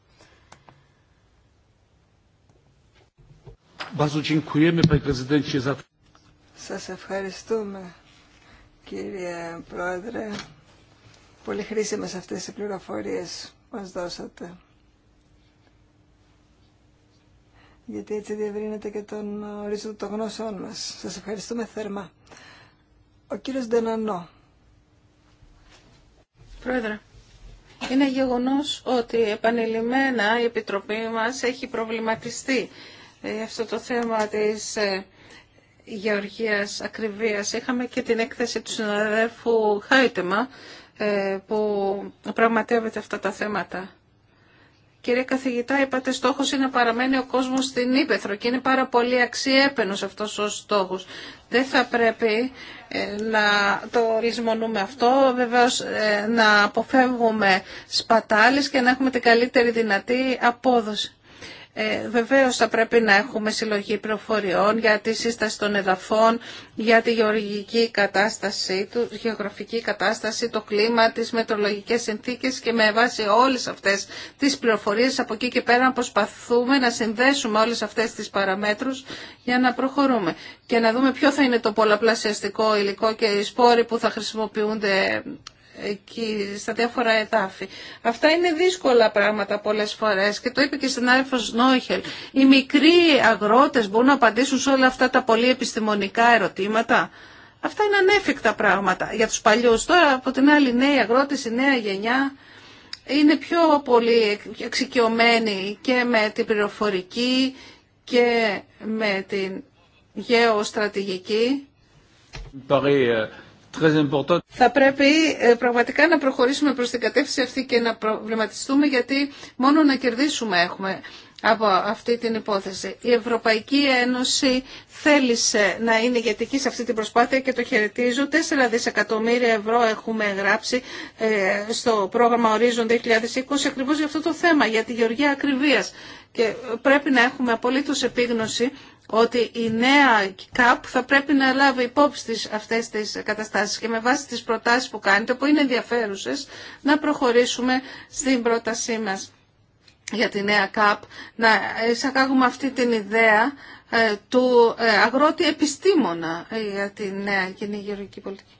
Σας ευχαριστούμε κύριε Πρόεδρε Πολύ χρήσιμες αυτές οι πληροφορίες που μας δώσατε. Γιατί έτσι διευρύνεται και τον ορίζοντα των γνώσεών μας. Σας ευχαριστούμε θερμά. Ο κύριος Ντενανό. Πρόεδρε. Είναι γεγονός ότι επανειλημμένα η Επιτροπή μας έχει προβληματιστεί για ε, αυτό το θέμα της ε, γεωργίας ακριβίας. Είχαμε και την έκθεση του συναδέλφου Χάιτεμα ε, που πραγματεύεται αυτά τα θέματα. Κύριε καθηγητά, είπατε στόχος είναι να παραμένει ο κόσμος στην Ήπεθρο και είναι πάρα πολύ αξιέπαινος αυτός ο στόχος. Δεν θα πρέπει ε, να το λησμονούμε αυτό, βεβαίως ε, να αποφεύγουμε σπατάλες και να έχουμε την καλύτερη δυνατή απόδοση. Ε, θα πρέπει να έχουμε συλλογή πληροφοριών για τη σύσταση των εδαφών, για τη γεωργική κατάσταση, του, γεωγραφική κατάσταση, το κλίμα, τι μετρολογικές συνθήκες και με βάση όλες αυτές τις πληροφορίες από εκεί και πέρα να προσπαθούμε να συνδέσουμε όλες αυτές τις παραμέτρους για να προχωρούμε και να δούμε ποιο θα είναι το πολλαπλασιαστικό υλικό και οι σπόροι που θα χρησιμοποιούνται εκεί στα διάφορα εδάφη. Αυτά είναι δύσκολα πράγματα πολλές φορές και το είπε και στην Άρφος Νόχελ. Οι μικροί αγρότες μπορούν να απαντήσουν σε όλα αυτά τα πολύ επιστημονικά ερωτήματα. Αυτά είναι ανέφικτα πράγματα για τους παλιούς. Τώρα από την άλλη νέοι αγρότες, η νέα γενιά είναι πιο πολύ εξοικειωμένοι και με την πληροφορική και με την γεωστρατηγική. Ε, θα πρέπει ε, πραγματικά να προχωρήσουμε προς την κατεύθυνση αυτή και να προβληματιστούμε γιατί μόνο να κερδίσουμε έχουμε από αυτή την υπόθεση. Η Ευρωπαϊκή Ένωση θέλησε να είναι ηγετική σε αυτή την προσπάθεια και το χαιρετίζω. 4 δισεκατομμύρια ευρώ έχουμε γράψει ε, στο πρόγραμμα Horizon 2020 ακριβώς για αυτό το θέμα, για τη γεωργία ακριβίας. Και ε, πρέπει να έχουμε απολύτως επίγνωση ότι η νέα ΚΑΠ θα πρέπει να λάβει υπόψη της αυτές τις καταστάσεις και με βάση τις προτάσεις που κάνετε, που είναι ενδιαφέρουσες, να προχωρήσουμε στην πρότασή μας για τη νέα ΚΑΠ, να εισακάγουμε αυτή την ιδέα ε, του ε, αγρότη επιστήμονα ε, για τη νέα κοινή γεωργική πολιτική.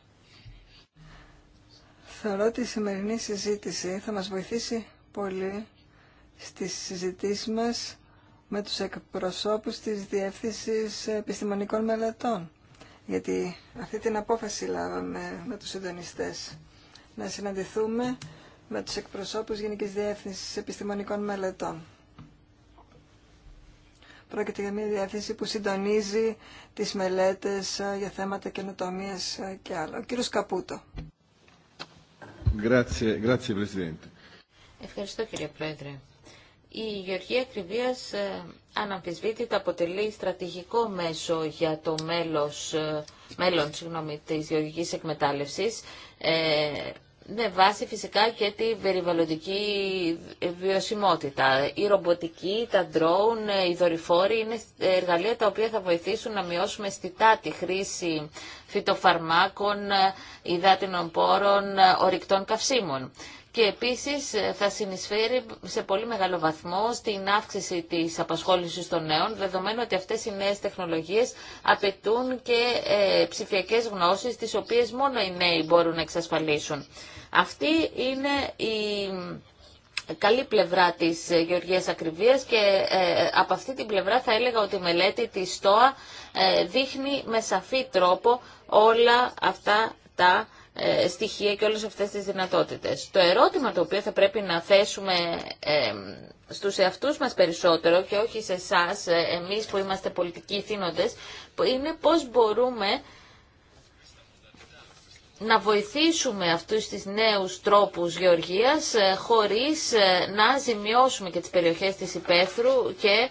Θεωρώ ότι η σημερινή συζήτηση θα μας βοηθήσει πολύ στις συζητήσεις μας με τους εκπροσώπους της Διεύθυνσης Επιστημονικών Μελετών. Γιατί αυτή την απόφαση λάβαμε με τους συντονιστές. Να συναντηθούμε με τους εκπροσώπους Γενικής Διεύθυνσης Επιστημονικών Μελετών. Πρόκειται για μια διεύθυνση που συντονίζει τις μελέτες ε, για θέματα καινοτομίας ε, και άλλα. Ο κύριος Καπούτο. Ευχαριστώ κύριε Πρόεδρε. Η γεωργία ακριβίας ε, αναμφισβήτητα αποτελεί στρατηγικό μέσο για το μέλος, ε, μέλλον συγγνώμη, της γεωργικής εκμετάλλευσης ε, με βάση φυσικά και τη περιβαλλοντική βιωσιμότητα. Η ρομποτική, τα ντρόουν, οι δορυφόροι είναι εργαλεία τα οποία θα βοηθήσουν να μειώσουμε αισθητά τη χρήση φυτοφαρμάκων, υδάτινων πόρων, ορυκτών καυσίμων και επίσης ε, θα συνεισφέρει σε πολύ μεγάλο βαθμό στην αύξηση της απασχόλησης των νέων, δεδομένου ότι αυτές οι νέες τεχνολογίες απαιτούν και ε, ψηφιακές γνώσεις, τις οποίες μόνο οι νέοι μπορούν να εξασφαλίσουν. Αυτή είναι η ε, καλή πλευρά της ε, Γεωργίας Ακριβίας και από αυτή την πλευρά θα έλεγα ότι η μελέτη της ΣΤΟΑ δείχνει με σαφή τρόπο όλα αυτά τα ε, στοιχεία και όλες αυτές τις δυνατότητες. Το ερώτημα το οποίο θα πρέπει να θέσουμε ε, στους εαυτούς μας περισσότερο και όχι σε εσά, ε, εμείς που είμαστε πολιτικοί θύνοντες, είναι πώς μπορούμε να βοηθήσουμε αυτούς τις νέους τρόπους γεωργίας χωρίς να ζημιώσουμε και τις περιοχές της υπαίθρου και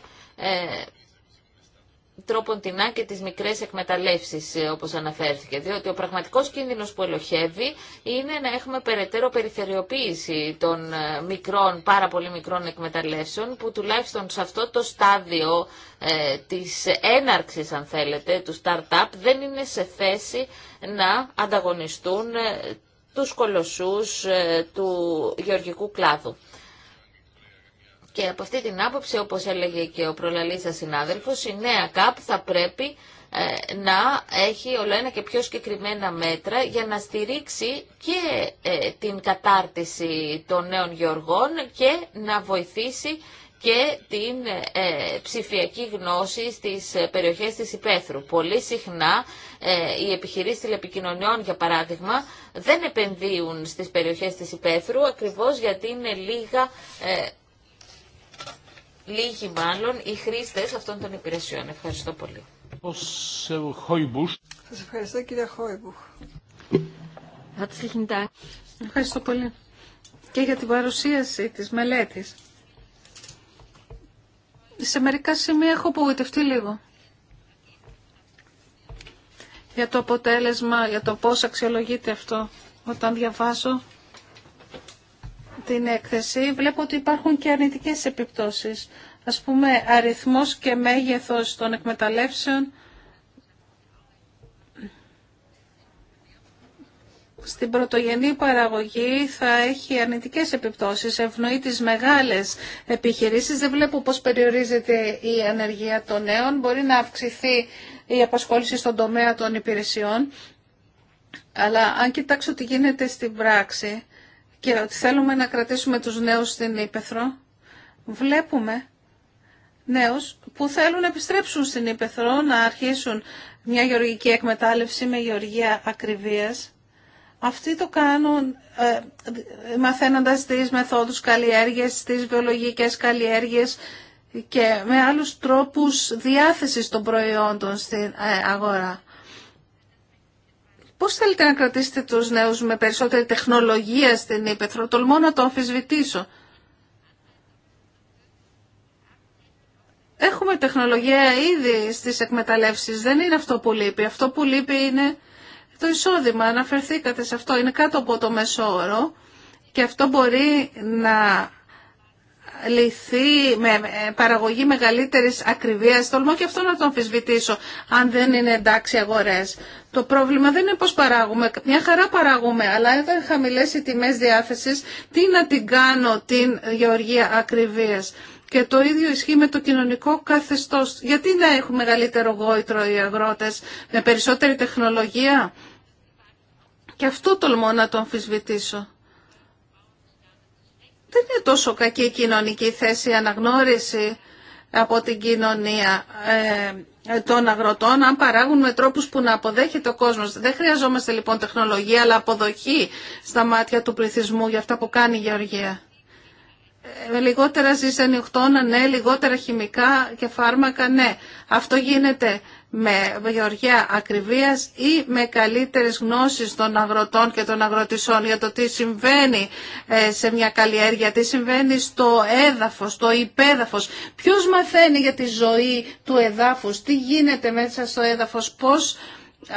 τρόποντινά και τις μικρές εκμεταλλεύσεις ε, όπως αναφέρθηκε, διότι ο πραγματικός κίνδυνος που ελοχεύει είναι να έχουμε περαιτέρω περιφερειοποίηση των ε, μικρών, πάρα πολύ μικρών εκμεταλλεύσεων που τουλάχιστον σε αυτό το στάδιο ε, της έναρξης αν θέλετε του startup, δεν είναι σε θέση να ανταγωνιστούν ε, τους κολοσσούς του γεωργικού κλάδου. Και από αυτή την άποψη, όπως έλεγε και ο προλαλής σας συνάδελφος, η νέα ΚΑΠ θα πρέπει ε, να έχει όλο ένα και πιο συγκεκριμένα μέτρα για να στηρίξει και ε, την κατάρτιση των νέων γεωργών και να βοηθήσει και την ε, ψηφιακή γνώση στις περιοχές της υπαίθρου. Πολύ συχνά ε, οι επιχειρήσεις τηλεπικοινωνιών, για παράδειγμα, δεν επενδύουν στις περιοχές της υπαίθρου ακριβώς γιατί είναι λίγα λίγοι μάλλον οι χρήστες αυτών των υπηρεσιών. Ευχαριστώ πολύ. Σα ευχαριστώ κύριε Χόιμπουχ. Ευχαριστώ πολύ και για την παρουσίαση τη μελέτη. Σε μερικά σημεία έχω απογοητευτεί λίγο για το αποτέλεσμα, για το πώς αξιολογείται αυτό όταν διαβάζω την έκθεση βλέπω ότι υπάρχουν και αρνητικές επιπτώσεις. Ας πούμε αριθμός και μέγεθος των εκμεταλλεύσεων στην πρωτογενή παραγωγή θα έχει αρνητικές επιπτώσεις. Ευνοεί τις μεγάλες επιχειρήσεις. Δεν βλέπω πώς περιορίζεται η ανεργία των νέων. Μπορεί να αυξηθεί η απασχόληση στον τομέα των υπηρεσιών. Αλλά αν κοιτάξω τι γίνεται στην πράξη, και ότι θέλουμε να κρατήσουμε τους νέους στην Ήπεθρο, βλέπουμε νέους που θέλουν να επιστρέψουν στην Ήπεθρο, να αρχίσουν μια γεωργική εκμετάλλευση με γεωργία ακριβίας. Αυτοί το κάνουν ε, μαθαίνοντας τις μεθόδους καλλιέργειας, τις βιολογικές καλλιέργειες και με άλλους τρόπους διάθεσης των προϊόντων στην ε, αγορά. Πώς θέλετε να κρατήσετε τους νέους με περισσότερη τεχνολογία στην Ήπεθρο, τολμώ να το αμφισβητήσω. Έχουμε τεχνολογία ήδη στις εκμεταλλεύσεις, δεν είναι αυτό που λείπει. Αυτό που λείπει είναι το εισόδημα, αναφερθήκατε σε αυτό, είναι κάτω από το μεσόωρο και αυτό μπορεί να λυθεί με παραγωγή μεγαλύτερης ακριβίας. Τολμώ και αυτό να το αμφισβητήσω, αν δεν είναι εντάξει αγορές. Το πρόβλημα δεν είναι πώς παράγουμε. Μια χαρά παράγουμε, αλλά όταν χαμηλές οι τιμές διάθεσης, τι να την κάνω την γεωργία ακριβίας. Και το ίδιο ισχύει με το κοινωνικό καθεστώς. Γιατί να έχουν μεγαλύτερο γόητρο οι αγρότες με περισσότερη τεχνολογία. Και αυτό τολμώ να το αμφισβητήσω δεν είναι τόσο κακή η κοινωνική θέση, η αναγνώριση από την κοινωνία ε, των αγροτών, αν παράγουν με τρόπους που να αποδέχεται ο κόσμος. Δεν χρειαζόμαστε λοιπόν τεχνολογία, αλλά αποδοχή στα μάτια του πληθυσμού για αυτά που κάνει η Γεωργία. Ε, λιγότερα ζυζανιοκτώνα, ναι, λιγότερα χημικά και φάρμακα, ναι. Αυτό γίνεται με γεωργία ακριβίας ή με καλύτερες γνώσεις των αγροτών και των αγροτησών για το τι συμβαίνει ε, σε μια καλλιέργεια, τι συμβαίνει στο έδαφος, το υπέδαφος. Ποιος μαθαίνει για τη ζωή του εδάφους, τι γίνεται μέσα στο έδαφος, πώς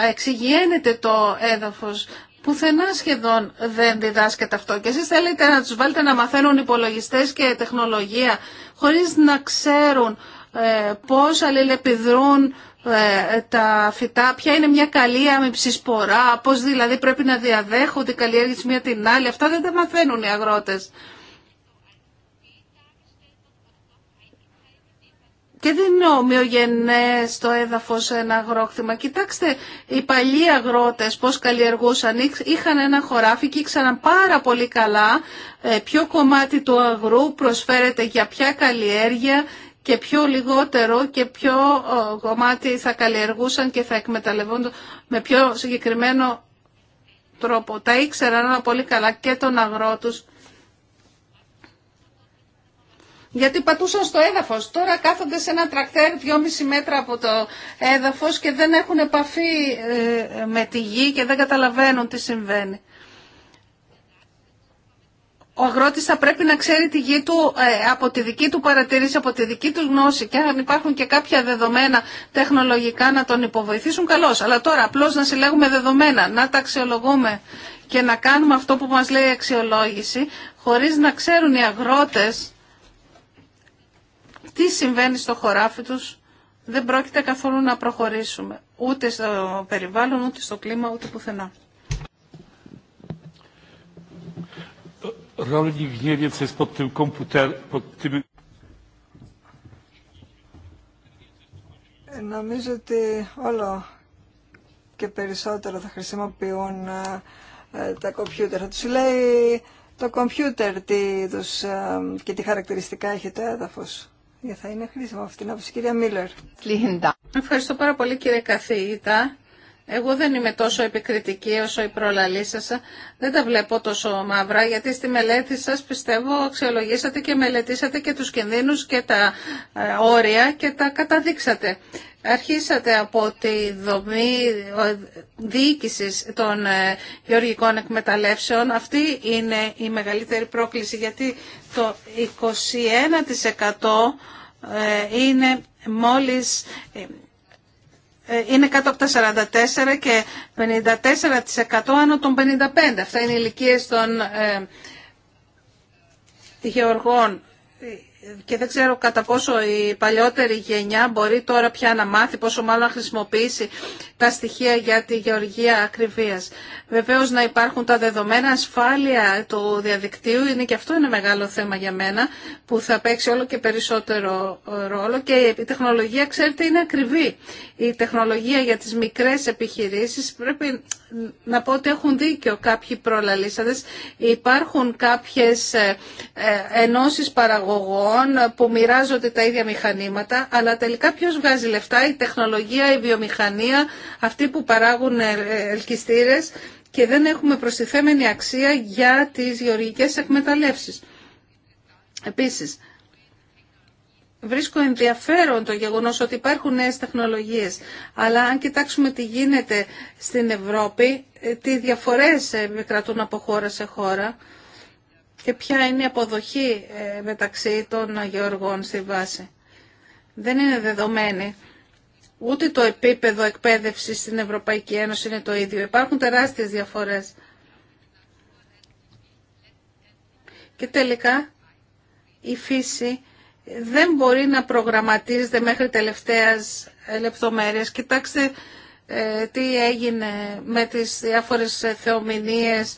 εξηγιένεται το έδαφος Πουθενά σχεδόν δεν διδάσκεται αυτό. Και εσείς θέλετε να τους βάλετε να μαθαίνουν υπολογιστές και τεχνολογία χωρίς να ξέρουν ε, πώς αλληλεπιδρούν ε, τα φυτά, ποια είναι μια καλή σπορά, πώς δηλαδή πρέπει να διαδέχονται οι καλλιέργειες μία την άλλη. Αυτά δεν τα μαθαίνουν οι αγρότες. και δεν είναι ομοιογενέ το έδαφος ένα αγρόκτημα. Κοιτάξτε, οι παλιοί αγρότες πώς καλλιεργούσαν, είχαν ένα χωράφι και ήξεραν πάρα πολύ καλά ε, ποιο κομμάτι του αγρού προσφέρεται για ποια καλλιέργεια και ποιο λιγότερο και ποιο ε, κομμάτι θα καλλιεργούσαν και θα εκμεταλλεύονταν με πιο συγκεκριμένο τρόπο. Τα ήξεραν πολύ καλά και τον αγρό τους γιατί πατούσαν στο έδαφος. Τώρα κάθονται σε ένα τρακτέρ 2,5 μέτρα από το έδαφος και δεν έχουν επαφή ε, με τη γη και δεν καταλαβαίνουν τι συμβαίνει. Ο αγρότης θα πρέπει να ξέρει τη γη του ε, από τη δική του παρατηρήση, από τη δική του γνώση και αν υπάρχουν και κάποια δεδομένα τεχνολογικά να τον υποβοηθήσουν καλώς. Αλλά τώρα απλώς να συλλέγουμε δεδομένα, να τα αξιολογούμε και να κάνουμε αυτό που μας λέει η αξιολόγηση χωρίς να ξέρουν οι αγρότες τι συμβαίνει στο χωράφι τους, δεν πρόκειται καθόλου να προχωρήσουμε. Ούτε στο περιβάλλον, ούτε στο κλίμα, ούτε πουθενά. Νομίζω ότι όλο και περισσότερο θα χρησιμοποιούν ε, τα κομπιούτερ. Θα τους λέει το κομπιούτερ τι είδους ε, και τι χαρακτηριστικά έχει το έδαφος θα είναι χρήσιμο αυτή την άποψη. Κυρία Μίλλερ. Ευχαριστώ πάρα πολύ κύριε καθηγητά. Εγώ δεν είμαι τόσο επικριτική όσο η προλαλή σα. Δεν τα βλέπω τόσο μαύρα, γιατί στη μελέτη σας πιστεύω αξιολογήσατε και μελετήσατε και τους κινδύνους και τα ε, όρια και τα καταδείξατε. Αρχίσατε από τη δομή διοίκηση των ε, γεωργικών εκμεταλλεύσεων. Αυτή είναι η μεγαλύτερη πρόκληση, γιατί το 21% ε, είναι μόλις ε, είναι κάτω από τα 44 και 54% άνω των 55. Αυτά είναι οι ηλικίε των τυχεοργών και δεν ξέρω κατά πόσο η παλιότερη γενιά μπορεί τώρα πια να μάθει, πόσο μάλλον να χρησιμοποιήσει τα στοιχεία για τη γεωργία ακριβίας. Βεβαίως να υπάρχουν τα δεδομένα ασφάλεια του διαδικτύου, είναι και αυτό ένα μεγάλο θέμα για μένα, που θα παίξει όλο και περισσότερο ε, ρόλο και η τεχνολογία, ξέρετε, είναι ακριβή. Η τεχνολογία για τις μικρές επιχειρήσεις πρέπει να πω ότι έχουν δίκιο κάποιοι προλαλήσαντες. Υπάρχουν κάποιες ε, ε, ενώσεις παραγωγών που μοιράζονται τα ίδια μηχανήματα, αλλά τελικά ποιος βγάζει λεφτά, η τεχνολογία, η βιομηχανία, αυτοί που παράγουν ε, ελκυστήρες και δεν έχουμε προστιθέμενη αξία για τις γεωργικές εκμεταλλεύσεις. Επίσης, Βρίσκω ενδιαφέρον το γεγονός ότι υπάρχουν νέες τεχνολογίες, αλλά αν κοιτάξουμε τι γίνεται στην Ευρώπη, ε, τι διαφορές ε, κρατούν από χώρα σε χώρα και ποια είναι η αποδοχή ε, μεταξύ των γεωργών στη βάση. Δεν είναι δεδομένη. Ούτε το επίπεδο εκπαίδευση στην Ευρωπαϊκή Ένωση είναι το ίδιο. Υπάρχουν τεράστιε διαφορέ. Και τελικά η φύση δεν μπορεί να προγραμματίζεται μέχρι τελευταίας ε, λεπτομέρειας. Κοιτάξτε ε, τι έγινε με τις διάφορες ε, θεομηνίες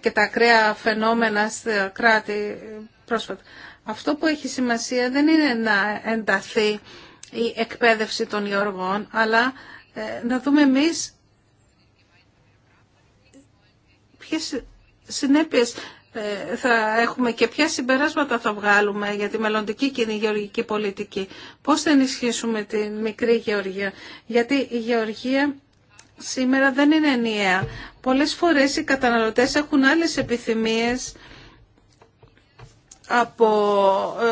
και τα ακραία φαινόμενα στα κράτη πρόσφατα. Αυτό που έχει σημασία δεν είναι να ενταθεί η εκπαίδευση των γεωργών, αλλά να δούμε εμείς ποιες συνέπειες ε, θα έχουμε και ποια συμπεράσματα θα βγάλουμε για τη μελλοντική κοινή γεωργική πολιτική. Πώς θα ενισχύσουμε τη μικρή γεωργία. Γιατί η γεωργία σήμερα δεν είναι ενιαία. Πολλές φορές οι καταναλωτές έχουν άλλες επιθυμίες από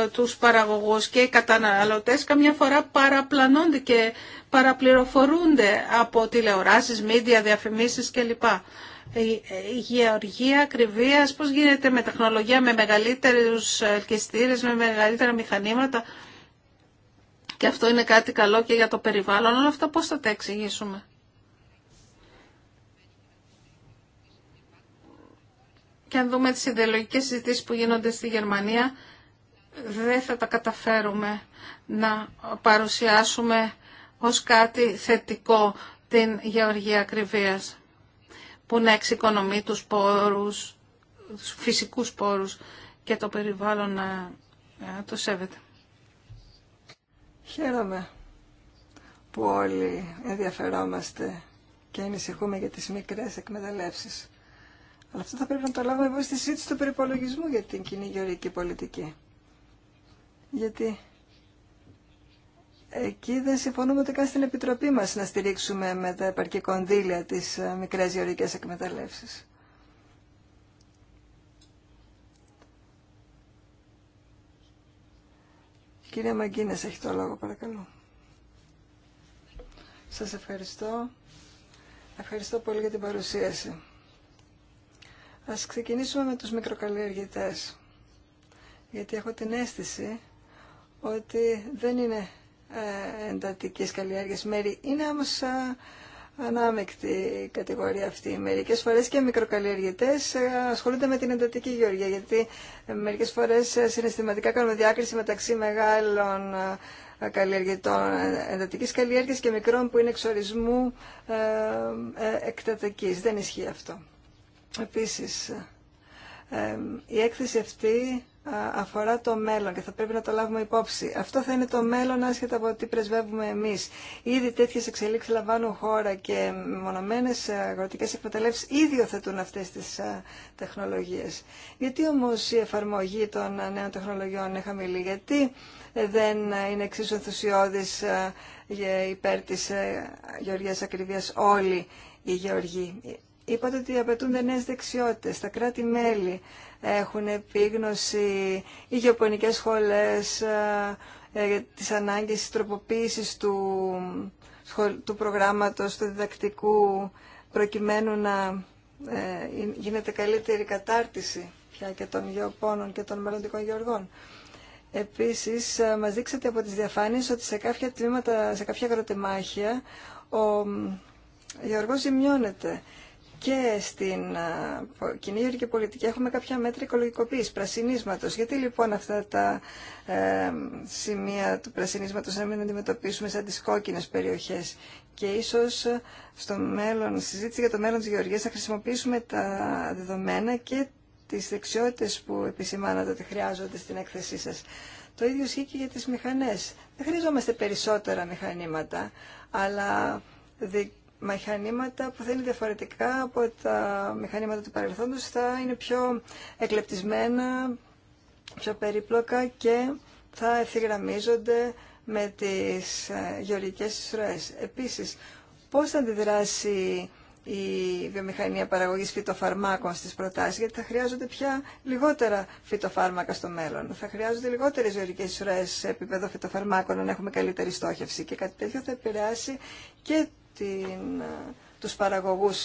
ε, τους παραγωγούς και οι καταναλωτές καμιά φορά παραπλανώνται και παραπληροφορούνται από τηλεοράσεις, μίντια, διαφημίσεις κλπ. Ε, γεωργία ακριβία, πώ γίνεται με τεχνολογία, με μεγαλύτερου ελκυστήρε, με μεγαλύτερα μηχανήματα. Και αυτό είναι κάτι καλό και για το περιβάλλον. Όλα αυτά πώς θα τα εξηγήσουμε. Και αν δούμε τις ιδεολογικές συζητήσεις που γίνονται στη Γερμανία, δεν θα τα καταφέρουμε να παρουσιάσουμε ως κάτι θετικό την γεωργία ακριβίας που να εξοικονομεί τους πόρους, τους φυσικούς πόρους και το περιβάλλον να ε, ε, το σέβεται. Χαίρομαι που όλοι ενδιαφερόμαστε και ανησυχούμε για τις μικρές εκμεταλλεύσεις. Αλλά αυτό θα πρέπει να το λάβουμε εγώ στη συζήτηση του περιπολογισμού για την κοινή γεωργική πολιτική. Γιατί Εκεί δεν συμφωνούμε ούτε καν στην Επιτροπή μας να στηρίξουμε με τα επαρκή κονδύλια τις ε, μικρές γεωργικές εκμεταλλεύσεις. Κυρία Μαγκίνες έχει το λόγο παρακαλώ. Σας ευχαριστώ. Ευχαριστώ πολύ για την παρουσίαση. Ας ξεκινήσουμε με τους μικροκαλλιεργητές. Γιατί έχω την αίσθηση ότι δεν είναι ε, εντατικής καλλιέργειας. Είναι όμως ε, ανάμεκτη κατηγορία αυτή. Μερικές φορές και μικροκαλλιεργητές ε, ασχολούνται με την εντατική γεωργία, γιατί μερικές φορές συναισθηματικά κάνουμε διάκριση μεταξύ μεγάλων καλλιεργητών εντατικής καλλιέργειας και μικρών που είναι εξορισμού εκτατική. Δεν ισχύει αυτό. Επίσης, η έκθεση αυτή αφορά το μέλλον και θα πρέπει να το λάβουμε υπόψη. Αυτό θα είναι το μέλλον άσχετα από τι πρεσβεύουμε εμείς. Ήδη τέτοιε εξελίξει λαμβάνουν χώρα και μονομένε αγροτικές εκμεταλλεύσει ήδη υιοθετούν αυτές τις τεχνολογίες. Γιατί όμως η εφαρμογή των νέων τεχνολογιών είναι χαμηλή, γιατί ε, δεν είναι εξίσου ενθουσιώδης υπέρ της γεωργίας ακριβίας όλοι οι γεωργοί. Είπατε ότι απαιτούνται νέες δεξιότητες. Τα κράτη-μέλη έχουν επίγνωση, οι γεωπονικές σχολές, τι ε, ε, τις ανάγκες της του, του προγράμματος, του διδακτικού, προκειμένου να ε, γίνεται καλύτερη κατάρτιση πια και των γεωπόνων και των μελλοντικών γεωργών. Επίσης, μας δείξατε από τις διαφάνειες ότι σε κάποια τμήματα, σε κάποια αγροτεμάχια, ο γεωργό ζημιώνεται και στην κοινή γεωργική πολιτική έχουμε κάποια μέτρα οικολογικοποίηση, πρασινίσματος. Γιατί λοιπόν αυτά τα ε, σημεία του πρασινίσματος να μην αντιμετωπίσουμε σαν τις κόκκινες περιοχές και ίσως στο μέλλον, στη συζήτηση για το μέλλον της γεωργίας θα χρησιμοποιήσουμε τα δεδομένα και τις δεξιότητες που επισημάνατε ότι χρειάζονται στην έκθεσή σας. Το ίδιο ισχύει και για τις μηχανές. Δεν χρειαζόμαστε περισσότερα μηχανήματα, αλλά μηχανήματα που θα είναι διαφορετικά από τα μηχανήματα του παρελθόντος, θα είναι πιο εκλεπτισμένα, πιο περίπλοκα και θα ευθυγραμμίζονται με τις ε, γεωργικές ισορροές. Επίσης, πώς θα αντιδράσει η βιομηχανία παραγωγής φυτοφαρμάκων στις προτάσεις, γιατί θα χρειάζονται πια λιγότερα φυτοφάρμακα στο μέλλον. Θα χρειάζονται λιγότερες ζωικές ισορροές σε επίπεδο φυτοφαρμάκων, αν έχουμε καλύτερη στόχευση. Και κάτι τέτοιο θα επηρεάσει και την, ε, τους παραγωγούς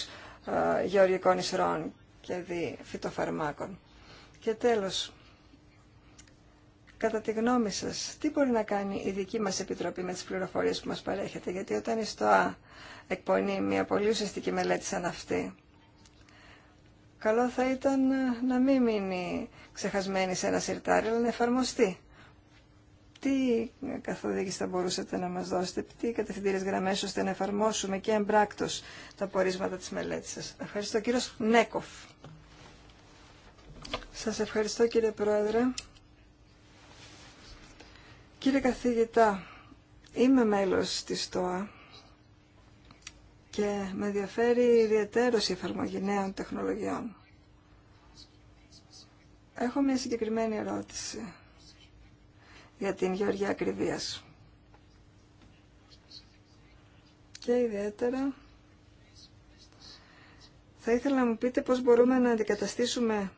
ε, γεωργικών ισρών και δι φυτοφαρμάκων. Και τέλος, κατά τη γνώμη σας, τι μπορεί να κάνει η δική μας Επιτροπή με τις πληροφορίες που μας παρέχεται, γιατί όταν η ΣΤΟΑ εκπονεί μια πολύ ουσιαστική μελέτη σαν αυτή, καλό θα ήταν να μην μείνει ξεχασμένη σε ένα σιρτάρι, αλλά να εφαρμοστεί. Τι καθοδήγηση θα μπορούσατε να μας δώσετε, τι κατευθυντήρες γραμμές ώστε να εφαρμόσουμε και εμπράκτος τα πορίσματα της μελέτης σας. Ευχαριστώ κύριος Νέκοφ. Σας ευχαριστώ κύριε Πρόεδρε. Κύριε καθηγητά, είμαι μέλος της ΤΟΑ και με ενδιαφέρει ιδιαίτερως η εφαρμογή νέων τεχνολογιών. Έχω μια συγκεκριμένη ερώτηση για την γεωργία ακριβίας. Και ιδιαίτερα θα ήθελα να μου πείτε πώς μπορούμε να αντικαταστήσουμε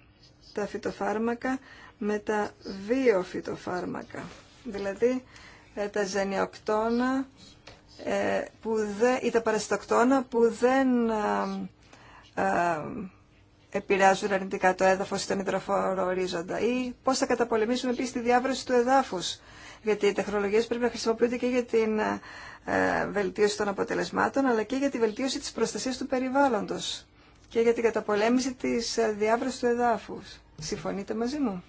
τα φυτοφάρμακα με τα βιοφυτοφάρμακα. Δηλαδή ε, τα ζενιοκτώνα ε, που ή τα παραστοκτώνα που δεν ε, επηρεάζουν αρνητικά το έδαφος τον υδροφόρο ορίζοντα ή πώς θα καταπολεμήσουμε επίσης τη διάβρωση του εδάφους. Γιατί οι τεχνολογίες πρέπει να χρησιμοποιούνται και για την ε, βελτίωση των αποτελεσμάτων αλλά και για τη βελτίωση της προστασίας του περιβάλλοντος και για την καταπολέμηση της ε, διάβρωσης του εδάφους. Συμφωνείτε μαζί μου?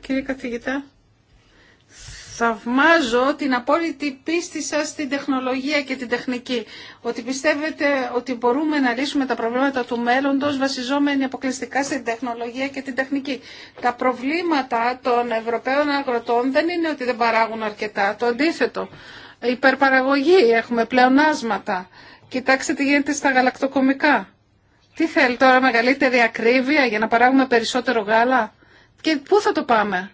Κύριε καθηγητά, θαυμάζω την απόλυτη πίστη σας στην τεχνολογία και την τεχνική. Ότι πιστεύετε ότι μπορούμε να λύσουμε τα προβλήματα του μέλλοντος βασιζόμενοι αποκλειστικά στην τεχνολογία και την τεχνική. Τα προβλήματα των Ευρωπαίων αγροτών δεν είναι ότι δεν παράγουν αρκετά. Το αντίθετο. Υπερπαραγωγή, έχουμε πλεονάσματα. Κοιτάξτε τι γίνεται στα γαλακτοκομικά. Τι θέλει τώρα μεγαλύτερη ακρίβεια για να παράγουμε περισσότερο γάλα. Και πού θα το πάμε.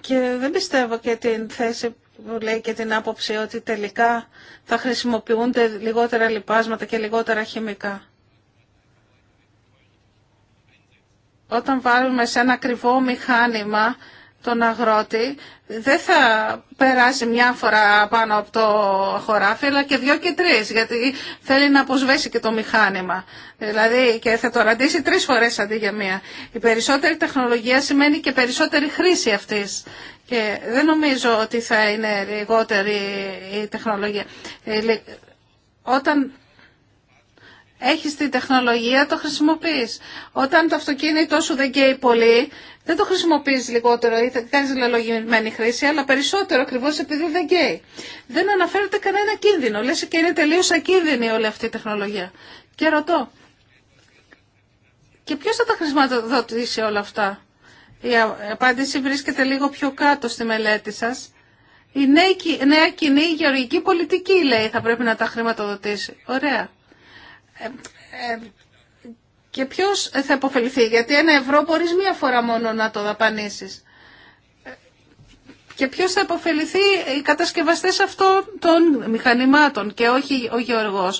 Και δεν πιστεύω και την θέση που λέει και την άποψη ότι τελικά θα χρησιμοποιούνται λιγότερα λιπάσματα και λιγότερα χημικά. Όταν βάλουμε σε ένα ακριβό μηχάνημα τον αγρότη δεν θα περάσει μια φορά πάνω από το χωράφι, αλλά και δυο και τρεις, γιατί θέλει να αποσβέσει και το μηχάνημα. Δηλαδή και θα το ραντίσει τρεις φορές αντί για μία. Η περισσότερη τεχνολογία σημαίνει και περισσότερη χρήση αυτής. Και δεν νομίζω ότι θα είναι λιγότερη η τεχνολογία. Ε, όταν έχεις τη τεχνολογία, το χρησιμοποιείς. Όταν το αυτοκίνητό σου δεν καίει πολύ, δεν το χρησιμοποιείς λιγότερο ή θα κάνεις λελογημένη χρήση, αλλά περισσότερο ακριβώ επειδή δεν καίει. Δεν αναφέρεται κανένα κίνδυνο. Λες και είναι τελείως ακίνδυνη όλη αυτή η τεχνολογία. Και ρωτώ, και ποιος θα τα χρηματοδοτήσει όλα αυτά. Η απάντηση βρίσκεται λίγο πιο κάτω στη μελέτη σας. Η νέα κοινή γεωργική πολιτική, λέει, θα πρέπει να τα χρηματοδοτήσει. Ωραία. Ε, ε, και ποιο θα υποφεληθεί, γιατί ένα ευρώ μπορεί μία φορά μόνο να το δαπανίσει. Ε, και ποιο θα υποφεληθεί οι κατασκευαστέ αυτών των μηχανημάτων και όχι ο Γεωργό.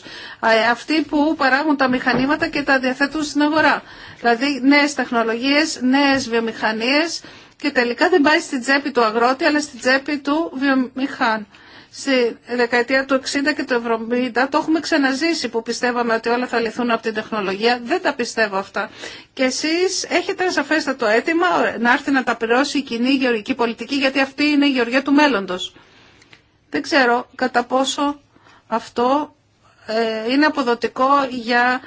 Αυτοί που παράγουν τα μηχανήματα και τα διαθέτουν στην αγορά. Δηλαδή νέε τεχνολογίες, νέε βιομηχανίες και τελικά δεν πάει στην τσέπη του αγρότη αλλά στην τσέπη του βιομηχάνου στη δεκαετία του 60 και του 70 το έχουμε ξαναζήσει που πιστεύαμε ότι όλα θα λυθούν από την τεχνολογία. Δεν τα πιστεύω αυτά. Και εσείς έχετε σαφέστατο αίτημα να έρθει να τα πληρώσει η κοινή γεωργική πολιτική γιατί αυτή είναι η γεωργία του μέλλοντος. Δεν ξέρω κατά πόσο αυτό ε, είναι αποδοτικό για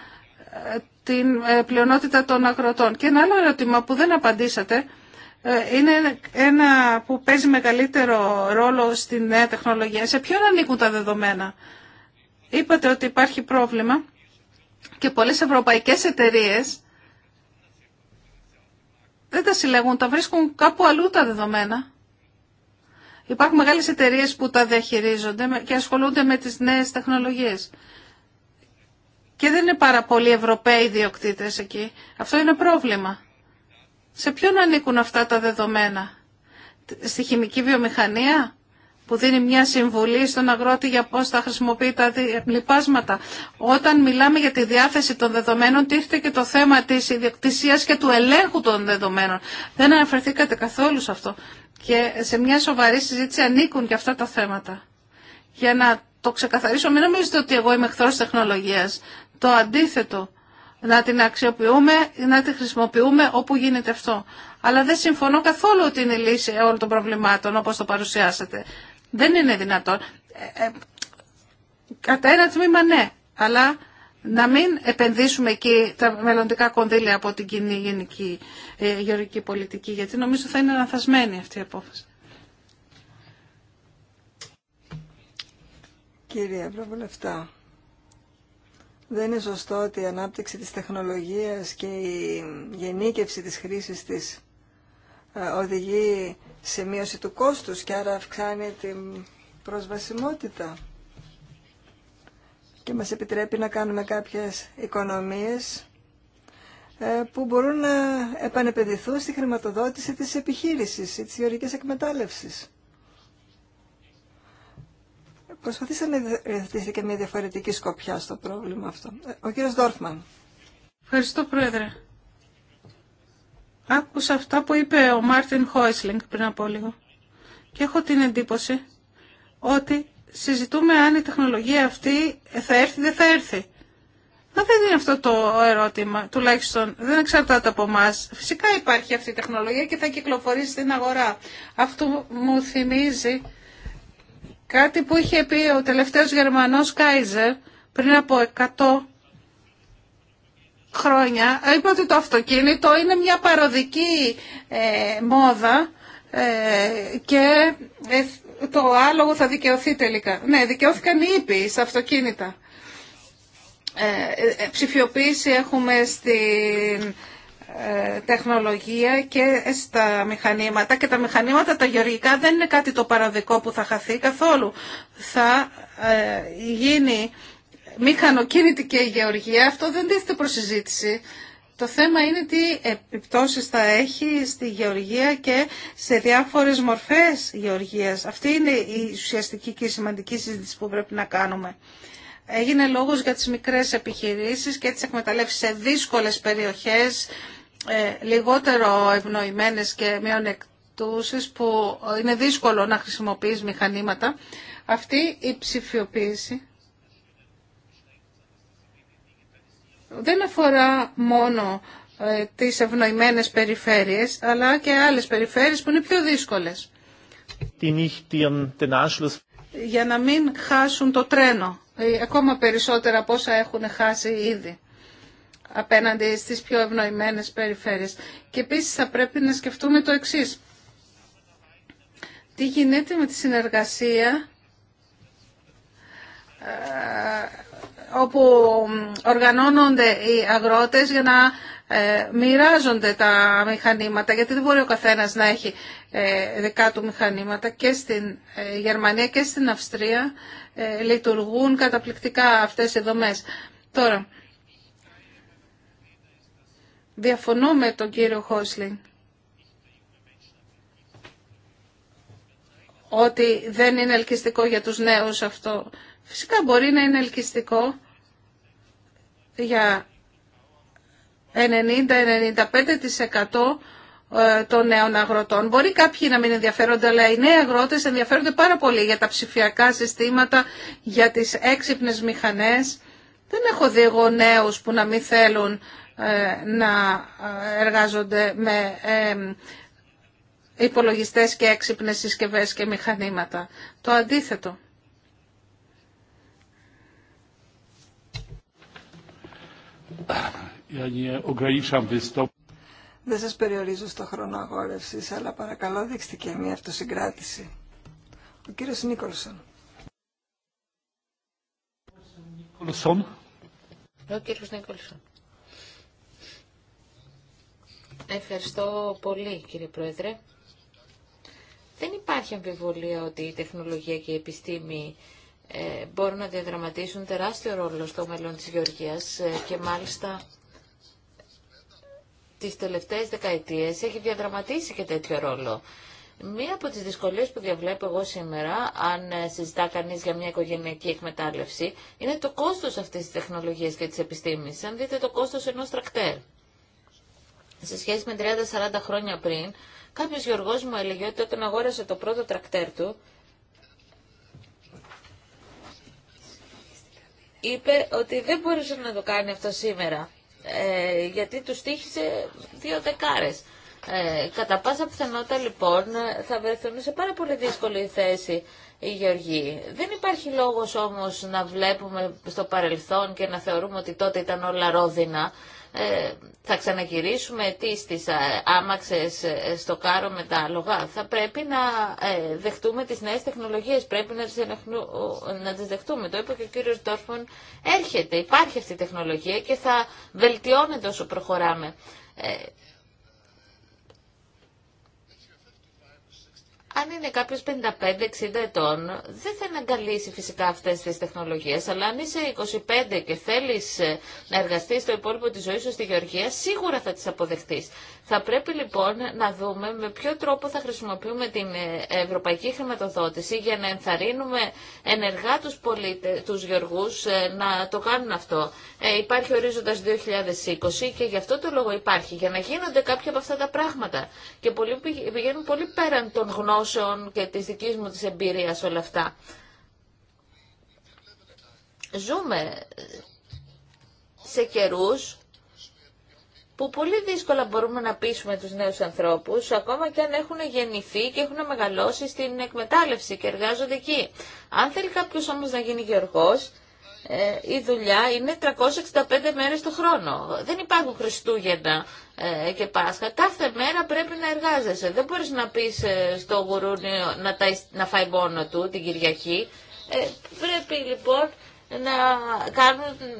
ε, την ε, πλειονότητα των αγροτών. Και ένα άλλο ερώτημα που δεν απαντήσατε ε, είναι ένα που παίζει μεγαλύτερο ρόλο στη νέα τεχνολογία. Σε ποιον ανήκουν τα δεδομένα. Είπατε ότι υπάρχει πρόβλημα και πολλές ευρωπαϊκές εταιρείες δεν τα συλλέγουν, τα βρίσκουν κάπου αλλού τα δεδομένα. Υπάρχουν μεγάλες εταιρείες που τα διαχειρίζονται και ασχολούνται με τις νέες τεχνολογίες. Και δεν είναι πάρα πολλοί Ευρωπαίοι διοκτήτες εκεί. Αυτό είναι πρόβλημα. Σε ποιον ανήκουν αυτά τα δεδομένα. Στη χημική βιομηχανία που δίνει μια συμβουλή στον αγρότη για πώς θα χρησιμοποιεί τα λοιπάσματα. Όταν μιλάμε για τη διάθεση των δεδομένων, τίθεται και το θέμα της ιδιοκτησίας και του ελέγχου των δεδομένων. Δεν αναφερθήκατε καθόλου σε αυτό. Και σε μια σοβαρή συζήτηση ανήκουν και αυτά τα θέματα. Για να το ξεκαθαρίσω, μην νομίζετε ότι εγώ είμαι εχθρός τεχνολογίας. Το αντίθετο να την αξιοποιούμε, να τη χρησιμοποιούμε όπου γίνεται αυτό. Αλλά δεν συμφωνώ καθόλου ότι είναι η λύση όλων των προβλημάτων όπως το παρουσιάσατε. Δεν είναι δυνατόν. Ε, ε, κατά ένα τμήμα ναι, αλλά να μην επενδύσουμε εκεί τα μελλοντικά κονδύλια από την κοινή γενική ε, γεωργική πολιτική, γιατί νομίζω θα είναι αναθασμένη αυτή η απόφαση. Κύριε Ευρωβουλευτά, δεν είναι σωστό ότι η ανάπτυξη της τεχνολογίας και η γενίκευση της χρήσης της ε, οδηγεί σε μείωση του κόστους και άρα αυξάνει την προσβασιμότητα και μας επιτρέπει να κάνουμε κάποιες οικονομίες ε, που μπορούν να επανεπαιδηθούν στη χρηματοδότηση της επιχείρησης ή της γεωργικής εκμετάλλευσης. Προσπαθήσαμε να και μια διαφορετική σκοπιά στο πρόβλημα αυτό. Ε, ο κύριος Ντόρφμαν. Ευχαριστώ, Πρόεδρε. Άκουσα αυτά που είπε ο Μάρτιν Χόισλινγκ πριν από λίγο. Και έχω την εντύπωση ότι συζητούμε αν η τεχνολογία αυτή θα έρθει ή δεν θα έρθει. Μα δεν είναι αυτό το ερώτημα, τουλάχιστον δεν εξαρτάται από εμά. Φυσικά υπάρχει αυτή η τεχνολογία και θα κυκλοφορήσει στην αγορά. Αυτό μου θυμίζει Κάτι που είχε πει ο τελευταίος Γερμανός Κάιζερ πριν από 100 χρόνια. Είπε ότι το αυτοκίνητο είναι μια παροδική ε, μόδα ε, και ε, το άλογο θα δικαιωθεί τελικά. Ναι, δικαιώθηκαν οι ήπιοι στα αυτοκίνητα. ψηφιοποίηση έχουμε στην ε, τεχνολογία και στα μηχανήματα και τα μηχανήματα τα γεωργικά δεν είναι κάτι το παραδικό που θα χαθεί καθόλου. Θα ε, γίνει μηχανοκίνητη και η γεωργία, αυτό δεν δείχνει προς Το θέμα είναι τι επιπτώσεις θα έχει στη γεωργία και σε διάφορες μορφές γεωργίας. Αυτή είναι η ουσιαστική και σημαντική συζήτηση που πρέπει να κάνουμε. Έγινε λόγος για τις μικρές επιχειρήσεις και τις εκμεταλλεύσεις σε δύσκολες περιοχές, ε, λιγότερο ευνοημένες και μειονεκτούσεις που είναι δύσκολο να χρησιμοποιείς μηχανήματα, αυτή η ψηφιοποίηση δεν αφορά μόνο ε, τις ευνοημένες περιφέρειες, αλλά και άλλες περιφέρειες που είναι πιο δύσκολες. Για να μην χάσουν το τρένο, ε, ακόμα περισσότερα από όσα έχουν χάσει ήδη απέναντι στις πιο ευνοημένες περιφέρειες. Και επίσης θα πρέπει να σκεφτούμε το εξής. Τι γίνεται με τη συνεργασία ε, όπου οργανώνονται οι αγρότες για να ε, μοιράζονται τα μηχανήματα, γιατί δεν μπορεί ο καθένας να έχει ε, δικά του μηχανήματα. Και στην Γερμανία και στην Αυστρία λειτουργούν καταπληκτικά αυτές οι δομές. Τώρα, Διαφωνώ με τον κύριο Χόσλινγκ. Ότι δεν είναι ελκυστικό για τους νέους αυτό. Φυσικά μπορεί να είναι ελκυστικό για 90-95% ε, των νέων αγροτών. Μπορεί κάποιοι να μην ενδιαφέρονται, αλλά οι νέοι αγρότες ενδιαφέρονται πάρα πολύ για τα ψηφιακά συστήματα, για τις έξυπνες μηχανές. Δεν έχω δει εγώ νέους που να μην θέλουν ε, να ε, εργάζονται με ε, υπολογιστές και έξυπνες συσκευές και μηχανήματα. Το αντίθετο. Δεν σας περιορίζω στο χρόνο αγόρευσης, αλλά παρακαλώ δείξτε και μια αυτοσυγκράτηση. Ο κύριος Νίκολσον. Ο κύριος Νίκολσον. Ευχαριστώ πολύ κύριε Πρόεδρε. Δεν υπάρχει αμφιβολία ότι η τεχνολογία και η επιστήμη ε, μπορούν να διαδραματίσουν τεράστιο ρόλο στο μέλλον της Γεωργίας ε, και μάλιστα τις τελευταίες δεκαετίες έχει διαδραματίσει και τέτοιο ρόλο. Μία από τις δυσκολίες που διαβλέπω εγώ σήμερα, αν ε, συζητά κανείς για μια οικογενειακή εκμετάλλευση, είναι το κόστος αυτής της τεχνολογίας και της επιστήμης. Αν δείτε το κόστος ενός τρακτέρ σε σχέση με 30-40 χρόνια πριν, κάποιο γεωργός μου έλεγε ότι όταν αγόρασε το πρώτο τρακτέρ του, είπε ότι δεν μπορούσε να το κάνει αυτό σήμερα, ε, γιατί του στήχησε δύο δεκάρες. Ε, κατά πάσα πιθανότητα λοιπόν θα βρεθούν σε πάρα πολύ δύσκολη θέση οι Γεωργοί. Δεν υπάρχει λόγος όμως να βλέπουμε στο παρελθόν και να θεωρούμε ότι τότε ήταν όλα ρόδινα. Ε, θα ξαναγυρίσουμε τι στις ε, άμαξες ε, στο κάρο με τα λογά. Θα πρέπει να δεχτούμε τις νέες τεχνολογίες, πρέπει να τις, να τις δεχτούμε. Το είπε και ο κύριος Τόρφον. έρχεται, υπάρχει αυτή η τεχνολογία και θα βελτιώνεται όσο προχωράμε. αν είναι κάποιο 55-60 ετών, δεν θα εναγκαλίσει φυσικά αυτέ τι τεχνολογίε, αλλά αν είσαι 25 και θέλει να εργαστεί το υπόλοιπο τη ζωή σου στη Γεωργία, σίγουρα θα τι αποδεχτεί. Θα πρέπει λοιπόν να δούμε με ποιο τρόπο θα χρησιμοποιούμε την ε, ευρωπαϊκή χρηματοδότηση για να ενθαρρύνουμε ενεργά τους πολίτες, τους γεωργούς ε, να το κάνουν αυτό. Ε, υπάρχει ορίζοντας 2020 και γι' αυτό το λόγο υπάρχει, για να γίνονται κάποια από αυτά τα πράγματα. Και πηγαίνουν πολύ πέραν των γνώσεων και της δικής μου της εμπειρίας όλα αυτά. Ζούμε σε καιρούς που πολύ δύσκολα μπορούμε να πείσουμε τους νέους ανθρώπους, ακόμα και αν έχουν γεννηθεί και έχουν μεγαλώσει στην εκμετάλλευση και εργάζονται εκεί. Αν θέλει κάποιος όμως να γίνει γεωργός, ε, η δουλειά είναι 365 μέρες το χρόνο. Δεν υπάρχουν Χριστούγεννα ε, και Πάσχα. Κάθε μέρα πρέπει να εργάζεσαι. Δεν μπορείς να πεις ε, στο γουρούνιο να, να φάει μόνο του την Κυριακή. πρέπει λοιπόν να κάνουν ε,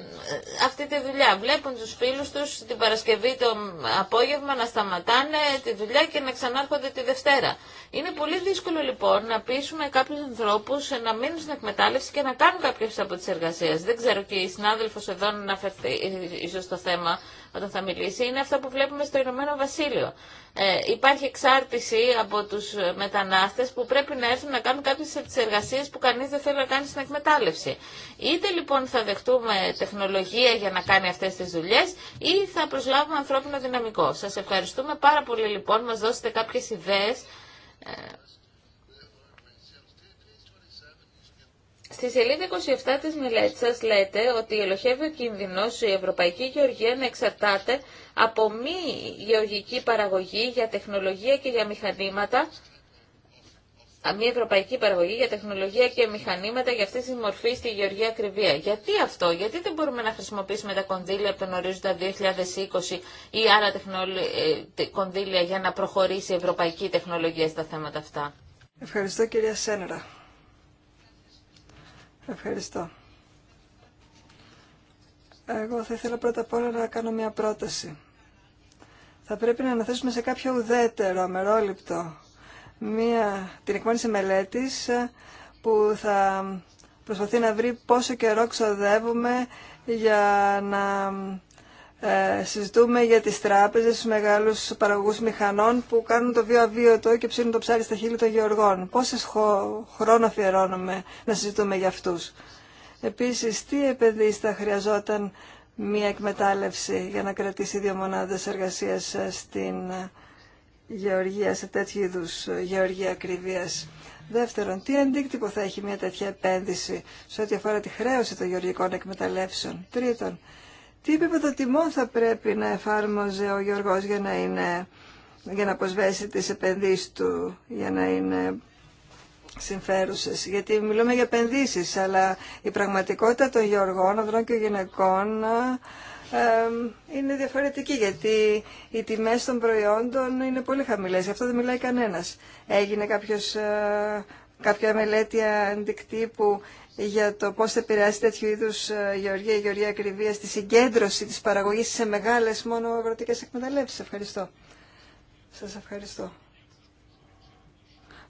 αυτή τη δουλειά. Βλέπουν τους φίλους τους την Παρασκευή το απόγευμα να σταματάνε τη δουλειά και να ξανάρχονται τη Δευτέρα. Είναι πολύ δύσκολο λοιπόν να πείσουμε κάποιους ανθρώπους να μείνουν στην εκμετάλλευση και να κάνουν κάποιες από τις εργασίες. Δεν ξέρω και η συνάδελφος εδώ να αναφερθεί ε, ε, ίσως το θέμα όταν θα μιλήσει είναι αυτά που βλέπουμε στο Ηνωμένο Βασίλειο. Ε, υπάρχει εξάρτηση από τους μετανάστες που πρέπει να έρθουν να κάνουν κάποιες από τι εργασίες που κανείς δεν θέλει να κάνει στην εκμετάλλευση. Είτε λοιπόν θα δεχτούμε τεχνολογία για να κάνει αυτές τις δουλειές ή θα προσλάβουμε ανθρώπινο δυναμικό. Σα ευχαριστούμε πάρα πολύ λοιπόν, μα δώσετε κάποιες ιδέες. Ε, Στη σελίδα 27 της μελέτης σας λέτε ότι ελοχεύει ο κίνδυνος η Ευρωπαϊκή Γεωργία να εξαρτάται από μη γεωργική παραγωγή για τεχνολογία και για μηχανήματα μη ευρωπαϊκή παραγωγή για τεχνολογία και μηχανήματα για αυτή τη μορφή στη γεωργία ακριβία. Γιατί αυτό, γιατί δεν μπορούμε να χρησιμοποιήσουμε τα κονδύλια από τον ορίζοντα 2020 ή άλλα τεχνολο... Ε, κονδύλια για να προχωρήσει η ευρωπαϊκή τεχνολογία στα θέματα αυτά. Ευχαριστώ κυρία Σένερα. Ευχαριστώ. Εγώ θα ήθελα πρώτα απ' όλα να κάνω μια πρόταση. Θα πρέπει να αναθέσουμε σε κάποιο ουδέτερο, αμερόληπτο, μια, την εκμόνηση μελέτης ε, που θα προσπαθεί να βρει πόσο καιρό ξοδεύουμε για να ε, συζητούμε για τις τράπεζες, τους μεγάλους παραγωγούς μηχανών που κάνουν το βίο αβίωτο και ψήνουν το ψάρι στα χείλη των γεωργών. Πόσες χρόνο αφιερώνουμε να συζητούμε για αυτούς. Επίσης, τι επενδύσεις θα χρειαζόταν μία εκμετάλλευση για να κρατήσει δύο μονάδες εργασίας ε, στην ε, γεωργία, σε τέτοιου είδου γεωργία ακριβίας. Δεύτερον, τι αντίκτυπο θα έχει μια τέτοια επένδυση σε ό,τι αφορά τη χρέωση των γεωργικών εκμεταλλεύσεων. Τρίτον, τι επίπεδο τιμών θα πρέπει να εφάρμοζε ο Γιώργος για να, είναι, για να αποσβέσει τις επενδύσεις του, για να είναι συμφέρουσες. Γιατί μιλούμε για επενδύσεις, αλλά η πραγματικότητα των Γιωργών, ανδρών και γυναικών ε, είναι διαφορετική, γιατί οι τιμές των προϊόντων είναι πολύ χαμηλές. Γι' αυτό δεν μιλάει κανένας. Έγινε κάποιος, ε, κάποια μελέτη αντικτύπου για το πώς θα επηρεάσει τέτοιου είδους ε, γεωργία, γεωργία ακριβία στη συγκέντρωση της παραγωγής σε μεγάλες μόνο αγροτικές εκμεταλλεύσεις. Ευχαριστώ. Σας ευχαριστώ.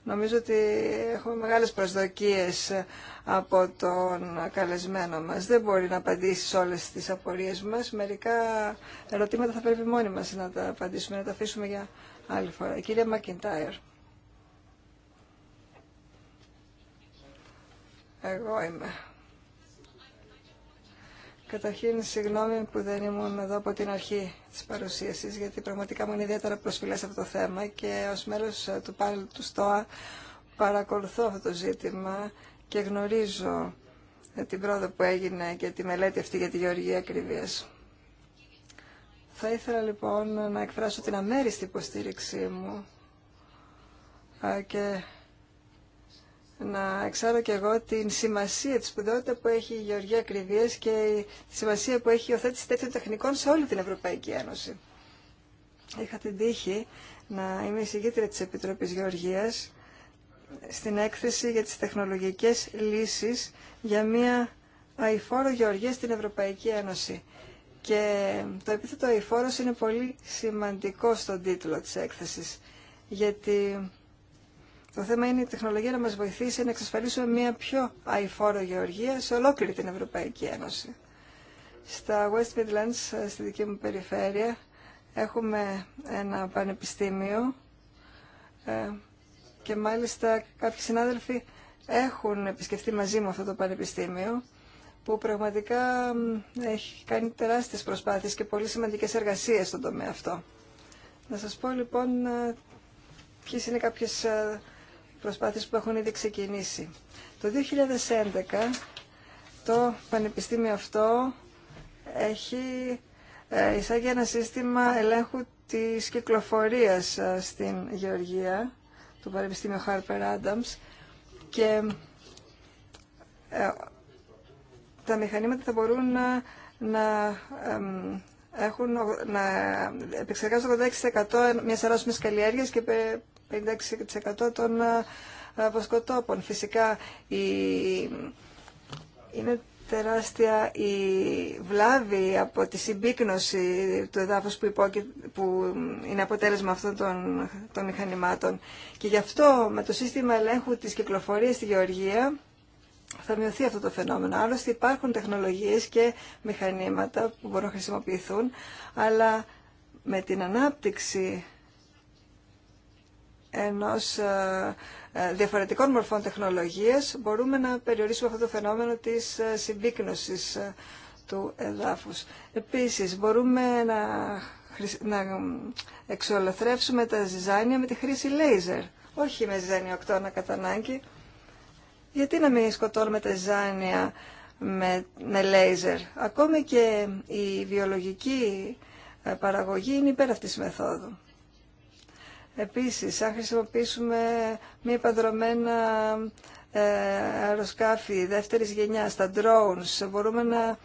Νομίζω ότι έχουμε μεγάλες προσδοκίες ε, από τον καλεσμένο μας. Δεν μπορεί να απαντήσει σε όλες τις απορίες μας. Μερικά ερωτήματα θα πρέπει μόνοι μας να τα απαντήσουμε, να τα αφήσουμε για άλλη φορά. Κύριε Μακιντάιρ. Εγώ είμαι. Καταρχήν, συγγνώμη που δεν ήμουν εδώ από την αρχή της παρουσίαση. γιατί πραγματικά μου είναι ιδιαίτερα προσφυλέ αυτό το θέμα και ω μέλο του πάλι του ΣΤΟΑ παρακολουθώ αυτό το ζήτημα και γνωρίζω την πρόοδο που έγινε και τη μελέτη αυτή για τη γεωργία ακριβία. Θα ήθελα λοιπόν να εκφράσω την αμέριστη υποστήριξή μου και να εξάρω και εγώ την σημασία, τη σπουδαιότητα που έχει η Γεωργία Κρυβίες και τη σημασία που έχει η οθέτηση τέτοιων τεχνικών σε όλη την Ευρωπαϊκή Ένωση. Είχα την τύχη να είμαι εισηγήτρια της Επιτροπής Γεωργίας στην έκθεση για τις τεχνολογικές λύσεις για μια αηφόρο γεωργία στην Ευρωπαϊκή Ένωση. Και το επίθετο αηφόρος είναι πολύ σημαντικό στον τίτλο της έκθεσης, γιατί το θέμα είναι η τεχνολογία να μας βοηθήσει να εξασφαλίσουμε μια πιο αηφόρο γεωργία σε ολόκληρη την Ευρωπαϊκή Ένωση. Στα West Midlands, στη δική μου περιφέρεια, έχουμε ένα πανεπιστήμιο ε, και μάλιστα κάποιοι συνάδελφοι έχουν επισκεφτεί μαζί μου αυτό το πανεπιστήμιο που πραγματικά έχει κάνει τεράστιες προσπάθειες και πολύ σημαντικές εργασίες στον τομέα αυτό. Να σας πω λοιπόν ε, ποιες είναι κάποιες ε, προσπάθειες που έχουν ήδη ξεκινήσει. Το 2011 το πανεπιστήμιο αυτό έχει ε, εισάγει ένα σύστημα ελέγχου της κυκλοφορίας ε, στην Γεωργία, το Πανεπιστήμιο Harper Adams, και ε, τα μηχανήματα θα μπορούν να, να, έχουν, να επεξεργάζονται 86% μιας αρρώσιμης καλλιέργειας και 56% των ε, ε, βοσκοτόπων. Φυσικά είναι τεράστια η βλάβη από τη συμπίκνωση του εδάφους που, που είναι αποτέλεσμα αυτών των, των μηχανημάτων. Και γι' αυτό με το σύστημα ελέγχου της κυκλοφορίας στη Γεωργία θα μειωθεί αυτό το φαινόμενο. Άλλωστε υπάρχουν τεχνολογίες και μηχανήματα που μπορούν να χρησιμοποιηθούν, αλλά με την ανάπτυξη ενός ε, ε, διαφορετικών μορφών τεχνολογίας μπορούμε να περιορίσουμε αυτό το φαινόμενο της ε, συμπίκνωσης του εδάφους. Επίσης, μπορούμε να, να εξολοθρεύσουμε τα ζυζάνια με τη χρήση λέιζερ, όχι με ζυζανιοκτώνα κατά ανάγκη. Γιατί να μην σκοτώνουμε τα ζυζάνια με, με λέιζερ. Ακόμη και η βιολογική παραγωγή είναι υπέρ αυτής της μεθόδου. Επίσης, αν χρησιμοποιήσουμε μη παντρωμένα ε, αεροσκάφη δεύτερης γενιάς, τα drones, μπορούμε να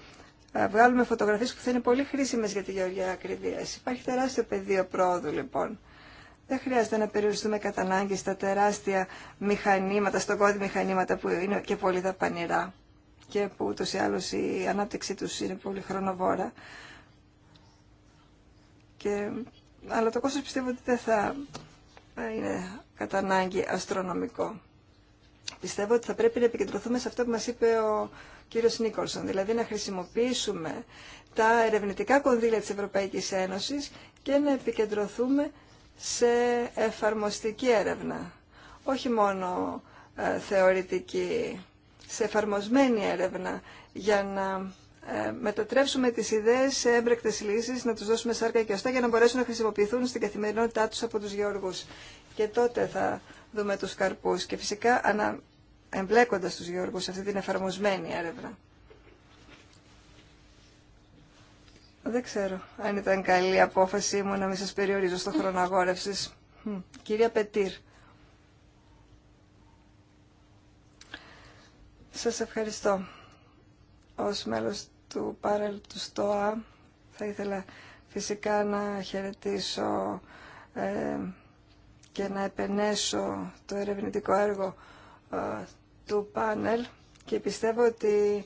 ε, βγάλουμε φωτογραφίες που θα είναι πολύ χρήσιμες για τη γεωργία ακριβίας. Υπάρχει τεράστιο πεδίο πρόοδου λοιπόν. Δεν χρειάζεται να περιοριστούμε κατά ανάγκη στα τεράστια μηχανήματα, στον κόδι μηχανήματα που είναι και πολύ δαπανηρά και που ούτως ή άλλως η ανάπτυξή τους είναι πολύ χρονοβόρα. Και αλλά το κόστος πιστεύω ότι δεν θα ε, είναι κατά ανάγκη αστρονομικό. Πιστεύω ότι θα πρέπει να επικεντρωθούμε σε αυτό που μας είπε ο κύριος Νίκολσον, δηλαδή να χρησιμοποιήσουμε τα ερευνητικά κονδύλια της Ευρωπαϊκής Ένωσης και να επικεντρωθούμε σε εφαρμοστική έρευνα, όχι μόνο ε, θεωρητική, σε εφαρμοσμένη έρευνα για να ε, μετατρέψουμε τις ιδέες σε έμπρεκτες λύσεις, να τους δώσουμε σάρκα και οστά για να μπορέσουν να χρησιμοποιηθούν στην καθημερινότητά τους από τους γεωργούς. Και τότε θα δούμε τους καρπούς και φυσικά ανα... εμπλέκοντας τους γεωργούς σε αυτή την εφαρμοσμένη έρευνα. Δεν ξέρω αν ήταν καλή η απόφαση μου να μην σας περιορίζω στο χρόνο αγόρευσης. Κυρία Πετήρ. Σας ευχαριστώ. Ως μέλος του πάρελ του ΣΤΟΑ. Θα ήθελα φυσικά να χαιρετήσω ε, και να επενέσω το ερευνητικό έργο ε, του πάνελ και πιστεύω ότι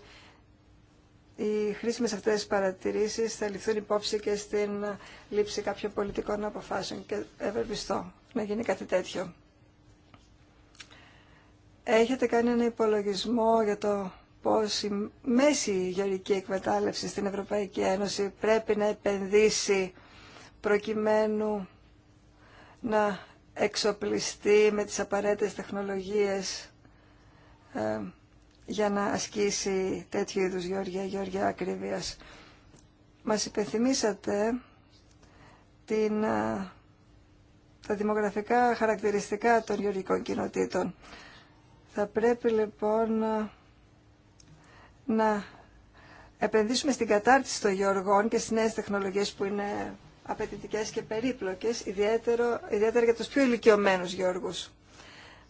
οι χρήσιμες αυτές τις παρατηρήσεις θα ληφθούν υπόψη και στην λήψη κάποιων πολιτικών αποφάσεων και ευελπιστώ να γίνει κάτι τέτοιο. Έχετε κάνει ένα υπολογισμό για το πως η μέση γεωργική εκμετάλλευση στην Ευρωπαϊκή Ένωση πρέπει να επενδύσει προκειμένου να εξοπλιστεί με τις απαραίτητες τεχνολογίες ε, για να ασκήσει τέτοιου είδους γεωργία, γεωργία ακριβίας. Μας υπενθυμίσατε την, ε, τα δημογραφικά χαρακτηριστικά των γεωργικών κοινοτήτων. Θα πρέπει λοιπόν ε, να επενδύσουμε στην κατάρτιση των γεωργών και στι νέες τεχνολογίες που είναι απαιτητικέ και περίπλοκες, ιδιαίτερα για του πιο ηλικιωμένου γεωργού.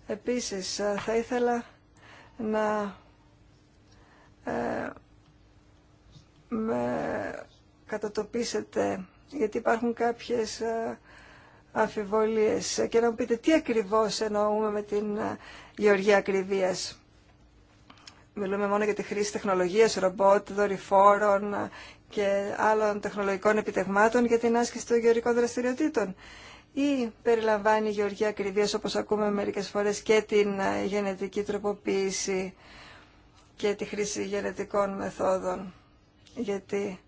Επίσης, ε, θα ήθελα να ε, κατατοπίσετε, γιατί υπάρχουν κάποιες ε, αμφιβολίες και να μου πείτε τι ακριβώς εννοούμε με την ε, γεωργία ακριβίας μιλούμε μόνο για τη χρήση τεχνολογίας, ρομπότ, δορυφόρων και άλλων τεχνολογικών επιτεγμάτων για την άσκηση των γεωρικών δραστηριοτήτων. Ή περιλαμβάνει η γεωργία ακριβίας, όπως ακούμε μερικές φορές, και την ε, γενετική τροποποίηση και τη χρήση γενετικών μεθόδων. Γιατί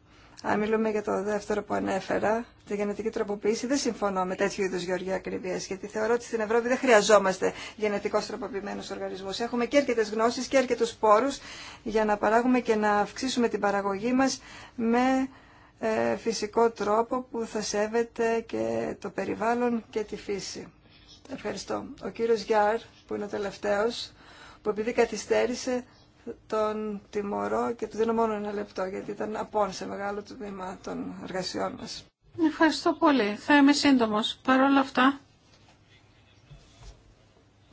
αν μιλούμε για το δεύτερο που ανέφερα, τη γενετική τροποποίηση, δεν συμφωνώ με τέτοιου είδου γεωργία ακριβία, γιατί θεωρώ ότι στην Ευρώπη δεν χρειαζόμαστε γενετικώ τροποποιημένου οργανισμού. Έχουμε και αρκετέ γνώσει και αρκετού πόρου για να παράγουμε και να αυξήσουμε την παραγωγή μα με ε, φυσικό τρόπο που θα σέβεται και το περιβάλλον και τη φύση. Ευχαριστώ. Ο κύριος Γιάρ, που είναι ο τελευταίος, που επειδή καθυστέρησε, τον τιμωρώ και του δίνω μόνο ένα λεπτό γιατί ήταν απόν σε μεγάλο τμήμα των εργασιών μας. Ευχαριστώ πολύ. Θα είμαι σύντομος. Παρ' όλα αυτά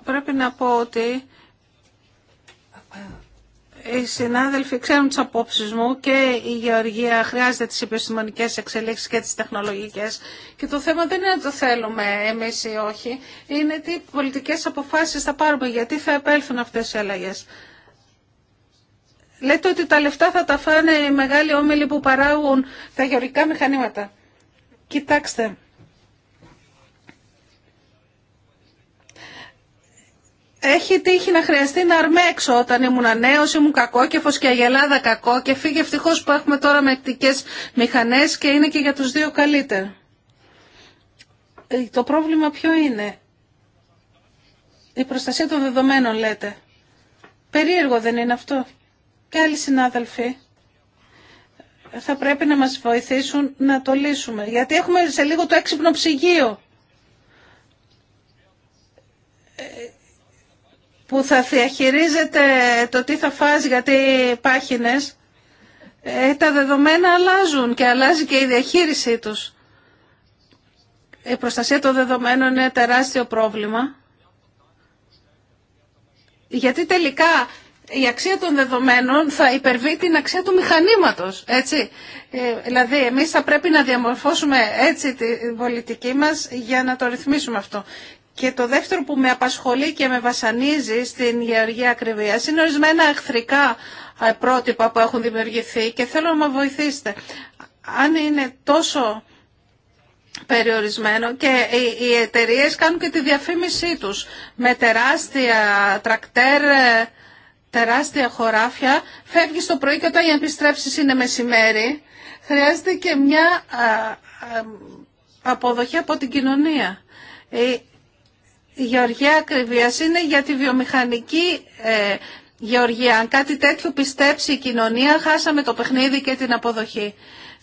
πρέπει να πω ότι οι συνάδελφοι ξέρουν τις απόψεις μου και η γεωργία χρειάζεται τις επιστημονικές εξελίξεις και τις τεχνολογικές και το θέμα δεν είναι το θέλουμε εμείς ή όχι, είναι τι πολιτικές αποφάσεις θα πάρουμε, γιατί θα επέλθουν αυτές οι αλλαγές. Λέτε ότι τα λεφτά θα τα φάνε οι μεγάλοι όμιλοι που παράγουν τα γεωργικά μηχανήματα. Κοιτάξτε. Έχει τύχει να χρειαστεί να αρμέξω όταν ήμουν νέο, ήμουν κακόκεφο και αγελάδα κακό και φύγε ευτυχώ που έχουμε τώρα μεκτικέ μηχανέ και είναι και για του δύο καλύτερα. Ε, το πρόβλημα ποιο είναι. Η προστασία των δεδομένων λέτε. Περίεργο δεν είναι αυτό και άλλοι συνάδελφοι θα πρέπει να μας βοηθήσουν να το λύσουμε. Γιατί έχουμε σε λίγο το έξυπνο ψυγείο ε, που θα διαχειρίζεται το τι θα φας γιατί πάχινες. Ε, τα δεδομένα αλλάζουν και αλλάζει και η διαχείρισή τους. Η προστασία των δεδομένων είναι τεράστιο πρόβλημα. Γιατί τελικά η αξία των δεδομένων θα υπερβεί την αξία του μηχανήματος, έτσι. Ε, δηλαδή, εμείς θα πρέπει να διαμορφώσουμε έτσι την πολιτική μας για να το ρυθμίσουμε αυτό. Και το δεύτερο που με απασχολεί και με βασανίζει στην γεωργία ακριβία είναι ορισμένα εχθρικά ε, πρότυπα που έχουν δημιουργηθεί και θέλω να με βοηθήσετε. Αν είναι τόσο περιορισμένο και οι εταιρείε κάνουν και τη διαφήμισή τους με τεράστια τρακτέρ, ε, τεράστια χωράφια, φεύγεις το πρωί και όταν για επιστρέψεις είναι μεσημέρι, χρειάζεται και μια αποδοχή από την κοινωνία. Η γεωργία ακριβίας είναι για τη βιομηχανική ε, γεωργία. Αν κάτι τέτοιο πιστέψει η κοινωνία, χάσαμε το παιχνίδι και την αποδοχή.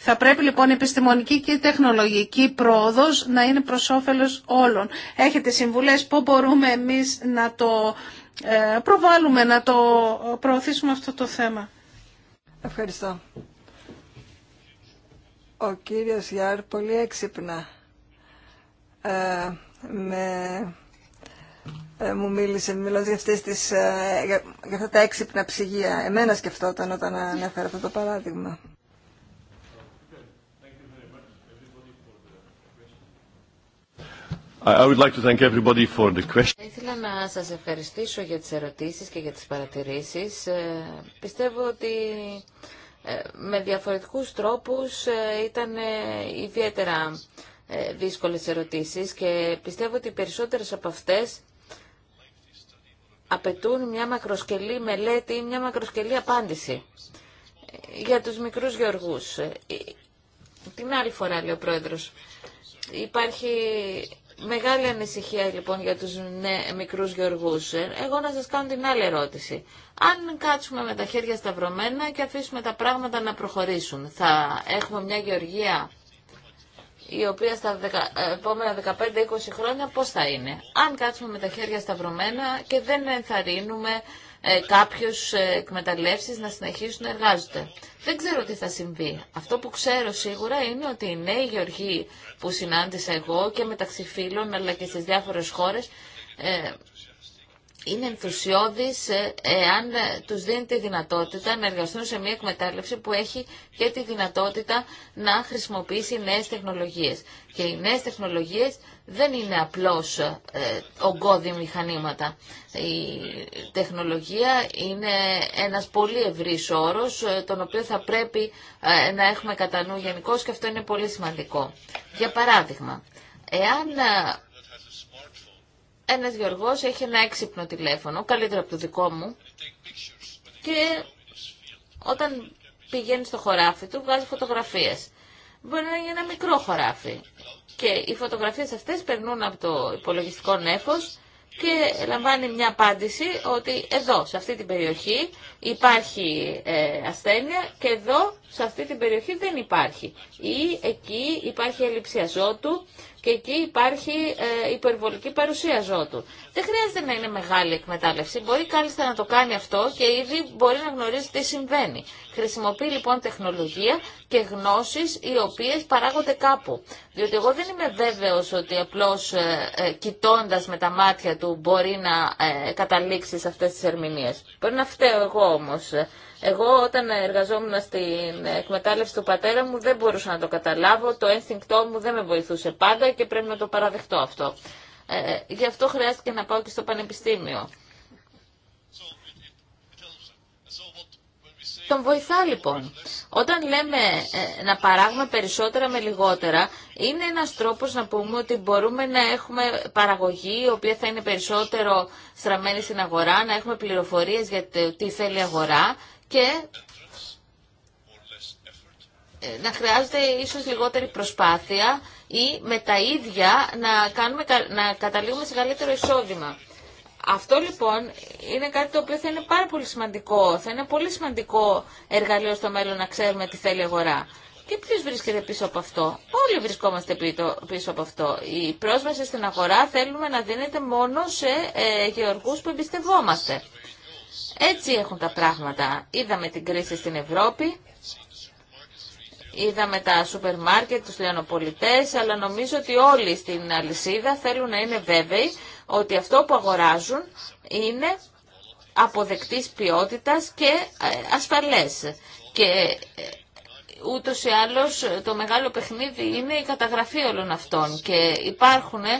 Θα πρέπει λοιπόν η επιστημονική και η τεχνολογική πρόοδος να είναι προς όφελος όλων. Έχετε συμβουλές πού μπορούμε εμείς να το ε, προβάλλουμε να το προωθήσουμε αυτό το θέμα. Ευχαριστώ. Ο κύριος Γιάρ πολύ έξυπνα ε, με, ε, μου μίλησε μιλώντας για, αυτές τις, για, για αυτά τα έξυπνα ψυγεία. Εμένα σκεφτόταν όταν ανέφερα αυτό το παράδειγμα. I Ήθελα να σας ευχαριστήσω για τις ερωτήσεις και για τις παρατηρήσεις. Ε, πιστεύω ότι ε, με διαφορετικούς τρόπους ε, ήταν ιδιαίτερα δύσκολες ερωτήσεις και πιστεύω ότι οι περισσότερες από αυτές απαιτούν μια μακροσκελή μελέτη ή μια μακροσκελή απάντηση για τους μικρούς γεωργούς. Την άλλη φορά, λέει ο Πρόεδρος, υπάρχει μεγάλη ανησυχία λοιπόν για τους ναι, μικρούς γεωργούς. Ε, εγώ να σας κάνω την άλλη ερώτηση. Αν κάτσουμε με τα χέρια σταυρωμένα και αφήσουμε τα πράγματα να προχωρήσουν, θα έχουμε μια γεωργία η οποία στα δεκα, ε, επόμενα 15-20 χρόνια πώς θα είναι. Αν κάτσουμε με τα χέρια σταυρωμένα και δεν ενθαρρύνουμε ε, κάποιου ε, να συνεχίσουν να εργάζονται. Δεν ξέρω τι θα συμβεί. Αυτό που ξέρω σίγουρα είναι ότι οι νέοι γεωργοί που συνάντησα εγώ και μεταξύ φίλων αλλά και στι διάφορες χώρες ε, είναι ενθουσιώδης ε, εάν ε, τους δίνει τη δυνατότητα να εργαστούν σε μια εκμετάλλευση που έχει και τη δυνατότητα να χρησιμοποιήσει νέες τεχνολογίες. Και οι νέες τεχνολογίες δεν είναι απλώς ε, ογκώδη μηχανήματα. Η τεχνολογία είναι ένας πολύ ευρύς όρος, ε, τον οποίο θα πρέπει να έχουμε κατά νου γενικώς και αυτό είναι πολύ σημαντικό. Για παράδειγμα, εάν ένας γεωργός έχει ένα έξυπνο τηλέφωνο, καλύτερο από το δικό μου, και όταν πηγαίνει στο χωράφι του βγάζει φωτογραφίες. Μπορεί να είναι ένα μικρό χωράφι. Και οι φωτογραφίες αυτές περνούν από το υπολογιστικό νέφος και λαμβάνει μια απάντηση ότι εδώ, σε αυτή την περιοχή, υπάρχει ε, ασθένεια και εδώ σε αυτή την περιοχή δεν υπάρχει. Ή εκεί υπάρχει έλλειψη αζότου και εκεί υπάρχει ε, υπερβολική παρουσία αζότου. Δεν χρειάζεται να είναι μεγάλη εκμετάλλευση, μπορεί κάλλιστα να το κάνει αυτό και ήδη μπορεί να γνωρίζει τι συμβαίνει. Χρησιμοποιεί λοιπόν τεχνολογία και γνώσεις οι οποίες παράγονται κάπου. Διότι εγώ δεν είμαι βέβαιος ότι απλώς ε, ε κοιτώντας με τα μάτια του μπορεί να ε, καταλήξει σε αυτές τις ερμηνείες. Μπορεί να φταίω εγώ όμως. Εγώ όταν εργαζόμουν στην εκμετάλλευση του πατέρα μου δεν μπορούσα να το καταλάβω, το ένστικτό μου δεν με βοηθούσε πάντα και πρέπει να το παραδεχτώ αυτό. Ε, γι' αυτό χρειάστηκε να πάω και στο πανεπιστήμιο. Τον βοηθά λοιπόν. Όταν λέμε ε, να παράγουμε περισσότερα με λιγότερα, είναι ένας τρόπος να πούμε ότι μπορούμε να έχουμε παραγωγή η οποία θα είναι περισσότερο στραμμένη στην αγορά, να έχουμε πληροφορίες για το τι θέλει η αγορά και ε, να χρειάζεται ίσως λιγότερη προσπάθεια ή με τα ίδια να, κάνουμε, να καταλήγουμε σε καλύτερο εισόδημα. Αυτό λοιπόν είναι κάτι το οποίο θα είναι πάρα πολύ σημαντικό. Θα είναι πολύ σημαντικό εργαλείο στο μέλλον να ξέρουμε τι θέλει η αγορά. Και ποιο βρίσκεται πίσω από αυτό. Όλοι βρισκόμαστε πίσω από αυτό. Η πρόσβαση στην αγορά θέλουμε να δίνεται μόνο σε ε, γεωργούς που εμπιστευόμαστε. Έτσι έχουν τα πράγματα. Είδαμε την κρίση στην Ευρώπη. Είδαμε τα σούπερ μάρκετ, τους λιανοπολιτές, αλλά νομίζω ότι όλοι στην αλυσίδα θέλουν να είναι βέβαιοι ότι αυτό που αγοράζουν είναι αποδεκτής ποιότητας και ε, ασφαλές. Και ε, ούτως ή άλλως το μεγάλο παιχνίδι είναι η καταγραφή όλων αυτών και υπάρχουν ε,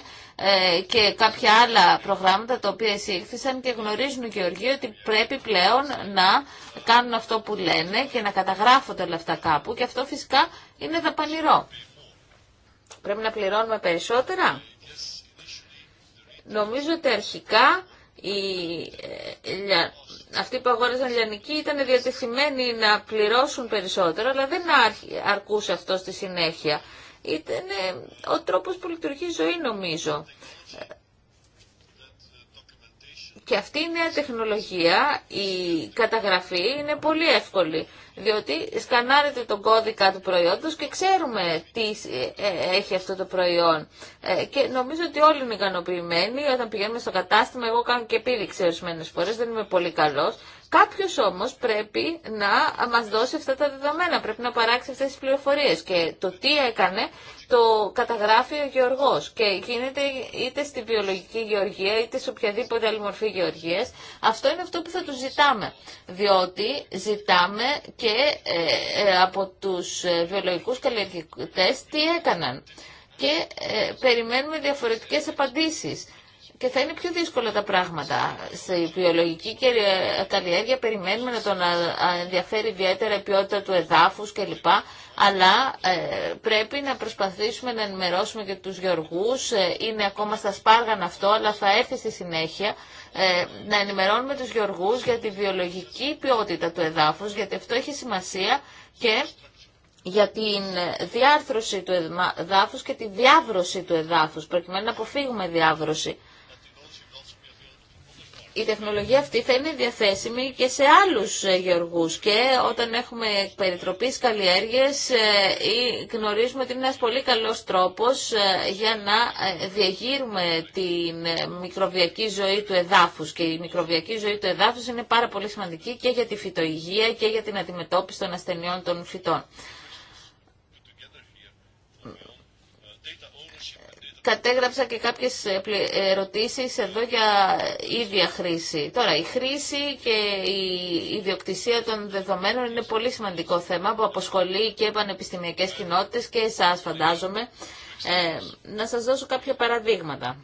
και κάποια άλλα προγράμματα τα οποία εισήχθησαν και γνωρίζουν οι Γεωργοί ότι πρέπει πλέον να κάνουν αυτό που λένε και να καταγράφονται όλα αυτά κάπου και αυτό φυσικά είναι δαπανηρό. Πρέπει να πληρώνουμε περισσότερα. Νομίζω ότι αρχικά ε, αυτοί που αγόραζαν λιανική ήταν διατεθειμένοι να πληρώσουν περισσότερο, αλλά δεν αρκούσε αυτό στη συνέχεια. Ήταν ε, ο τρόπος που λειτουργεί η ζωή νομίζω. Και αυτή η νέα τεχνολογία, η καταγραφή είναι πολύ εύκολη διότι σκανάρετε τον κώδικα του προϊόντος και ξέρουμε τι ε, ε, έχει αυτό το προϊόν. Ε, και νομίζω ότι όλοι είναι ικανοποιημένοι όταν πηγαίνουμε στο κατάστημα, εγώ κάνω και επίδειξη ορισμένε φορές, δεν είμαι πολύ καλός. Κάποιο όμω πρέπει να μα δώσει αυτά τα δεδομένα, πρέπει να παράξει αυτέ τι πληροφορίε. και το τι έκανε το καταγράφει ο γεωργός και γίνεται είτε στη βιολογική γεωργία είτε σε οποιαδήποτε άλλη μορφή γεωργία. Αυτό είναι αυτό που θα του ζητάμε, διότι ζητάμε και ε, ε, από τους ε, βιολογικούς καλλιεργητές τι έκαναν. Και περιμένουμε διαφορετικές απαντήσεις. Και θα είναι πιο δύσκολα τα πράγματα. Στη βιολογική καλλιέργεια περιμένουμε να τον ενδιαφέρει ιδιαίτερα η ποιότητα του εδάφους κλπ. Αλλά πρέπει να προσπαθήσουμε να ενημερώσουμε και τους γεωργούς. Είναι ακόμα στα σπάργανα αυτό, αλλά θα έρθει στη συνέχεια. Ε, να ενημερώνουμε τους γεωργούς για τη βιολογική ποιότητα του εδάφους, γιατί αυτό έχει σημασία και για την διάρθρωση του εδάφους και τη διάβρωση του εδάφους, προκειμένου να αποφύγουμε διάβρωση η τεχνολογία αυτή θα είναι διαθέσιμη και σε άλλους ε, γεωργούς και όταν έχουμε περιτροπής καλλιέργειες ε, γνωρίζουμε ότι είναι ένας πολύ καλός τρόπος ε, για να διαγείρουμε την μικροβιακή ζωή του εδάφους και η μικροβιακή ζωή του εδάφους είναι πάρα πολύ σημαντική και για τη φυτοϊγεία και για την αντιμετώπιση των ασθενειών των φυτών. κατέγραψα και κάποιες ε, ερωτήσεις εδώ για ίδια χρήση. Τώρα, η χρήση και η ιδιοκτησία των δεδομένων είναι πολύ σημαντικό θέμα που αποσχολεί και πανεπιστημιακές κοινότητες και εσάς φαντάζομαι. Ε, να σας δώσω κάποια παραδείγματα.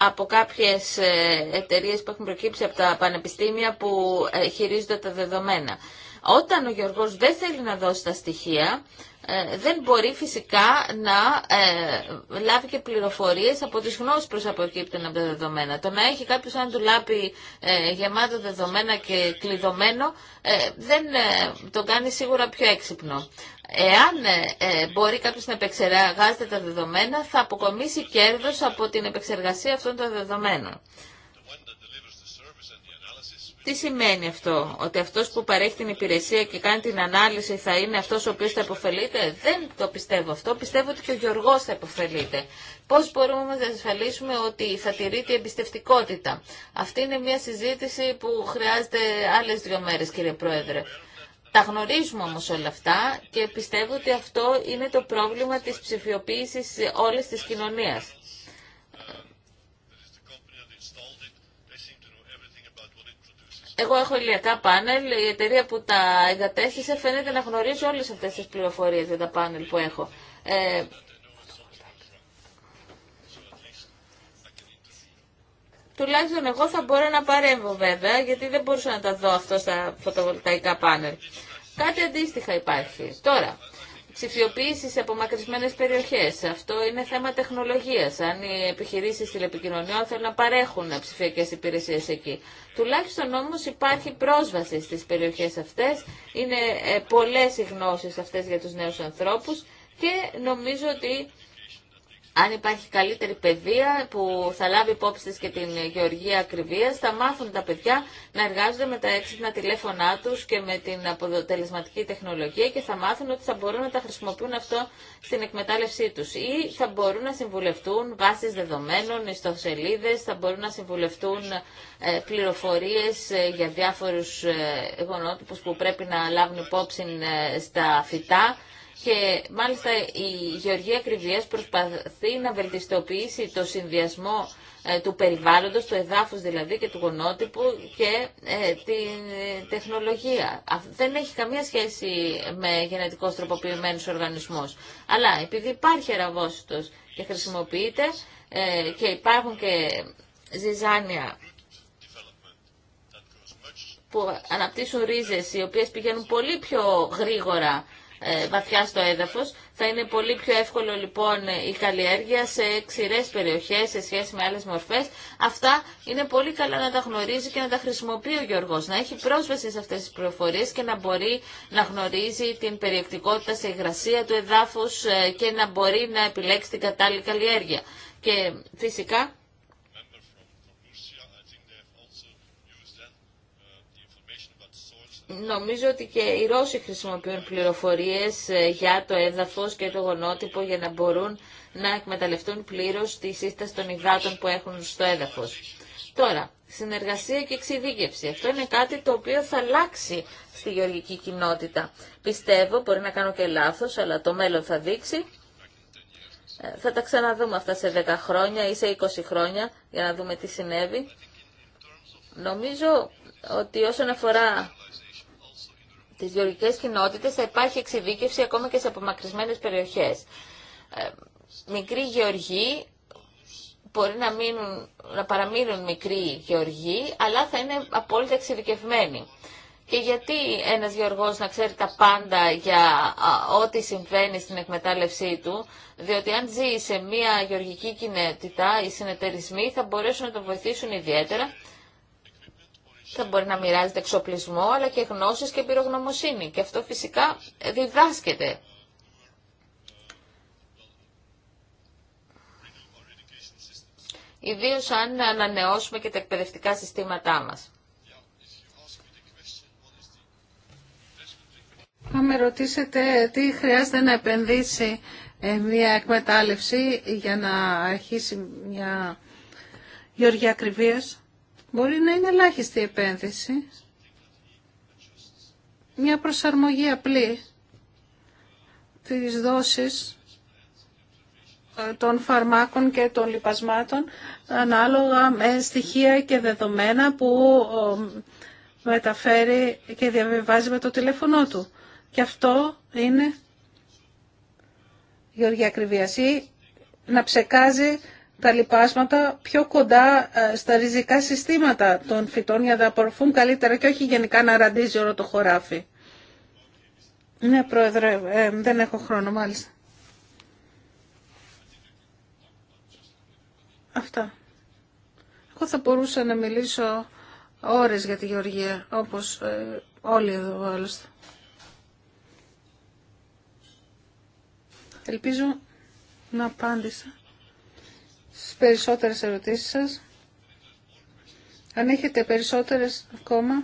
από κάποιες ε, εταιρείες που έχουν προκύψει από τα πανεπιστήμια που χειρίζονται τα δεδομένα. Όταν ο Γιώργος δεν θέλει να δώσει τα στοιχεία, ε, δεν μπορεί φυσικά να ε, λάβει και πληροφορίες από τις γνώσεις προς αποκύπτουν από τα δεδομένα. Το να έχει κάποιος αν του ε, γεμάτο δεδομένα και κλειδωμένο ε, δεν το κάνει σίγουρα πιο έξυπνο. Εάν μπορεί κάποιος να επεξεργάζεται τα δεδομένα θα αποκομίσει κέρδος από την επεξεργασία αυτών των δεδομένων. Τι σημαίνει αυτό, ότι αυτός που παρέχει την υπηρεσία και κάνει την ανάλυση θα είναι αυτός ο οποίος θα υποφελείται. Δεν το πιστεύω αυτό, πιστεύω ότι και ο Γιωργός θα υποφελείται. Πώς μπορούμε να ασφαλίσουμε ότι θα τηρείται η εμπιστευτικότητα. Αυτή είναι μια συζήτηση που χρειάζεται άλλες δύο μέρε κύριε Πρόεδρε. Τα γνωρίζουμε όμως όλα αυτά και πιστεύω ότι αυτό είναι το πρόβλημα της ψηφιοποίησης όλης της κοινωνίας. εγώ έχω ηλιακά πάνελ, η εταιρεία που τα εγκατέστησε φαίνεται να γνωρίζει όλες αυτές τις πληροφορίε για τα πάνελ που έχω. Ε, τουλάχιστον εγώ θα μπορώ να παρέμβω βέβαια, γιατί δεν μπορούσα να τα δω αυτό στα φωτοβολταϊκά πάνελ. Κάτι αντίστοιχα υπάρχει. Τώρα, ψηφιοποίηση σε απομακρυσμένες περιοχές. Αυτό είναι θέμα τεχνολογίας. Αν οι επιχειρήσεις τηλεπικοινωνιών θέλουν να παρέχουν ψηφιακές υπηρεσίες εκεί. Τουλάχιστον όμως υπάρχει πρόσβαση στις περιοχές αυτές. Είναι ε, πολλές οι γνώσεις αυτές για τους νέους ανθρώπους και νομίζω ότι αν υπάρχει καλύτερη παιδεία που θα λάβει υπόψη της και την γεωργία ακριβίας, θα μάθουν τα παιδιά να εργάζονται με τα έξυπνα τηλέφωνά τους και με την αποτελεσματική τεχνολογία και θα μάθουν ότι θα μπορούν να τα χρησιμοποιούν αυτό στην εκμετάλλευσή τους. Ή θα μπορούν να συμβουλευτούν βάσεις δεδομένων, ιστοσελίδες, θα μπορούν να συμβουλευτούν ε, πληροφορίες ε, για διάφορους ε, γονότυπους που πρέπει να λάβουν υπόψη στα φυτά και μάλιστα η Γεωργία Κρυβίας προσπαθεί να βελτιστοποιήσει το συνδυασμό ε, του περιβάλλοντος, του εδάφους δηλαδή και του γονότυπου και ε, την τεχνολογία. Δεν έχει καμία σχέση με γενετικώς τροποποιημένους οργανισμούς. Αλλά επειδή υπάρχει αραβόσιτος και χρησιμοποιείται ε, και υπάρχουν και ζυζάνια που αναπτύσσουν ρίζες οι οποίες πηγαίνουν πολύ πιο γρήγορα ε, βαθιά στο έδαφος. Θα είναι πολύ πιο εύκολο λοιπόν η καλλιέργεια σε ξηρέ περιοχές σε σχέση με άλλες μορφές. Αυτά είναι πολύ καλά να τα γνωρίζει και να τα χρησιμοποιεί ο Γιώργος, να έχει πρόσβαση σε αυτές τις προφορίες και να μπορεί να γνωρίζει την περιεκτικότητα σε υγρασία του εδάφους ε, και να μπορεί να επιλέξει την κατάλληλη καλλιέργεια. Και φυσικά Νομίζω ότι και οι Ρώσοι χρησιμοποιούν πληροφορίες ε, για το έδαφος και το γονότυπο για να μπορούν να εκμεταλλευτούν πλήρως τη σύσταση των υδάτων που έχουν στο έδαφος. Τώρα, συνεργασία και εξειδίκευση. Αυτό είναι κάτι το οποίο θα αλλάξει στη γεωργική κοινότητα. Πιστεύω, μπορεί να κάνω και λάθος, αλλά το μέλλον θα δείξει. Ε, θα τα ξαναδούμε αυτά σε 10 χρόνια ή σε 20 χρόνια για να δούμε τι συνέβη. Νομίζω ότι όσον αφορά τις γεωργικές κοινότητε θα υπάρχει εξειδίκευση ακόμα και σε απομακρυσμένες περιοχές. Ε, μικροί γεωργοί μπορεί να, μείνουν, να παραμείνουν μικροί γεωργοί, αλλά θα είναι απόλυτα εξειδικευμένοι. Και γιατί ένας γεωργός να ξέρει τα πάντα για ό,τι συμβαίνει στην εκμετάλλευσή του, διότι αν ζει σε μια γεωργική κοινότητα, οι συνεταιρισμοί θα μπορέσουν να τον βοηθήσουν ιδιαίτερα θα μπορεί να μοιράζεται εξοπλισμό, αλλά και γνώσεις και πυρογνωμοσύνη. Και αυτό φυσικά διδάσκεται. Ιδίω αν ανανεώσουμε και τα εκπαιδευτικά συστήματά μας. Αν με ρωτήσετε τι χρειάζεται να επενδύσει ε, μια εκμετάλλευση για να αρχίσει μια γεωργία ακριβίας, Μπορεί να είναι ελάχιστη επένδυση, μια προσαρμογή απλή της δόσης ε, των φαρμάκων και των λιπασμάτων ανάλογα με στοιχεία και δεδομένα που ε, μεταφέρει και διαβιβάζει με το τηλέφωνο του. Και αυτό είναι, Γεωργία ή να ψεκάζει τα λοιπάσματα πιο κοντά ε, στα ριζικά συστήματα των φυτών για να απορροφούν καλύτερα και όχι γενικά να ραντίζει όλο το χωράφι. Ναι, Πρόεδρε, ε, δεν έχω χρόνο μάλιστα. Αυτά. Εγώ θα μπορούσα να μιλήσω ώρες για τη Γεωργία, όπως ε, όλοι εδώ άλλωστε. Ελπίζω να απάντησα περισσότερες ερωτήσεις σας. Αν έχετε περισσότερες ακόμα,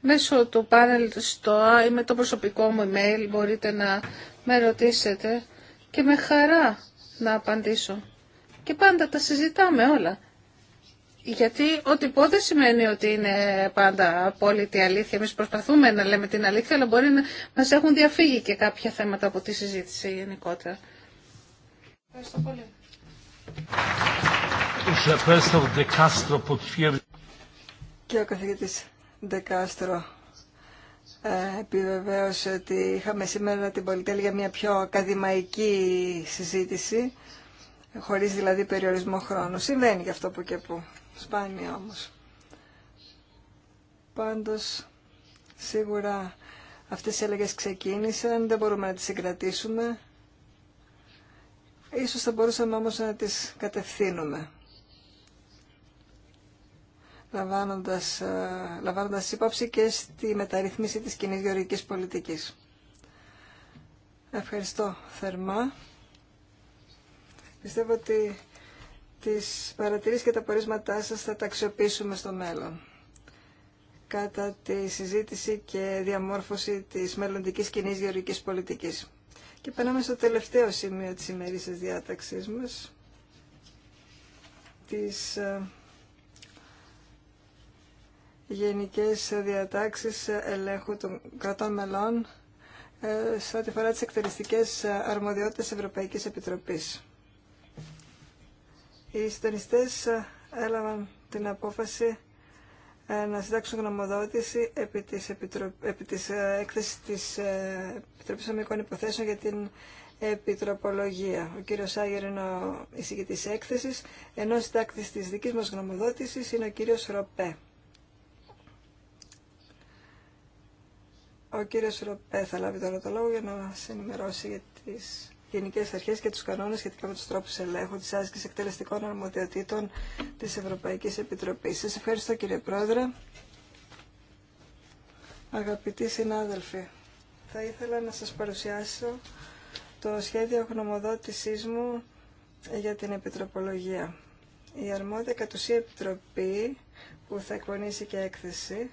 μέσω του πάνελ στο ή με το προσωπικό μου email μπορείτε να με ρωτήσετε και με χαρά να απαντήσω. Και πάντα τα συζητάμε όλα. Γιατί ό,τι πω δεν σημαίνει ότι είναι πάντα απόλυτη αλήθεια. Εμεί προσπαθούμε να λέμε την αλήθεια, αλλά μπορεί να μας έχουν διαφύγει και κάποια θέματα από τη συζήτηση γενικότερα. Ευχαριστώ πολύ. Και ο καθηγητής Ντεκάστρο ε, επιβεβαίωσε ότι είχαμε σήμερα την πολυτέλεια για μια πιο ακαδημαϊκή συζήτηση, χωρίς δηλαδή περιορισμό χρόνου. Συμβαίνει και αυτό που και που. Σπάνια όμως. Πάντως, σίγουρα αυτές οι έλεγες ξεκίνησαν, δεν μπορούμε να τις συγκρατήσουμε. Ίσως θα μπορούσαμε όμως να τις κατευθύνουμε. Λαμβάνοντας, ε, λαμβάνοντας υπόψη και στη μεταρρυθμίση της κοινή γεωργικής πολιτικής. Ευχαριστώ θερμά. Πιστεύω ότι τις παρατηρήσεις και τα πορίσματά σας θα τα αξιοποιήσουμε στο μέλλον κατά τη συζήτηση και διαμόρφωση της μελλοντικής κοινή γεωργικής πολιτικής. Και περνάμε στο τελευταίο σημείο της σημερινής διάταξής μας, τις ε, γενικές διατάξεις ελέγχου των κρατών μελών ε, σε ό,τι αφορά τις εκτελεστικές αρμοδιότητες Ευρωπαϊκής Επιτροπής. Οι συντονιστές ε, έλαβαν την απόφαση ε, να συντάξουν γνωμοδότηση επί της, επί της ε, έκθεσης της ε, Επιτροπής Ομικών Υποθέσεων για την Επιτροπολογία. Ο κύριος Άγερ είναι ο εισηγητής έκθεσης, ενώ συντάκτης της δικής μας γνωμοδότησης είναι ο κύριος Ροπέ. Ο κύριος Ροπέ θα λάβει τώρα το λόγο για να σε ενημερώσει για τις γενικέ αρχέ και του κανόνε σχετικά με του τρόπου ελέγχου τη άσκηση εκτελεστικών αρμοδιοτήτων τη Ευρωπαϊκή Επιτροπή. Σα ευχαριστώ κύριε Πρόεδρε. Αγαπητοί συνάδελφοι, θα ήθελα να σας παρουσιάσω το σχέδιο γνωμοδότησής μου για την επιτροπολογία. Η αρμόδια κατ' ουσία επιτροπή που θα εκπονήσει και έκθεση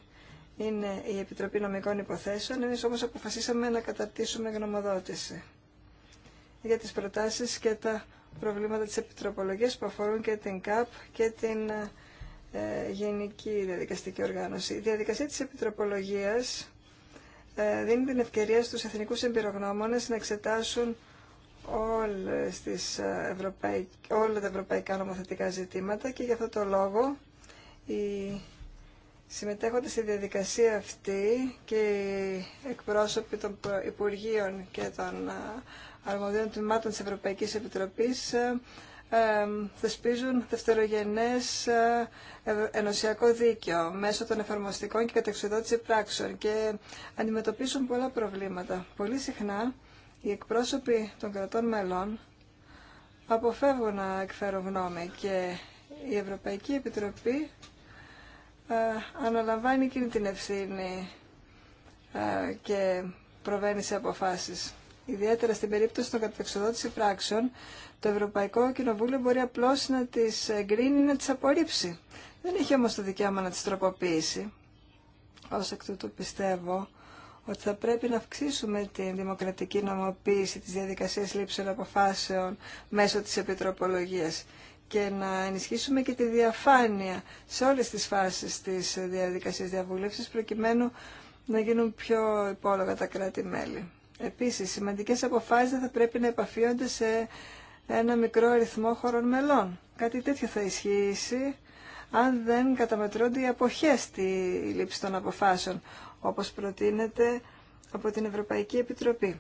είναι η Επιτροπή Νομικών Υποθέσεων, εμείς όμως αποφασίσαμε να καταρτήσουμε γνωμοδότηση για τις προτάσεις και τα προβλήματα της επιτροπολογίας που αφορούν και την ΚΑΠ και την ε, ε, Γενική Διαδικαστική Οργάνωση. Η διαδικασία της επιτροπολογίας ε, δίνει την ευκαιρία στους εθνικούς εμπειρογνώμονες να εξετάσουν όλες τις ε, ευρωπαϊκ... όλα τα ευρωπαϊκά νομοθετικά ζητήματα και για αυτό το λόγο η συμμετέχοντας στη διαδικασία αυτή και οι εκπρόσωποι των Υπουργείων και των ε, αρμοδίων τμήματων της Ευρωπαϊκής Επιτροπής ε, ε, θεσπίζουν δευτερογενές ε, ενωσιακό δίκαιο μέσω των εφαρμοστικών και κατεξοδότηση πράξεων και αντιμετωπίσουν πολλά προβλήματα. Πολύ συχνά οι εκπρόσωποι των κρατών μελών αποφεύγουν να εκφέρουν γνώμη και η Ευρωπαϊκή Επιτροπή αναλαμβάνει εκείνη την ευθύνη και προβαίνει σε αποφάσεις ιδιαίτερα στην περίπτωση των κατεξοδότηση πράξεων, το Ευρωπαϊκό Κοινοβούλιο μπορεί απλώ να τι εγκρίνει ή να τι απορρίψει. Δεν έχει όμω το δικαίωμα να τι τροποποιήσει. Ω εκ τούτου πιστεύω ότι θα πρέπει να αυξήσουμε την δημοκρατική νομοποίηση της διαδικασίας λήψεων αποφάσεων μέσω της επιτροπολογίας και να ενισχύσουμε και τη διαφάνεια σε όλες τις φάσεις της διαδικασίας διαβούλευσης προκειμένου να γίνουν πιο υπόλογα τα κράτη-μέλη. Επίσης, σημαντικές αποφάσεις δεν θα πρέπει να επαφίονται σε ένα μικρό αριθμό χωρών μελών. Κάτι τέτοιο θα ισχύσει αν δεν καταμετρώνται οι αποχές στη λήψη των αποφάσεων, όπως προτείνεται από την Ευρωπαϊκή Επιτροπή.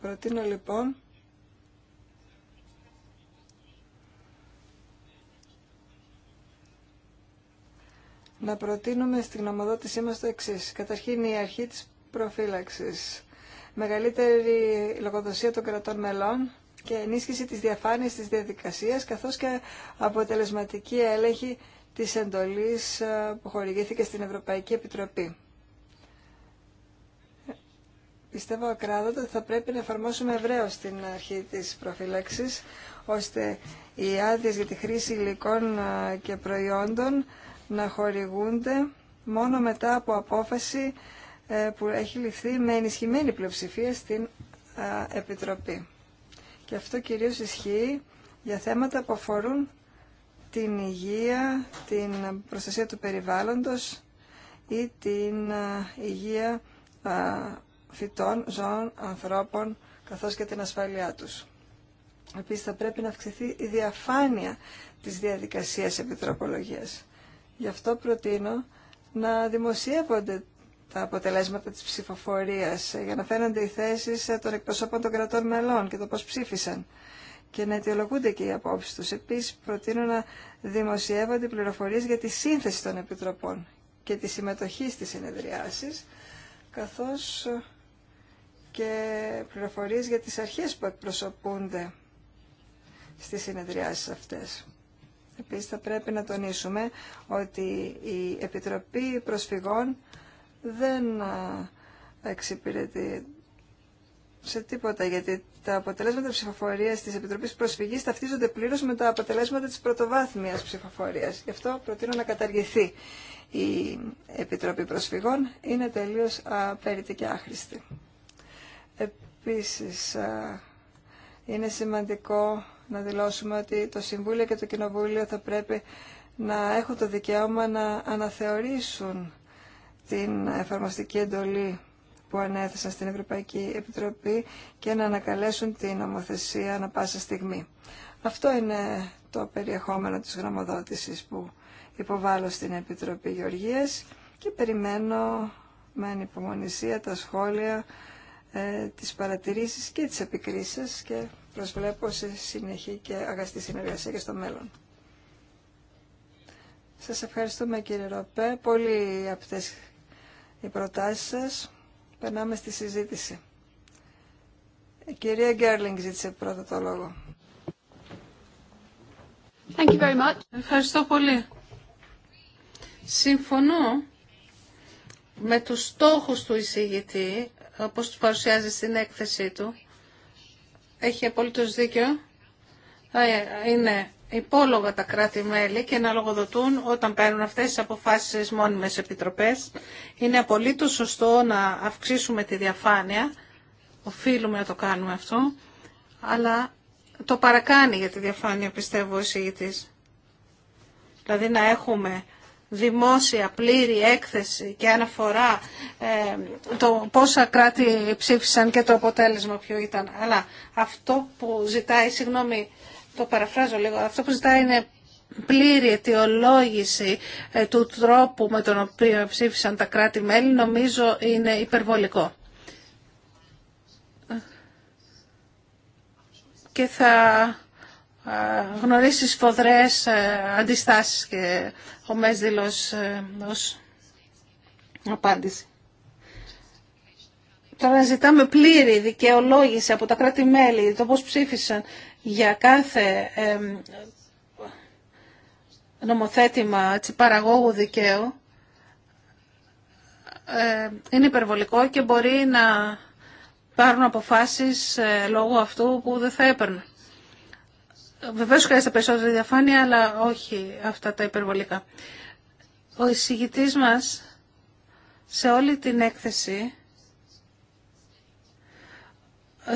Προτείνω λοιπόν να προτείνουμε στην γνωμοδότησή μας το εξή. Καταρχήν η αρχή της προφύλαξης, μεγαλύτερη λογοδοσία των κρατών μελών και ενίσχυση της διαφάνειας της διαδικασίας καθώς και αποτελεσματική έλεγχη της εντολής ε, που χορηγήθηκε στην Ευρωπαϊκή Επιτροπή. Πιστεύω ακράδοντα ότι θα πρέπει να εφαρμόσουμε ευρέω την αρχή της προφύλαξης, ώστε οι άδειε για τη χρήση υλικών ε, και προϊόντων να χορηγούνται μόνο μετά από απόφαση ε, που έχει ληφθεί με ενισχυμένη πλειοψηφία στην Επιτροπή. Και αυτό κυρίως ισχύει για θέματα που αφορούν την υγεία, την προστασία του περιβάλλοντος ή την υγεία φυτών, ζώων, ανθρώπων, καθώς και την ασφάλειά τους. Επίσης θα πρέπει να αυξηθεί η διαφάνεια της διαδικασίας επιτροπολογίας. Γι' αυτό προτείνω να δημοσιεύονται τα αποτελέσματα της ψηφοφορίας για να φαίνονται οι θέσεις των εκπροσώπων των κρατών μελών και το πώς ψήφισαν και να αιτιολογούνται και οι απόψεις τους. Επίσης προτείνω να δημοσιεύονται οι πληροφορίες για τη σύνθεση των επιτροπών και τη συμμετοχή στις συνεδριάσεις καθώς και πληροφορίες για τις αρχές που εκπροσωπούνται στις συνεδριάσεις αυτές. Επίσης θα πρέπει να τονίσουμε ότι η Επιτροπή Προσφυγών δεν ε, εξυπηρετεί σε τίποτα, γιατί τα αποτελέσματα ψηφοφορία ψηφοφορίας Επιτροπή προσφυγή Προσφυγής ταυτίζονται πλήρω με τα αποτελέσματα της πρωτοβάθμιας ψηφοφορίας. Γι' αυτό προτείνω να καταργηθεί η Επιτροπή Προσφυγών. Είναι τελείως απέριτη και άχρηστη. Επίσης, ε, είναι σημαντικό να δηλώσουμε ότι το Συμβούλιο και το Κοινοβούλιο θα πρέπει να έχουν το δικαίωμα να αναθεωρήσουν την εφαρμοστική εντολή που ανέθεσαν στην Ευρωπαϊκή Επιτροπή και να ανακαλέσουν την νομοθεσία ανα πάσα στιγμή. Αυτό είναι το περιεχόμενο της γραμμοδότησης που υποβάλλω στην Επιτροπή Γεωργίας και περιμένω με ανυπομονησία τα σχόλια ε, τις παρατηρήσεις και τις επικρίσεις και προσβλέπω σε συνεχή και αγαστή συνεργασία και στο μέλλον. Σας ευχαριστούμε κύριε Ροπέ. Πολύ αυτές οι προτάσεις σας. Περνάμε στη συζήτηση. Η κυρία Γκέρλινγκ ζήτησε πρώτα το λόγο. Thank you very much. Ευχαριστώ πολύ. Συμφωνώ με τους στόχους του εισηγητή όπως του παρουσιάζει στην έκθεσή του. Έχει απολύτως δίκιο. Είναι υπόλογα τα κράτη-μέλη και να λογοδοτούν όταν παίρνουν αυτές τις αποφάσεις μόνιμες επιτροπές. Είναι απολύτως σωστό να αυξήσουμε τη διαφάνεια. Οφείλουμε να το κάνουμε αυτό. Αλλά το παρακάνει για τη διαφάνεια, πιστεύω, ο εισηγητής. Δηλαδή να έχουμε δημόσια πλήρη έκθεση και αναφορά ε, το πόσα κράτη ψήφισαν και το αποτέλεσμα ποιο ήταν. Αλλά αυτό που ζητάει, συγγνώμη το παραφράζω λίγο, αυτό που ζητάει είναι πλήρη αιτιολόγηση ε, του τρόπου με τον οποίο ψήφισαν τα κράτη-μέλη νομίζω είναι υπερβολικό. Και θα ε, γνωρίσει φοδρές αντιστάσεις και ο Μέσδηλος ε, ως απάντηση. Τώρα ζητάμε πλήρη δικαιολόγηση από τα κράτη-μέλη, το πώς ψήφισαν για κάθε νομοθέτημα έτσι, παραγόγου δικαίου. Ε, είναι υπερβολικό και μπορεί να πάρουν αποφάσεις ε, λόγω αυτού που δεν θα έπαιρνε. Βεβαίως χρειάζεται περισσότερη διαφάνεια, αλλά όχι αυτά τα υπερβολικά. Ο εισηγητής μας σε όλη την έκθεση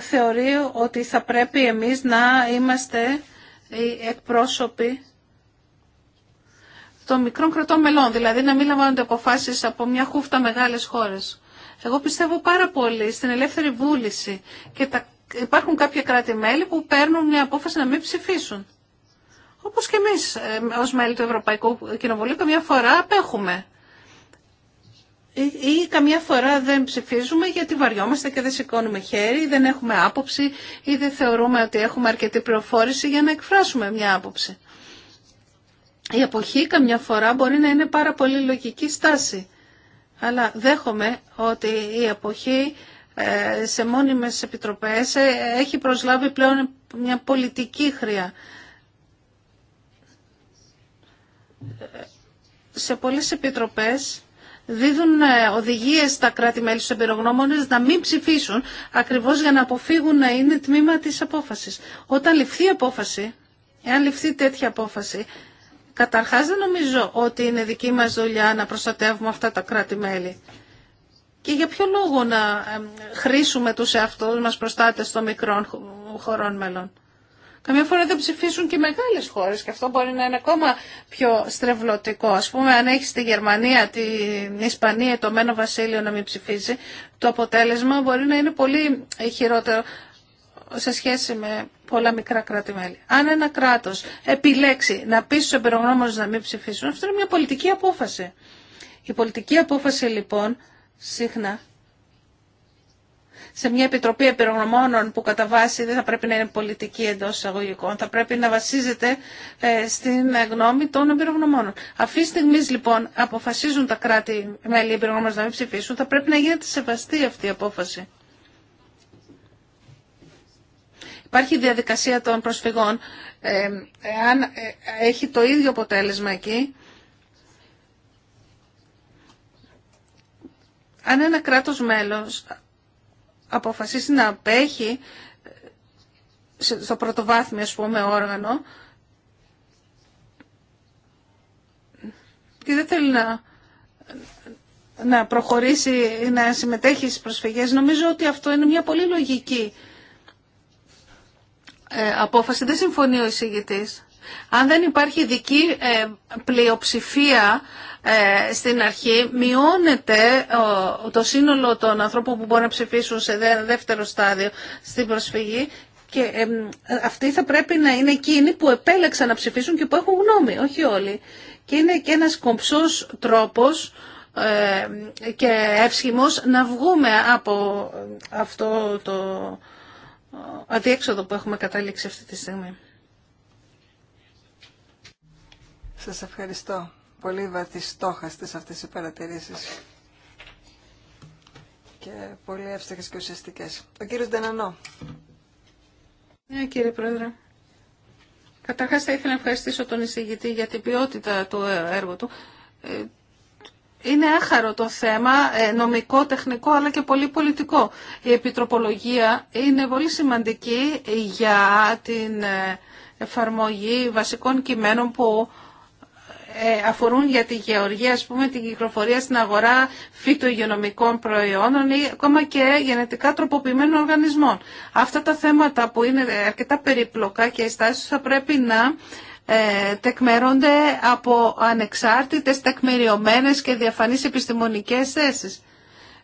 θεωρεί ότι θα πρέπει εμείς να είμαστε οι εκπρόσωποι των μικρών κρατών μελών, δηλαδή να μην λαμβάνονται αποφάσεις από μια χούφτα μεγάλες χώρες. Εγώ πιστεύω πάρα πολύ στην ελεύθερη βούληση και τα υπάρχουν κάποια κράτη-μέλη που παίρνουν μια απόφαση να μην ψηφίσουν. Όπως και εμείς ε, ως μέλη του Ευρωπαϊκού Κοινοβουλίου καμιά φορά απέχουμε. Ή καμιά φορά δεν ψηφίζουμε γιατί βαριόμαστε και δεν σηκώνουμε χέρι ή δεν έχουμε άποψη ή δεν θεωρούμε ότι έχουμε αρκετή πληροφόρηση για να εκφράσουμε μια άποψη. Η αποχή καμιά φορά μπορεί να είναι πάρα πολύ λογική στάση. Αλλά δέχομαι ότι η αποχή ε, σε μόνιμες επιτροπές ε, έχει προσλάβει πλέον μια πολιτική χρειά. Ε, σε πολλές επιτροπές δίδουν οδηγίες στα κράτη-μέλη στους εμπειρογνώμονες να μην ψηφίσουν ακριβώς για να αποφύγουν να είναι τμήμα της απόφασης. Όταν ληφθεί απόφαση, εάν ληφθεί τέτοια απόφαση, καταρχάς δεν νομίζω ότι είναι δική μας δουλειά να προστατεύουμε αυτά τα κράτη-μέλη. Και για ποιο λόγο να χρήσουμε τους εαυτούς μας προστάτες των μικρών χωρών μελών. Καμιά φορά δεν ψηφίσουν και μεγάλες χώρες και αυτό μπορεί να είναι ακόμα πιο στρεβλωτικό. Ας πούμε αν έχει τη Γερμανία, την Ισπανία, το Μένο Βασίλειο να μην ψηφίσει, το αποτέλεσμα μπορεί να είναι πολύ χειρότερο σε σχέση με πολλά μικρά κράτη-μέλη. Αν ένα κράτος επιλέξει να πει στους εμπειρογνώμονες να μην ψηφίσουν, αυτό είναι μια πολιτική απόφαση. Η πολιτική απόφαση λοιπόν συχνά σε μια επιτροπή επιρρογνωμόνων που κατά βάση δεν θα πρέπει να είναι πολιτική εντό εισαγωγικών, θα πρέπει να βασίζεται ε, στην γνώμη των επιρρογνωμόνων. Αυτή τη στιγμή λοιπόν αποφασίζουν τα κράτη-μέλη επιρρογνώμονε να μην ψηφίσουν, θα πρέπει να γίνεται σεβαστή αυτή η απόφαση. Υπάρχει διαδικασία των προσφυγών. Ε, αν ε, έχει το ίδιο αποτέλεσμα εκεί, αν ένα κράτος μέλος αποφασίσει να απέχει ε, στο πρωτοβάθμιο ας πούμε όργανο και δεν θέλει να, να προχωρήσει, να συμμετέχει στις προσφυγές, νομίζω ότι αυτό είναι μια πολύ λογική ε, απόφαση. Δεν συμφωνεί ο εισηγητής. Αν δεν υπάρχει ειδική ε, πλειοψηφία ε, στην αρχή μειώνεται το σύνολο των ανθρώπων που μπορούν να ψηφίσουν σε δεύτερο στάδιο στην προσφυγή και αυτοί θα πρέπει να είναι εκείνοι που επέλεξαν να ψηφίσουν και που έχουν γνώμη, όχι όλοι. Και είναι και ένας κομψός τρόπος ε, και εύσχημος να βγούμε από αυτό το ε, αδιέξοδο που έχουμε καταλήξει αυτή τη στιγμή. Σας ευχαριστώ πολύ βαθιστόχαστες αυτές οι παρατηρήσεις και πολύ εύστοχες και ουσιαστικές. Ο κύριος Ντενανό. Ναι κύριε Πρόεδρε. Καταρχάς θα ήθελα να ευχαριστήσω τον εισηγητή για την ποιότητα του έργου του. Ε, είναι άχαρο το θέμα, ε, νομικό, τεχνικό, αλλά και πολύ πολιτικό. Η επιτροπολογία είναι πολύ σημαντική για την ε, εφαρμογή βασικών κειμένων που ε, αφορούν για τη γεωργία, ας πούμε, την κυκλοφορία στην αγορά φυτογενομικών προϊόντων ή ακόμα και γενετικά τροποποιημένων οργανισμών. Αυτά τα θέματα που είναι αρκετά περιπλοκά και οι στάσεις θα πρέπει να ε, τεκμερώνται από ανεξάρτητες, τεκμηριωμένες και διαφανείς επιστημονικές θέσεις.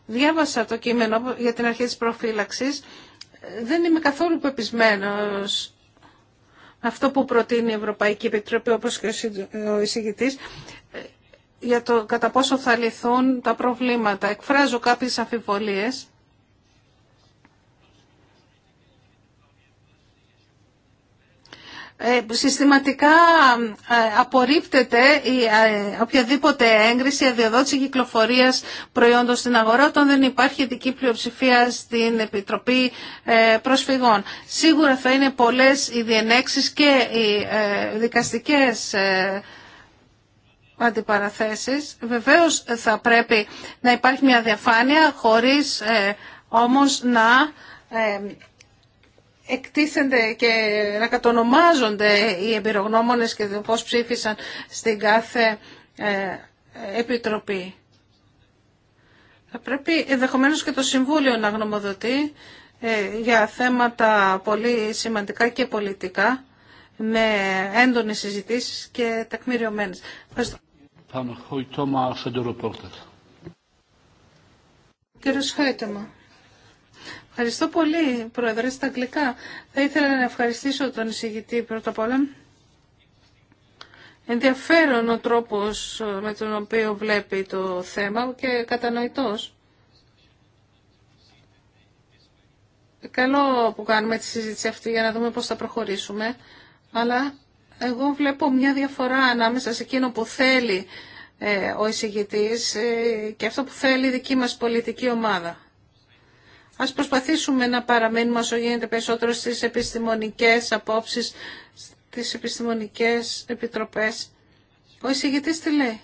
Διάβασα το κείμενο για την αρχή της προφύλαξης. Ε, δεν είμαι καθόλου πεπισμένος αυτό που προτείνει η Ευρωπαϊκή Επιτροπή, όπως και ο εισηγητής, ε, για το κατά πόσο θα λυθούν τα προβλήματα. Εκφράζω κάποιες αμφιβολίες Ε, συστηματικά ε, απορρίπτεται η ε, οποιαδήποτε έγκριση αδειοδότηση κυκλοφορίας προϊόντων στην αγορά όταν δεν υπάρχει ειδική πλειοψηφία στην Επιτροπή Προσφυγών. Σίγουρα θα είναι πολλές οι διενέξεις και οι δικαστικές αντιπαραθέσεις. Βεβαίως θα πρέπει να υπάρχει μια διαφάνεια χωρίς όμως να εκτίθενται και να κατονομάζονται οι εμπειρογνώμονες και το πώς ψήφισαν στην κάθε ε, επιτροπή. Θα πρέπει ενδεχομένω και το Συμβούλιο να γνωμοδοτεί ε, για θέματα πολύ σημαντικά και πολιτικά με έντονες συζητήσεις και τεκμηριωμένες. Ευχαριστώ. Κύριος Ευχαριστώ πολύ, Πρόεδρε, στα αγγλικά. Θα ήθελα να ευχαριστήσω τον εισηγητή πρώτα απ' όλα. Ενδιαφέρον ο τρόπος ε, με τον οποίο βλέπει το θέμα και κατανοητός. Καλό που κάνουμε τη συζήτηση αυτή για να δούμε πώς θα προχωρήσουμε, αλλά εγώ βλέπω μια διαφορά ανάμεσα σε εκείνο που θέλει ε, ο εισηγητής ε, και αυτό που θέλει η δική μας πολιτική ομάδα. Ας προσπαθήσουμε να παραμένουμε όσο γίνεται περισσότερο στις επιστημονικές απόψεις, στις επιστημονικές επιτροπές. Ο εισηγητής τι λέει.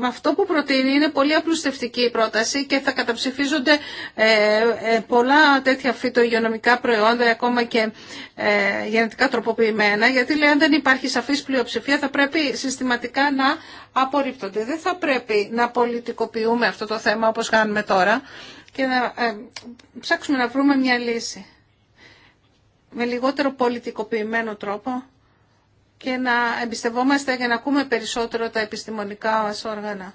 με αυτό που προτείνει είναι πολύ απλουστευτική η πρόταση και θα καταψηφίζονται ε, ε, πολλά τέτοια φυτογειονομικά προϊόντα, ακόμα και ε, γενετικά τροποποιημένα, γιατί λέει αν δεν υπάρχει σαφής πλειοψηφία θα πρέπει συστηματικά να απορρίπτονται. Δεν θα πρέπει να πολιτικοποιούμε αυτό το θέμα όπως κάνουμε τώρα και να ψάξουμε να βρούμε μια λύση με λιγότερο πολιτικοποιημένο τρόπο και να εμπιστευόμαστε για να ακούμε περισσότερο τα επιστημονικά μας όργανα.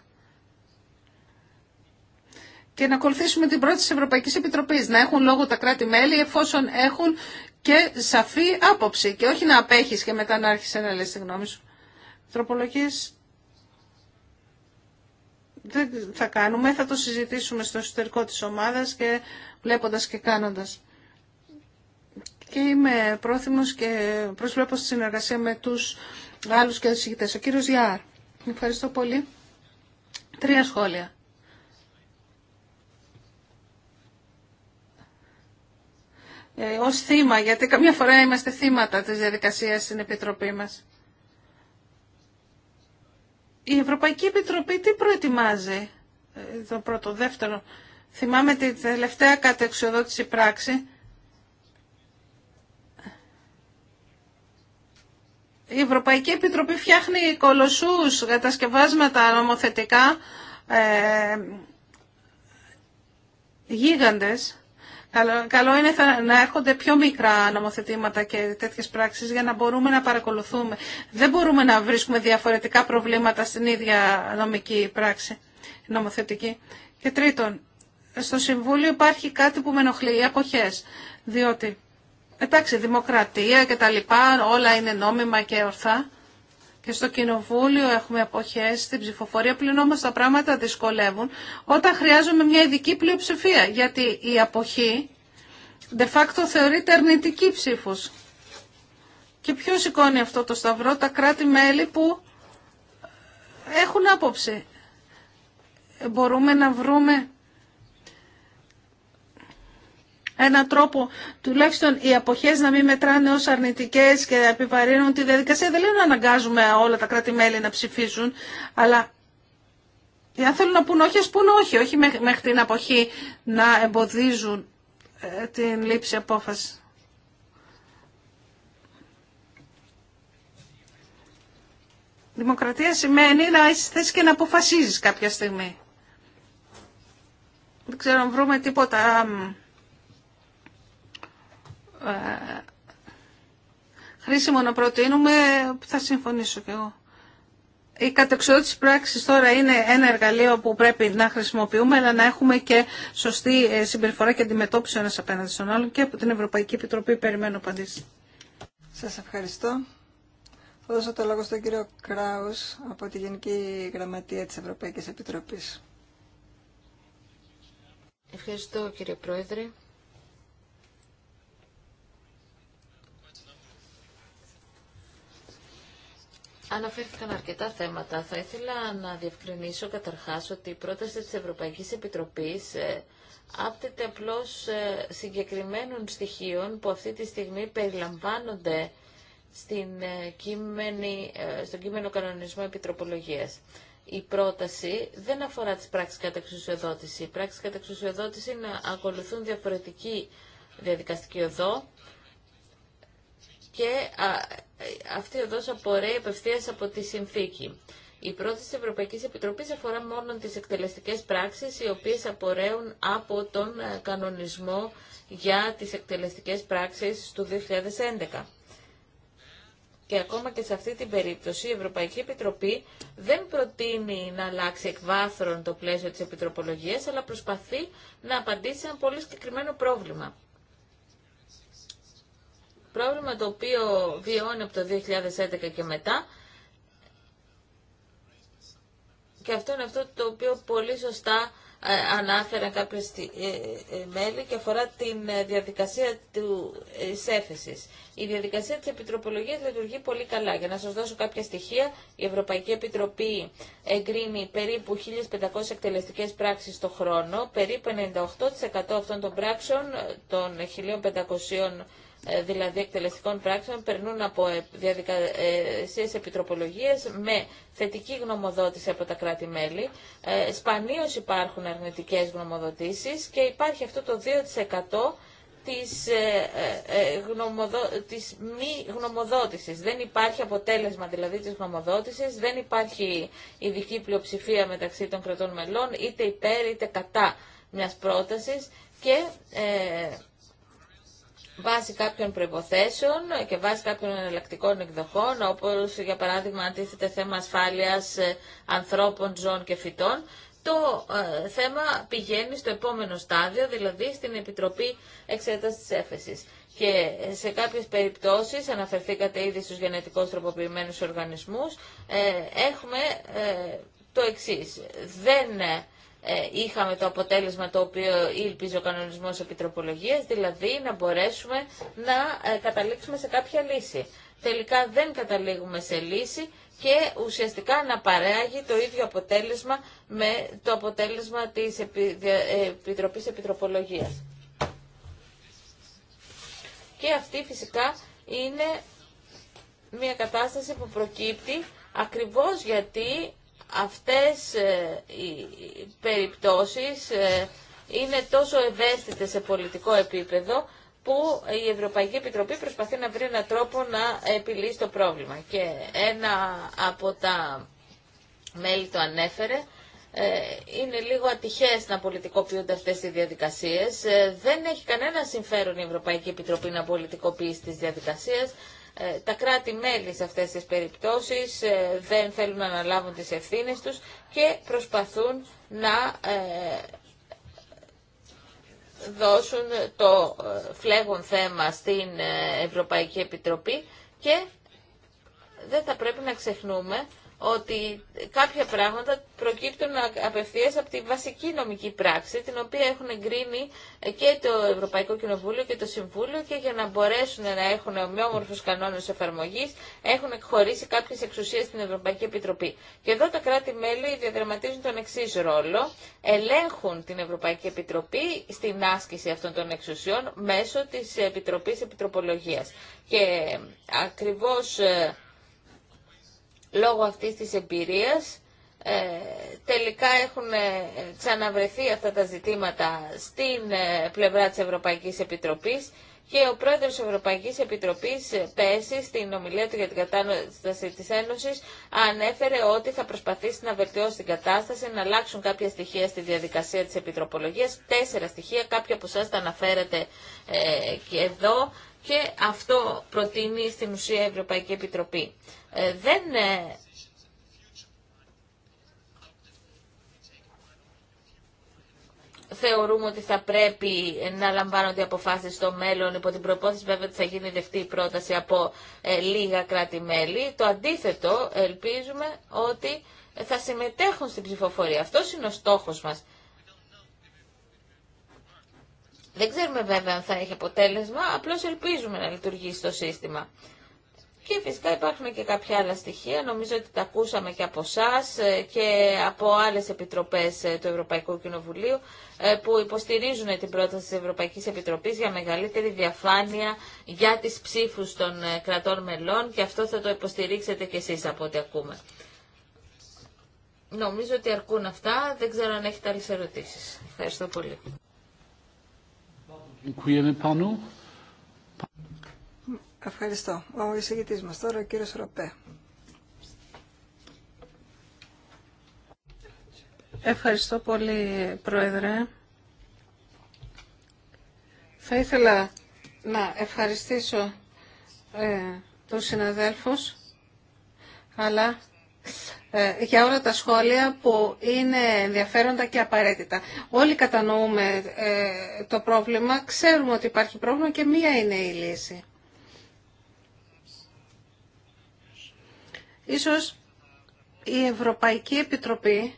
Και να ακολουθήσουμε την πρώτη της Ευρωπαϊκής Επιτροπής, να έχουν λόγο τα κράτη-μέλη εφόσον έχουν και σαφή άποψη και όχι να απέχεις και μετά να άρχισε να λες τη γνώμη σου. Τροπολογίες δεν θα κάνουμε, θα το συζητήσουμε στο εσωτερικό της ομάδας και βλέποντας και κάνοντας και είμαι πρόθυμος και προσβλέπω στη συνεργασία με τους άλλους και τους Ο κύριος Γιάρ, ευχαριστώ πολύ. Τρία σχόλια. ε, ως θύμα, γιατί καμιά φορά είμαστε θύματα της διαδικασίας στην Επιτροπή μας. Η Ευρωπαϊκή Επιτροπή τι προετοιμάζει, ε, το πρώτο, δεύτερο. Θυμάμαι τη τελευταία κατεξοδότηση πράξη η Ευρωπαϊκή Επιτροπή φτιάχνει κολοσσούς κατασκευάσματα νομοθετικά ε, γίγαντες. Καλό, είναι να έρχονται πιο μικρά νομοθετήματα και τέτοιες πράξεις για να μπορούμε να παρακολουθούμε. Δεν μπορούμε να βρίσκουμε διαφορετικά προβλήματα στην ίδια νομική πράξη, νομοθετική. Και τρίτον, στο Συμβούλιο υπάρχει κάτι που με ενοχλεί, οι αποχές. Διότι Εντάξει, δημοκρατία και τα λοιπά, όλα είναι νόμιμα και ορθά. Και στο κοινοβούλιο έχουμε αποχές στην ψηφοφορία, πλην όμως τα πράγματα δυσκολεύουν όταν χρειάζομαι μια ειδική πλειοψηφία, γιατί η αποχή de facto θεωρείται αρνητική ψήφος. Και ποιο σηκώνει αυτό το σταυρό, τα κράτη-μέλη που έχουν άποψη. Μπορούμε να βρούμε ένα τρόπο τουλάχιστον οι αποχές να μην μετράνε ως αρνητικές και να επιβαρύνουν τη διαδικασία. Δεν λέω να αναγκάζουμε όλα τα κράτη-μέλη να ψηφίζουν, αλλά αν θέλουν να πούν όχι, ας πούν όχι, όχι μέχρι την αποχή να εμποδίζουν ε, την λήψη απόφαση. Δημοκρατία σημαίνει να είσαι θέση και να αποφασίζεις κάποια στιγμή. Δεν ξέρω αν βρούμε τίποτα χρήσιμο να προτείνουμε, θα συμφωνήσω κι εγώ. Η κατεξοδότηση πράξη τώρα είναι ένα εργαλείο που πρέπει να χρησιμοποιούμε, αλλά να έχουμε και σωστή ε, συμπεριφορά και αντιμετώπιση ένα απέναντι στον άλλον και από την Ευρωπαϊκή Επιτροπή περιμένω απαντήσει. Σα ευχαριστώ. Θα δώσω το λόγο στον κύριο Κράου από τη Γενική Γραμματεία τη Ευρωπαϊκή Επιτροπή. Ευχαριστώ κύριε Πρόεδρε. Αναφέρθηκαν αρκετά θέματα. Θα ήθελα να διευκρινίσω καταρχάς ότι η πρόταση της Ευρωπαϊκής Επιτροπής ε, άπτεται απλώς ε, συγκεκριμένων στοιχείων που αυτή τη στιγμή περιλαμβάνονται στην ε, κείμενη, στον κείμενο κανονισμό επιτροπολογίας. Η πρόταση δεν αφορά τις πράξεις κατά εξουσιοδότηση. Οι πράξεις κατά εξουσιοδότηση να ακολουθούν διαφορετική διαδικαστική οδό και αυτή εδώ απορρέει απευθεία από τη συνθήκη. Η πρόθεση της Ευρωπαϊκής Επιτροπής αφορά μόνο τις εκτελεστικές πράξεις οι οποίες απορρέουν από τον ε, κανονισμό για τις εκτελεστικές πράξεις του 2011. Και ακόμα και σε αυτή την περίπτωση η Ευρωπαϊκή Επιτροπή δεν προτείνει να αλλάξει εκ το πλαίσιο της επιτροπολογίας, αλλά προσπαθεί να απαντήσει σε ένα πολύ συγκεκριμένο πρόβλημα πρόβλημα το οποίο βιώνει από το 2011 και μετά και αυτό είναι αυτό το οποίο πολύ σωστά ε, ανάφερα κάποια ε, ε, μέλη και αφορά την διαδικασία του έφεσης. Η διαδικασία της Επιτροπολογίας λειτουργεί πολύ καλά. Για να σας δώσω κάποια στοιχεία, η Ευρωπαϊκή Επιτροπή εγκρίνει περίπου 1.500 εκτελεστικές πράξεις το χρόνο. Περίπου 98% αυτών των πράξεων, των 1.500 ε, δηλαδή εκτελεστικών πράξεων, περνούν από ε, διαδικασίες επιτροπολογίες με θετική γνωμοδότηση από τα κράτη-μέλη. Ε, Σπανίω υπάρχουν αρνητικέ γνωμοδοτήσει και υπάρχει αυτό το 2% της, μη γνωμοδότησης. Δεν υπάρχει αποτέλεσμα δηλαδή της γνωμοδότησης, δεν υπάρχει ειδική πλειοψηφία μεταξύ των κρατών μελών, είτε υπέρ είτε κατά μιας πρότασης και ε, βάσει κάποιων προϋποθέσεων και βάσει κάποιων εναλλακτικών εκδοχών, όπως για παράδειγμα αντίθεται θέμα ασφάλειας ε, ανθρώπων, ζώων και φυτών, το ε, θέμα πηγαίνει στο επόμενο στάδιο, δηλαδή στην Επιτροπή Εξέτασης της Έφεσης. Και σε κάποιες περιπτώσεις, αναφερθήκατε ήδη στους γενετικώς τροποποιημένους οργανισμούς, ε, έχουμε το εξής. Δεν ε, είχαμε το αποτέλεσμα το οποίο ήλπιζε ο κανονισμός επιτροπολογίας, δηλαδή να μπορέσουμε να ε, καταλήξουμε σε κάποια λύση. Τελικά δεν καταλήγουμε σε λύση και ουσιαστικά να παράγει το ίδιο αποτέλεσμα με το αποτέλεσμα της ε, Επιτροπής Επιτροπολογίας. Και αυτή φυσικά είναι μια κατάσταση που προκύπτει ακριβώς γιατί Αυτές ε, οι περιπτώσεις ε, είναι τόσο ευαίσθητες σε πολιτικό επίπεδο που η Ευρωπαϊκή Επιτροπή προσπαθεί να βρει έναν τρόπο να επιλύσει το πρόβλημα. Και ένα από τα μέλη το ανέφερε, ε, είναι λίγο ατυχές να πολιτικοποιούνται αυτές οι διαδικασίες. Δεν έχει κανένα συμφέρον η Ευρωπαϊκή Επιτροπή να πολιτικοποιήσει τις διαδικασίες. Ε, τα κράτη-μέλη σε αυτές τις περιπτώσεις ε, δεν θέλουν να αναλάβουν τις ευθύνες τους και προσπαθούν να ε, δώσουν το φλέγον θέμα στην Ευρωπαϊκή Επιτροπή και δεν θα πρέπει να ξεχνούμε ότι κάποια πράγματα προκύπτουν απευθείας από τη βασική νομική πράξη, την οποία έχουν εγκρίνει και το Ευρωπαϊκό Κοινοβούλιο και το Συμβούλιο και για να μπορέσουν να έχουν ομοιόμορφους κανόνες εφαρμογής, έχουν εκχωρήσει κάποιες εξουσίες στην Ευρωπαϊκή Επιτροπή. Και εδώ τα κράτη-μέλη διαδραματίζουν τον εξή ρόλο, ελέγχουν την Ευρωπαϊκή Επιτροπή στην άσκηση αυτών των εξουσιών μέσω της Επιτροπής Επιτροπολογίας. Και ακριβώς ε, λόγω αυτής της εμπειρίας ε, τελικά έχουν ε, ξαναβρεθεί αυτά τα ζητήματα στην ε, πλευρά της Ευρωπαϊκής Επιτροπής και ο πρόεδρος της Ευρωπαϊκής Επιτροπής ε, πέσει στην ομιλία του για την κατάσταση της Ένωσης ανέφερε ότι θα προσπαθήσει να βελτιώσει την κατάσταση, να αλλάξουν κάποια στοιχεία στη διαδικασία της Επιτροπολογίας, τέσσερα στοιχεία, κάποια από εσάς τα αναφέρατε ε, και εδώ και αυτό προτείνει στην ουσία η Ευρωπαϊκή Επιτροπή. Ε, δεν ε, θεωρούμε ότι θα πρέπει να λαμβάνονται αποφάσεις στο μέλλον υπό την προπόθεση βέβαια ότι θα γίνει αυτή η πρόταση από ε, λίγα κράτη-μέλη. Το αντίθετο ελπίζουμε ότι θα συμμετέχουν στην ψηφοφορία. Αυτός είναι ο στόχος μας. Δεν ξέρουμε βέβαια αν θα έχει αποτέλεσμα, απλώς ελπίζουμε να λειτουργήσει το σύστημα. Και φυσικά υπάρχουν και κάποια άλλα στοιχεία, νομίζω ότι τα ακούσαμε και από εσά και από άλλε επιτροπέ ε, του Ευρωπαϊκού Κοινοβουλίου ε, που υποστηρίζουν την πρόταση τη Ευρωπαϊκή Επιτροπή για μεγαλύτερη διαφάνεια για τι ψήφου των ε, κρατών μελών και αυτό θα το υποστηρίξετε και εσεί από ό,τι ακούμε. Νομίζω ότι αρκούν αυτά. Δεν ξέρω αν έχετε άλλε ερωτήσει. Ευχαριστώ πολύ. Ευχαριστώ. Ο εισηγητής μας τώρα, ο κύριος Ροπέ. Ευχαριστώ πολύ, Πρόεδρε. Θα ήθελα να ευχαριστήσω ε, τους συναδέλφους, αλλά ε, για όλα τα σχόλια που είναι ενδιαφέροντα και απαραίτητα. Όλοι κατανοούμε ε, το πρόβλημα, ξέρουμε ότι υπάρχει πρόβλημα και μία είναι η λύση. Ίσως η Ευρωπαϊκή Επιτροπή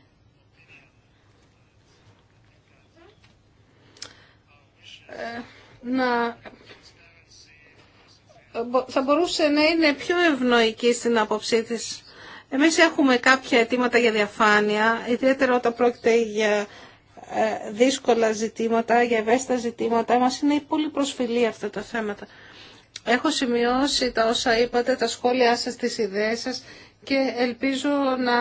ε, να θα μπορούσε να είναι πιο ευνοϊκή στην άποψή της. Εμείς έχουμε κάποια αιτήματα για διαφάνεια, ιδιαίτερα όταν πρόκειται για ε, δύσκολα ζητήματα, για ευαίσθητα ζητήματα. Μας είναι πολύ προσφυλή αυτά τα θέματα. Έχω σημειώσει τα όσα είπατε, τα σχόλιά σας, τις ιδέες σας και ελπίζω να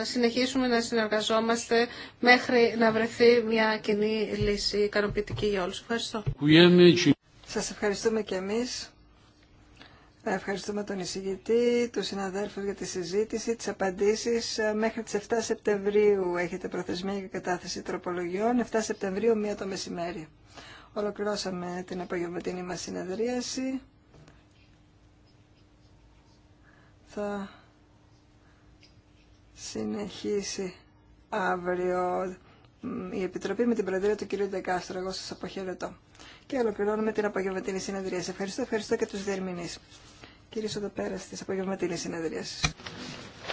ε, συνεχίσουμε να συνεργαζόμαστε μέχρι να βρεθεί μια κοινή λύση ικανοποιητική για όλους. Ευχαριστώ. Σας ευχαριστούμε και εμείς. Ευχαριστούμε τον εισηγητή, τους συναδέλφους για τη συζήτηση, τις απαντήσεις. Ε, μέχρι τις 7 Σεπτεμβρίου έχετε προθεσμία για κατάθεση τροπολογιών. 7 Σεπτεμβρίου, μία το μεσημέρι. Ολοκληρώσαμε την απογευματινή μας συνεδρίαση. Θα συνεχίσει αύριο η Επιτροπή με την Προεδρία του κ. Ντεκάστρο. Εγώ σας αποχαιρετώ. Και ολοκληρώνουμε την απογευματινή συνεδρία. Σε ευχαριστώ, ευχαριστώ και τους διερμηνείς. Κύριε Σοδοπέρα, στις απογευματινή συνεδρία